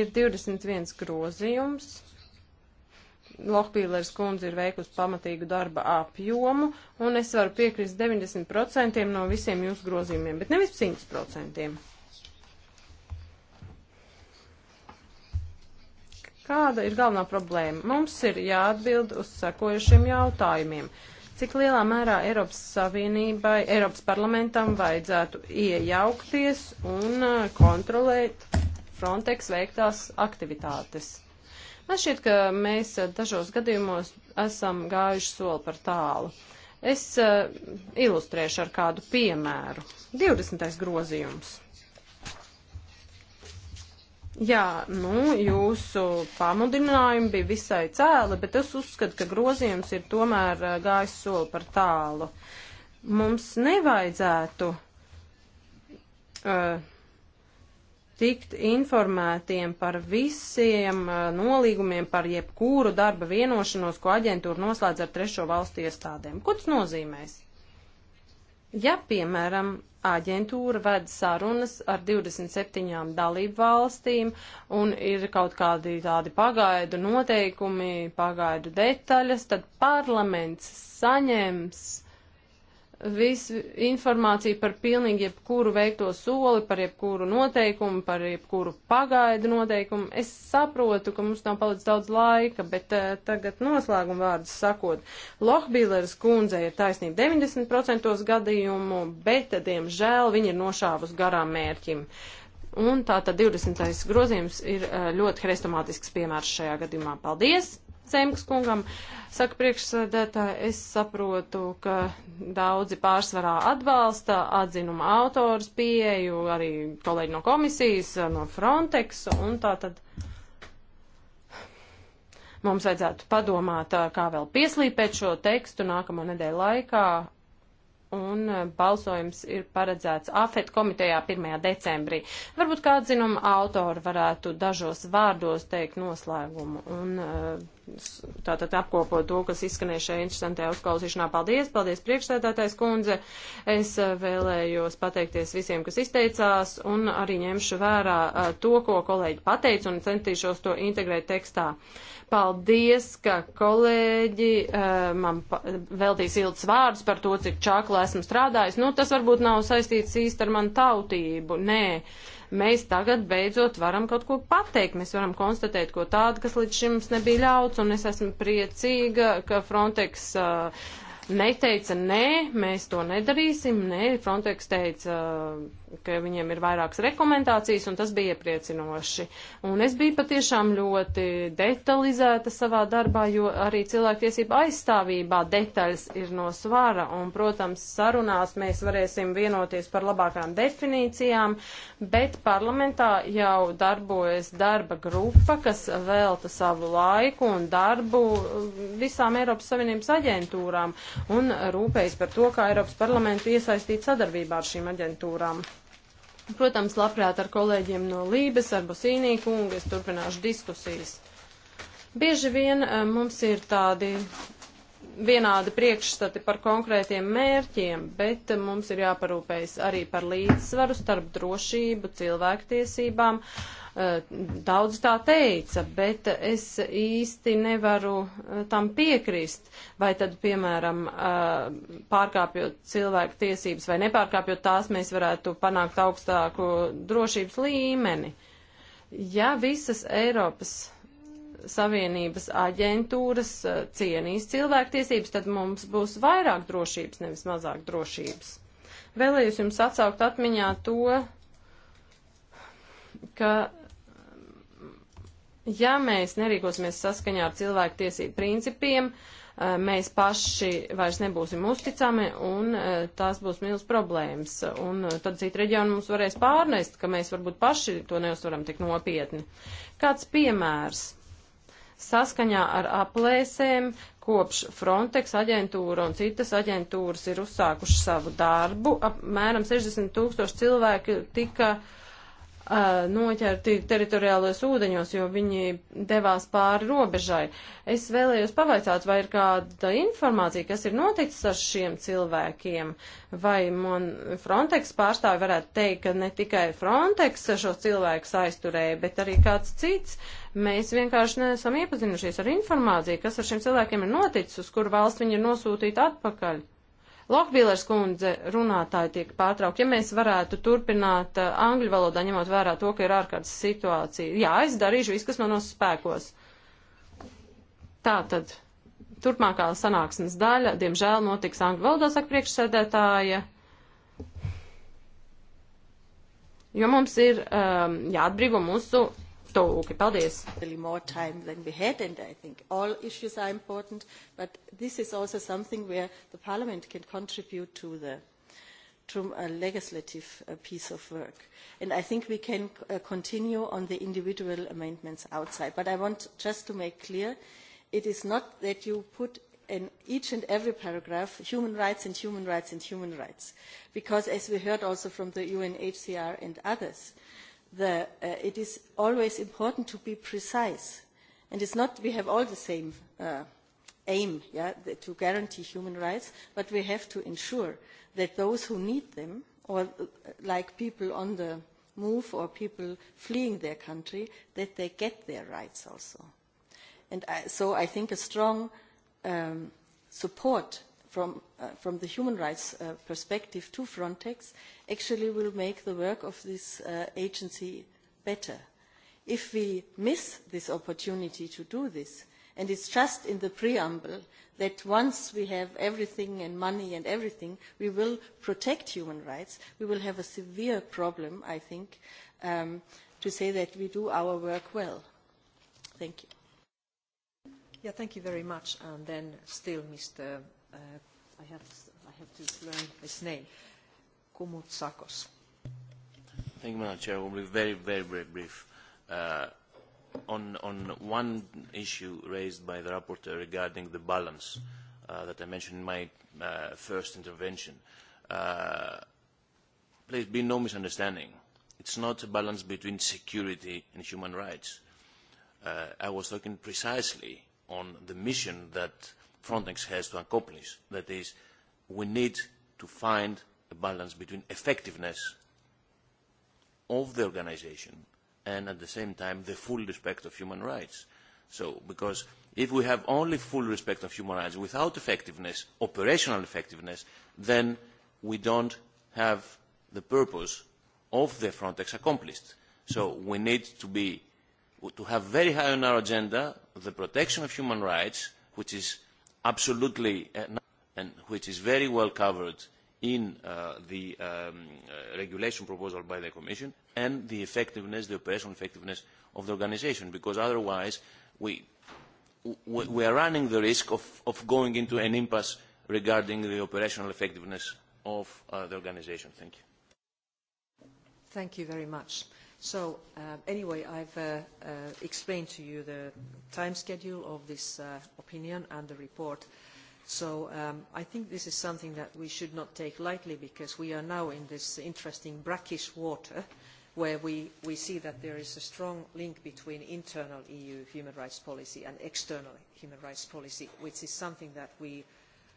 Ir 21 grozījums. Lohpīlers kundze ir veikusi pamatīgu darba apjomu, un es varu piekrist 90% no visiem jūsu grozījumiem, bet nevis 100%. Kāda ir galvenā problēma? Mums ir jāatbild uz sekojušiem jautājumiem. Cik lielā mērā Eiropas Savienībai, Eiropas parlamentam vajadzētu iejaukties un uh, kontrolēt Frontex veiktās aktivitātes? Man šķiet, ka mēs uh, dažos gadījumos esam gājuši soli par tālu. Es uh, ilustrēšu ar kādu piemēru. 20. grozījums. Jā, nu, jūsu pamudinājumi bija visai cēli, bet es uzskatu, ka grozījums ir tomēr gājis soli par tālu. Mums nevajadzētu uh, tikt informētiem par visiem uh, nolīgumiem, par jebkuru darba vienošanos, ko aģentūra noslēdz ar trešo valstu iestādēm. Ko tas nozīmēs? Ja, piemēram, aģentūra ved sarunas ar 27 dalību valstīm un ir kaut kādi tādi pagaidu noteikumi, pagaidu detaļas, tad parlaments saņems visu informāciju par pilnīgi jebkuru veikto soli, par jebkuru noteikumu, par jebkuru pagaidu noteikumu. Es saprotu, ka mums nav palicis daudz laika, bet uh, tagad noslēguma vārdus sakot, Lohbīleres kundzei ir taisnība 90% gadījumu, bet, eh, diemžēl, viņa ir nošāvus garām mērķim. Un tā tad 20. grozījums ir uh, ļoti hrestomātisks piemērs šajā gadījumā. Paldies! Zemkas kungam saka priekšsēdētāji, es saprotu, ka daudzi pārsvarā atbalsta atzinuma autors pieeju, arī kolēģi no komisijas, no Frontex, un tā tad mums vajadzētu padomāt, kā vēl pieslīpēt šo tekstu nākamo nedēļu laikā, un eh, balsojums ir paredzēts AFET komitejā 1. decembrī. Varbūt kāds zinuma autori varētu dažos vārdos teikt noslēgumu un eh, tātad apkopot to, kas izskanēja šajā interesantajā uzklausīšanā. Paldies, paldies priekšstādātais kundze. Es eh, vēlējos pateikties visiem, kas izteicās un arī ņemšu vērā to, ko kolēģi pateica un centīšos to integrēt tekstā. Uh, Paldies, ka kolēģi eh, man veltīs ilgs vārds par to, cik čākla esmu strādājis. Nu, tas varbūt nav saistīts īsti ar manu tautību. Nē, mēs tagad beidzot varam kaut ko pateikt. Mēs varam konstatēt ko tādu, kas līdz šim mums nebija ļauts, un es esmu priecīga, ka Frontex. Uh, neteica, nē, mēs to nedarīsim, nē, Frontex teica, uh, ka viņiem ir vairākas rekomendācijas, un tas bija iepriecinoši. Un es biju patiešām ļoti detalizēta savā darbā, jo arī cilvēktiesība aizstāvībā detaļas ir no svara, un, protams, sarunās mēs varēsim vienoties par labākām definīcijām, bet parlamentā jau darbojas darba grupa, kas velta savu laiku un darbu visām Eiropas Savienības aģentūrām un rūpējas par to, kā Eiropas parlamentu iesaistīt sadarbībā ar šīm aģentūrām. Protams, labprāt ar kolēģiem no Lībes, ar Bosīnī kungu, es turpināšu diskusijas. Bieži vien eh, mums ir tādi vienādi priekšstati par konkrētiem mērķiem, bet eh, mums ir jāparūpējas arī par līdzsvaru starp drošību, cilvēktiesībām, uh, Eh, daudz tā teica, bet es īsti nevaru eh, tam piekrist. Vai tad, piemēram, eh, pārkāpjot cilvēku tiesības vai nepārkāpjot tās, mēs varētu panākt augstāku drošības līmeni. Ja visas Eiropas Savienības aģentūras cienīs cilvēktiesības, tad mums būs vairāk drošības, nevis mazāk drošības. Vēlējos jums atsaukt atmiņā to, ka Ja mēs nerīkosimies saskaņā ar cilvēku tiesību principiem, eh, mēs paši vairs nebūsim uzticami un eh, tās būs milz problēmas. Un eh, tad citi reģioni mums varēs pārnest, ka mēs varbūt paši to neuzvaram tik nopietni. Kāds piemērs? Saskaņā ar aplēsēm kopš Frontex aģentūra un citas aģentūras ir uzsākuši savu darbu, apmēram 60 tūkstoši cilvēki tika uh, noķerti teritoriālajos ūdeņos, jo viņi devās pāri robežai. Es vēlējos pavaicāt, vai ir kāda informācija, kas ir noticis ar šiem cilvēkiem, vai man Frontex pārstāvi varētu teikt, ka ne tikai Frontex šos cilvēkus aizturēja, bet arī kāds cits. Mēs vienkārši neesam iepazinušies ar informāciju, kas ar šiem cilvēkiem ir noticis, uz kur valsts viņi ir nosūtīti atpakaļ. Lohbīlers kundze runātāji tiek pārtraukti. Ja mēs varētu turpināt uh, angļu valodā, ņemot vērā to, ka ir ārkārtas situācija. Jā, es darīšu visu, kas manos spēkos. Tā tad. Turpmākā sanāksmes daļa, diemžēl, notiks angļu valodā, saka priekšsēdētāja. Jo mums ir um, jāatbrīvo mūsu tūki. Paldies! more time than we had and I think all issues are important but this is also something where the parliament can contribute to the to a legislative uh, piece of work. And I think we can uh, continue on the individual amendments outside. But I want just to make clear, it is not that you put in each and every paragraph human rights and human rights and human rights because as we heard also from the UNHCR and others uh, the, uh, it is always important to be precise. And it's not we have all the same uh, aim yeah, the, to guarantee human rights, but we have to ensure that those who need them, or uh, like people on the move or people fleeing their country, that they get their rights also. And I, so I think a strong um, support from, uh, from the human rights uh, perspective to Frontex actually will make the work of this uh, agency better. If we miss this opportunity to do this, and it's just in the preamble that once we have everything and money and everything, we will protect human rights, we will have a severe problem, I think, um, to say that we do our work well. Thank you. Yeah, thank you very much. And then still Mr uh, I, have, I have to learn his name, Kumut Sakos. Thank you, Madam Chair. I will be very, very, very brief. Uh, on, on one issue raised by the rapporteur regarding the balance uh, that I mentioned in my uh, first intervention, uh, please be no misunderstanding. It's not a balance between security and human rights. Uh, I was talking precisely on the mission that uh, Frontex has to accomplish. That is, we need to find a balance between effectiveness of the organization and at the same time the full respect of human rights. So, because if we have only full respect of human rights without effectiveness, operational effectiveness, then we don't have the purpose of the Frontex accomplished. So we need to, be, to have very high on our agenda the protection of human rights, which is absolutely uh, and which is very well covered in uh, the um, uh, regulation proposal by the Commission and the effectiveness, the operational effectiveness of the organisation, because otherwise we, we, we are running the risk of, of going into an impasse regarding the operational effectiveness of uh, the organisation. Thank you. Thank you very much. So uh, anyway, I've uh, uh, explained to you the time schedule of this uh, opinion and the report. So um, I think this is something that we should not take lightly because we are now in this interesting brackish water where we, we see that there is a strong link between internal EU human rights policy and external human rights policy, which is something that we uh,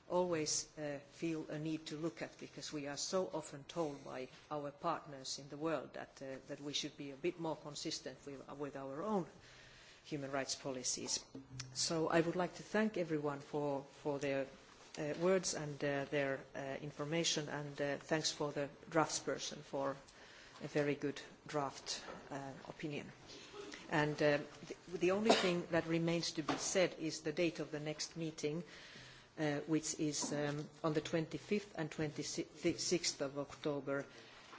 always uh, feel a need to look at because we are so often told by our partners in the world that, uh, that we should be a bit more consistent with, uh, with our own human rights policies. So I would like to thank everyone for, for their uh, words and uh, their uh, information and uh, thanks for the draftsperson for a very good draft uh, opinion. And uh, the, the only thing that remains to be said is the date of the next meeting. Uh, uh, which is um, on the 25th and 26th of October,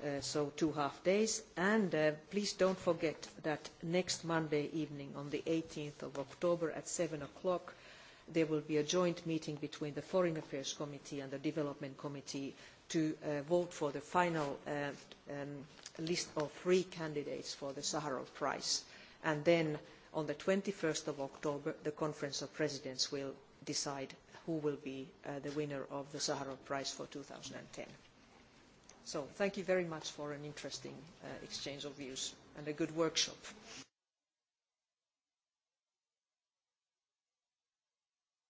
uh, so two half days. And uh, please don't forget that next Monday evening on the 18th of October at 7 o'clock, there will be a joint meeting between the Foreign Affairs Committee and the Development Committee to uh, vote for the final uh, um, list of three candidates for the Sakharov Prize. And then on the 21st of October, the Conference of Presidents will decide who will be uh, the winner of the Sakharov Prize for 2010. So thank you very much for an interesting uh, exchange of views and a good workshop.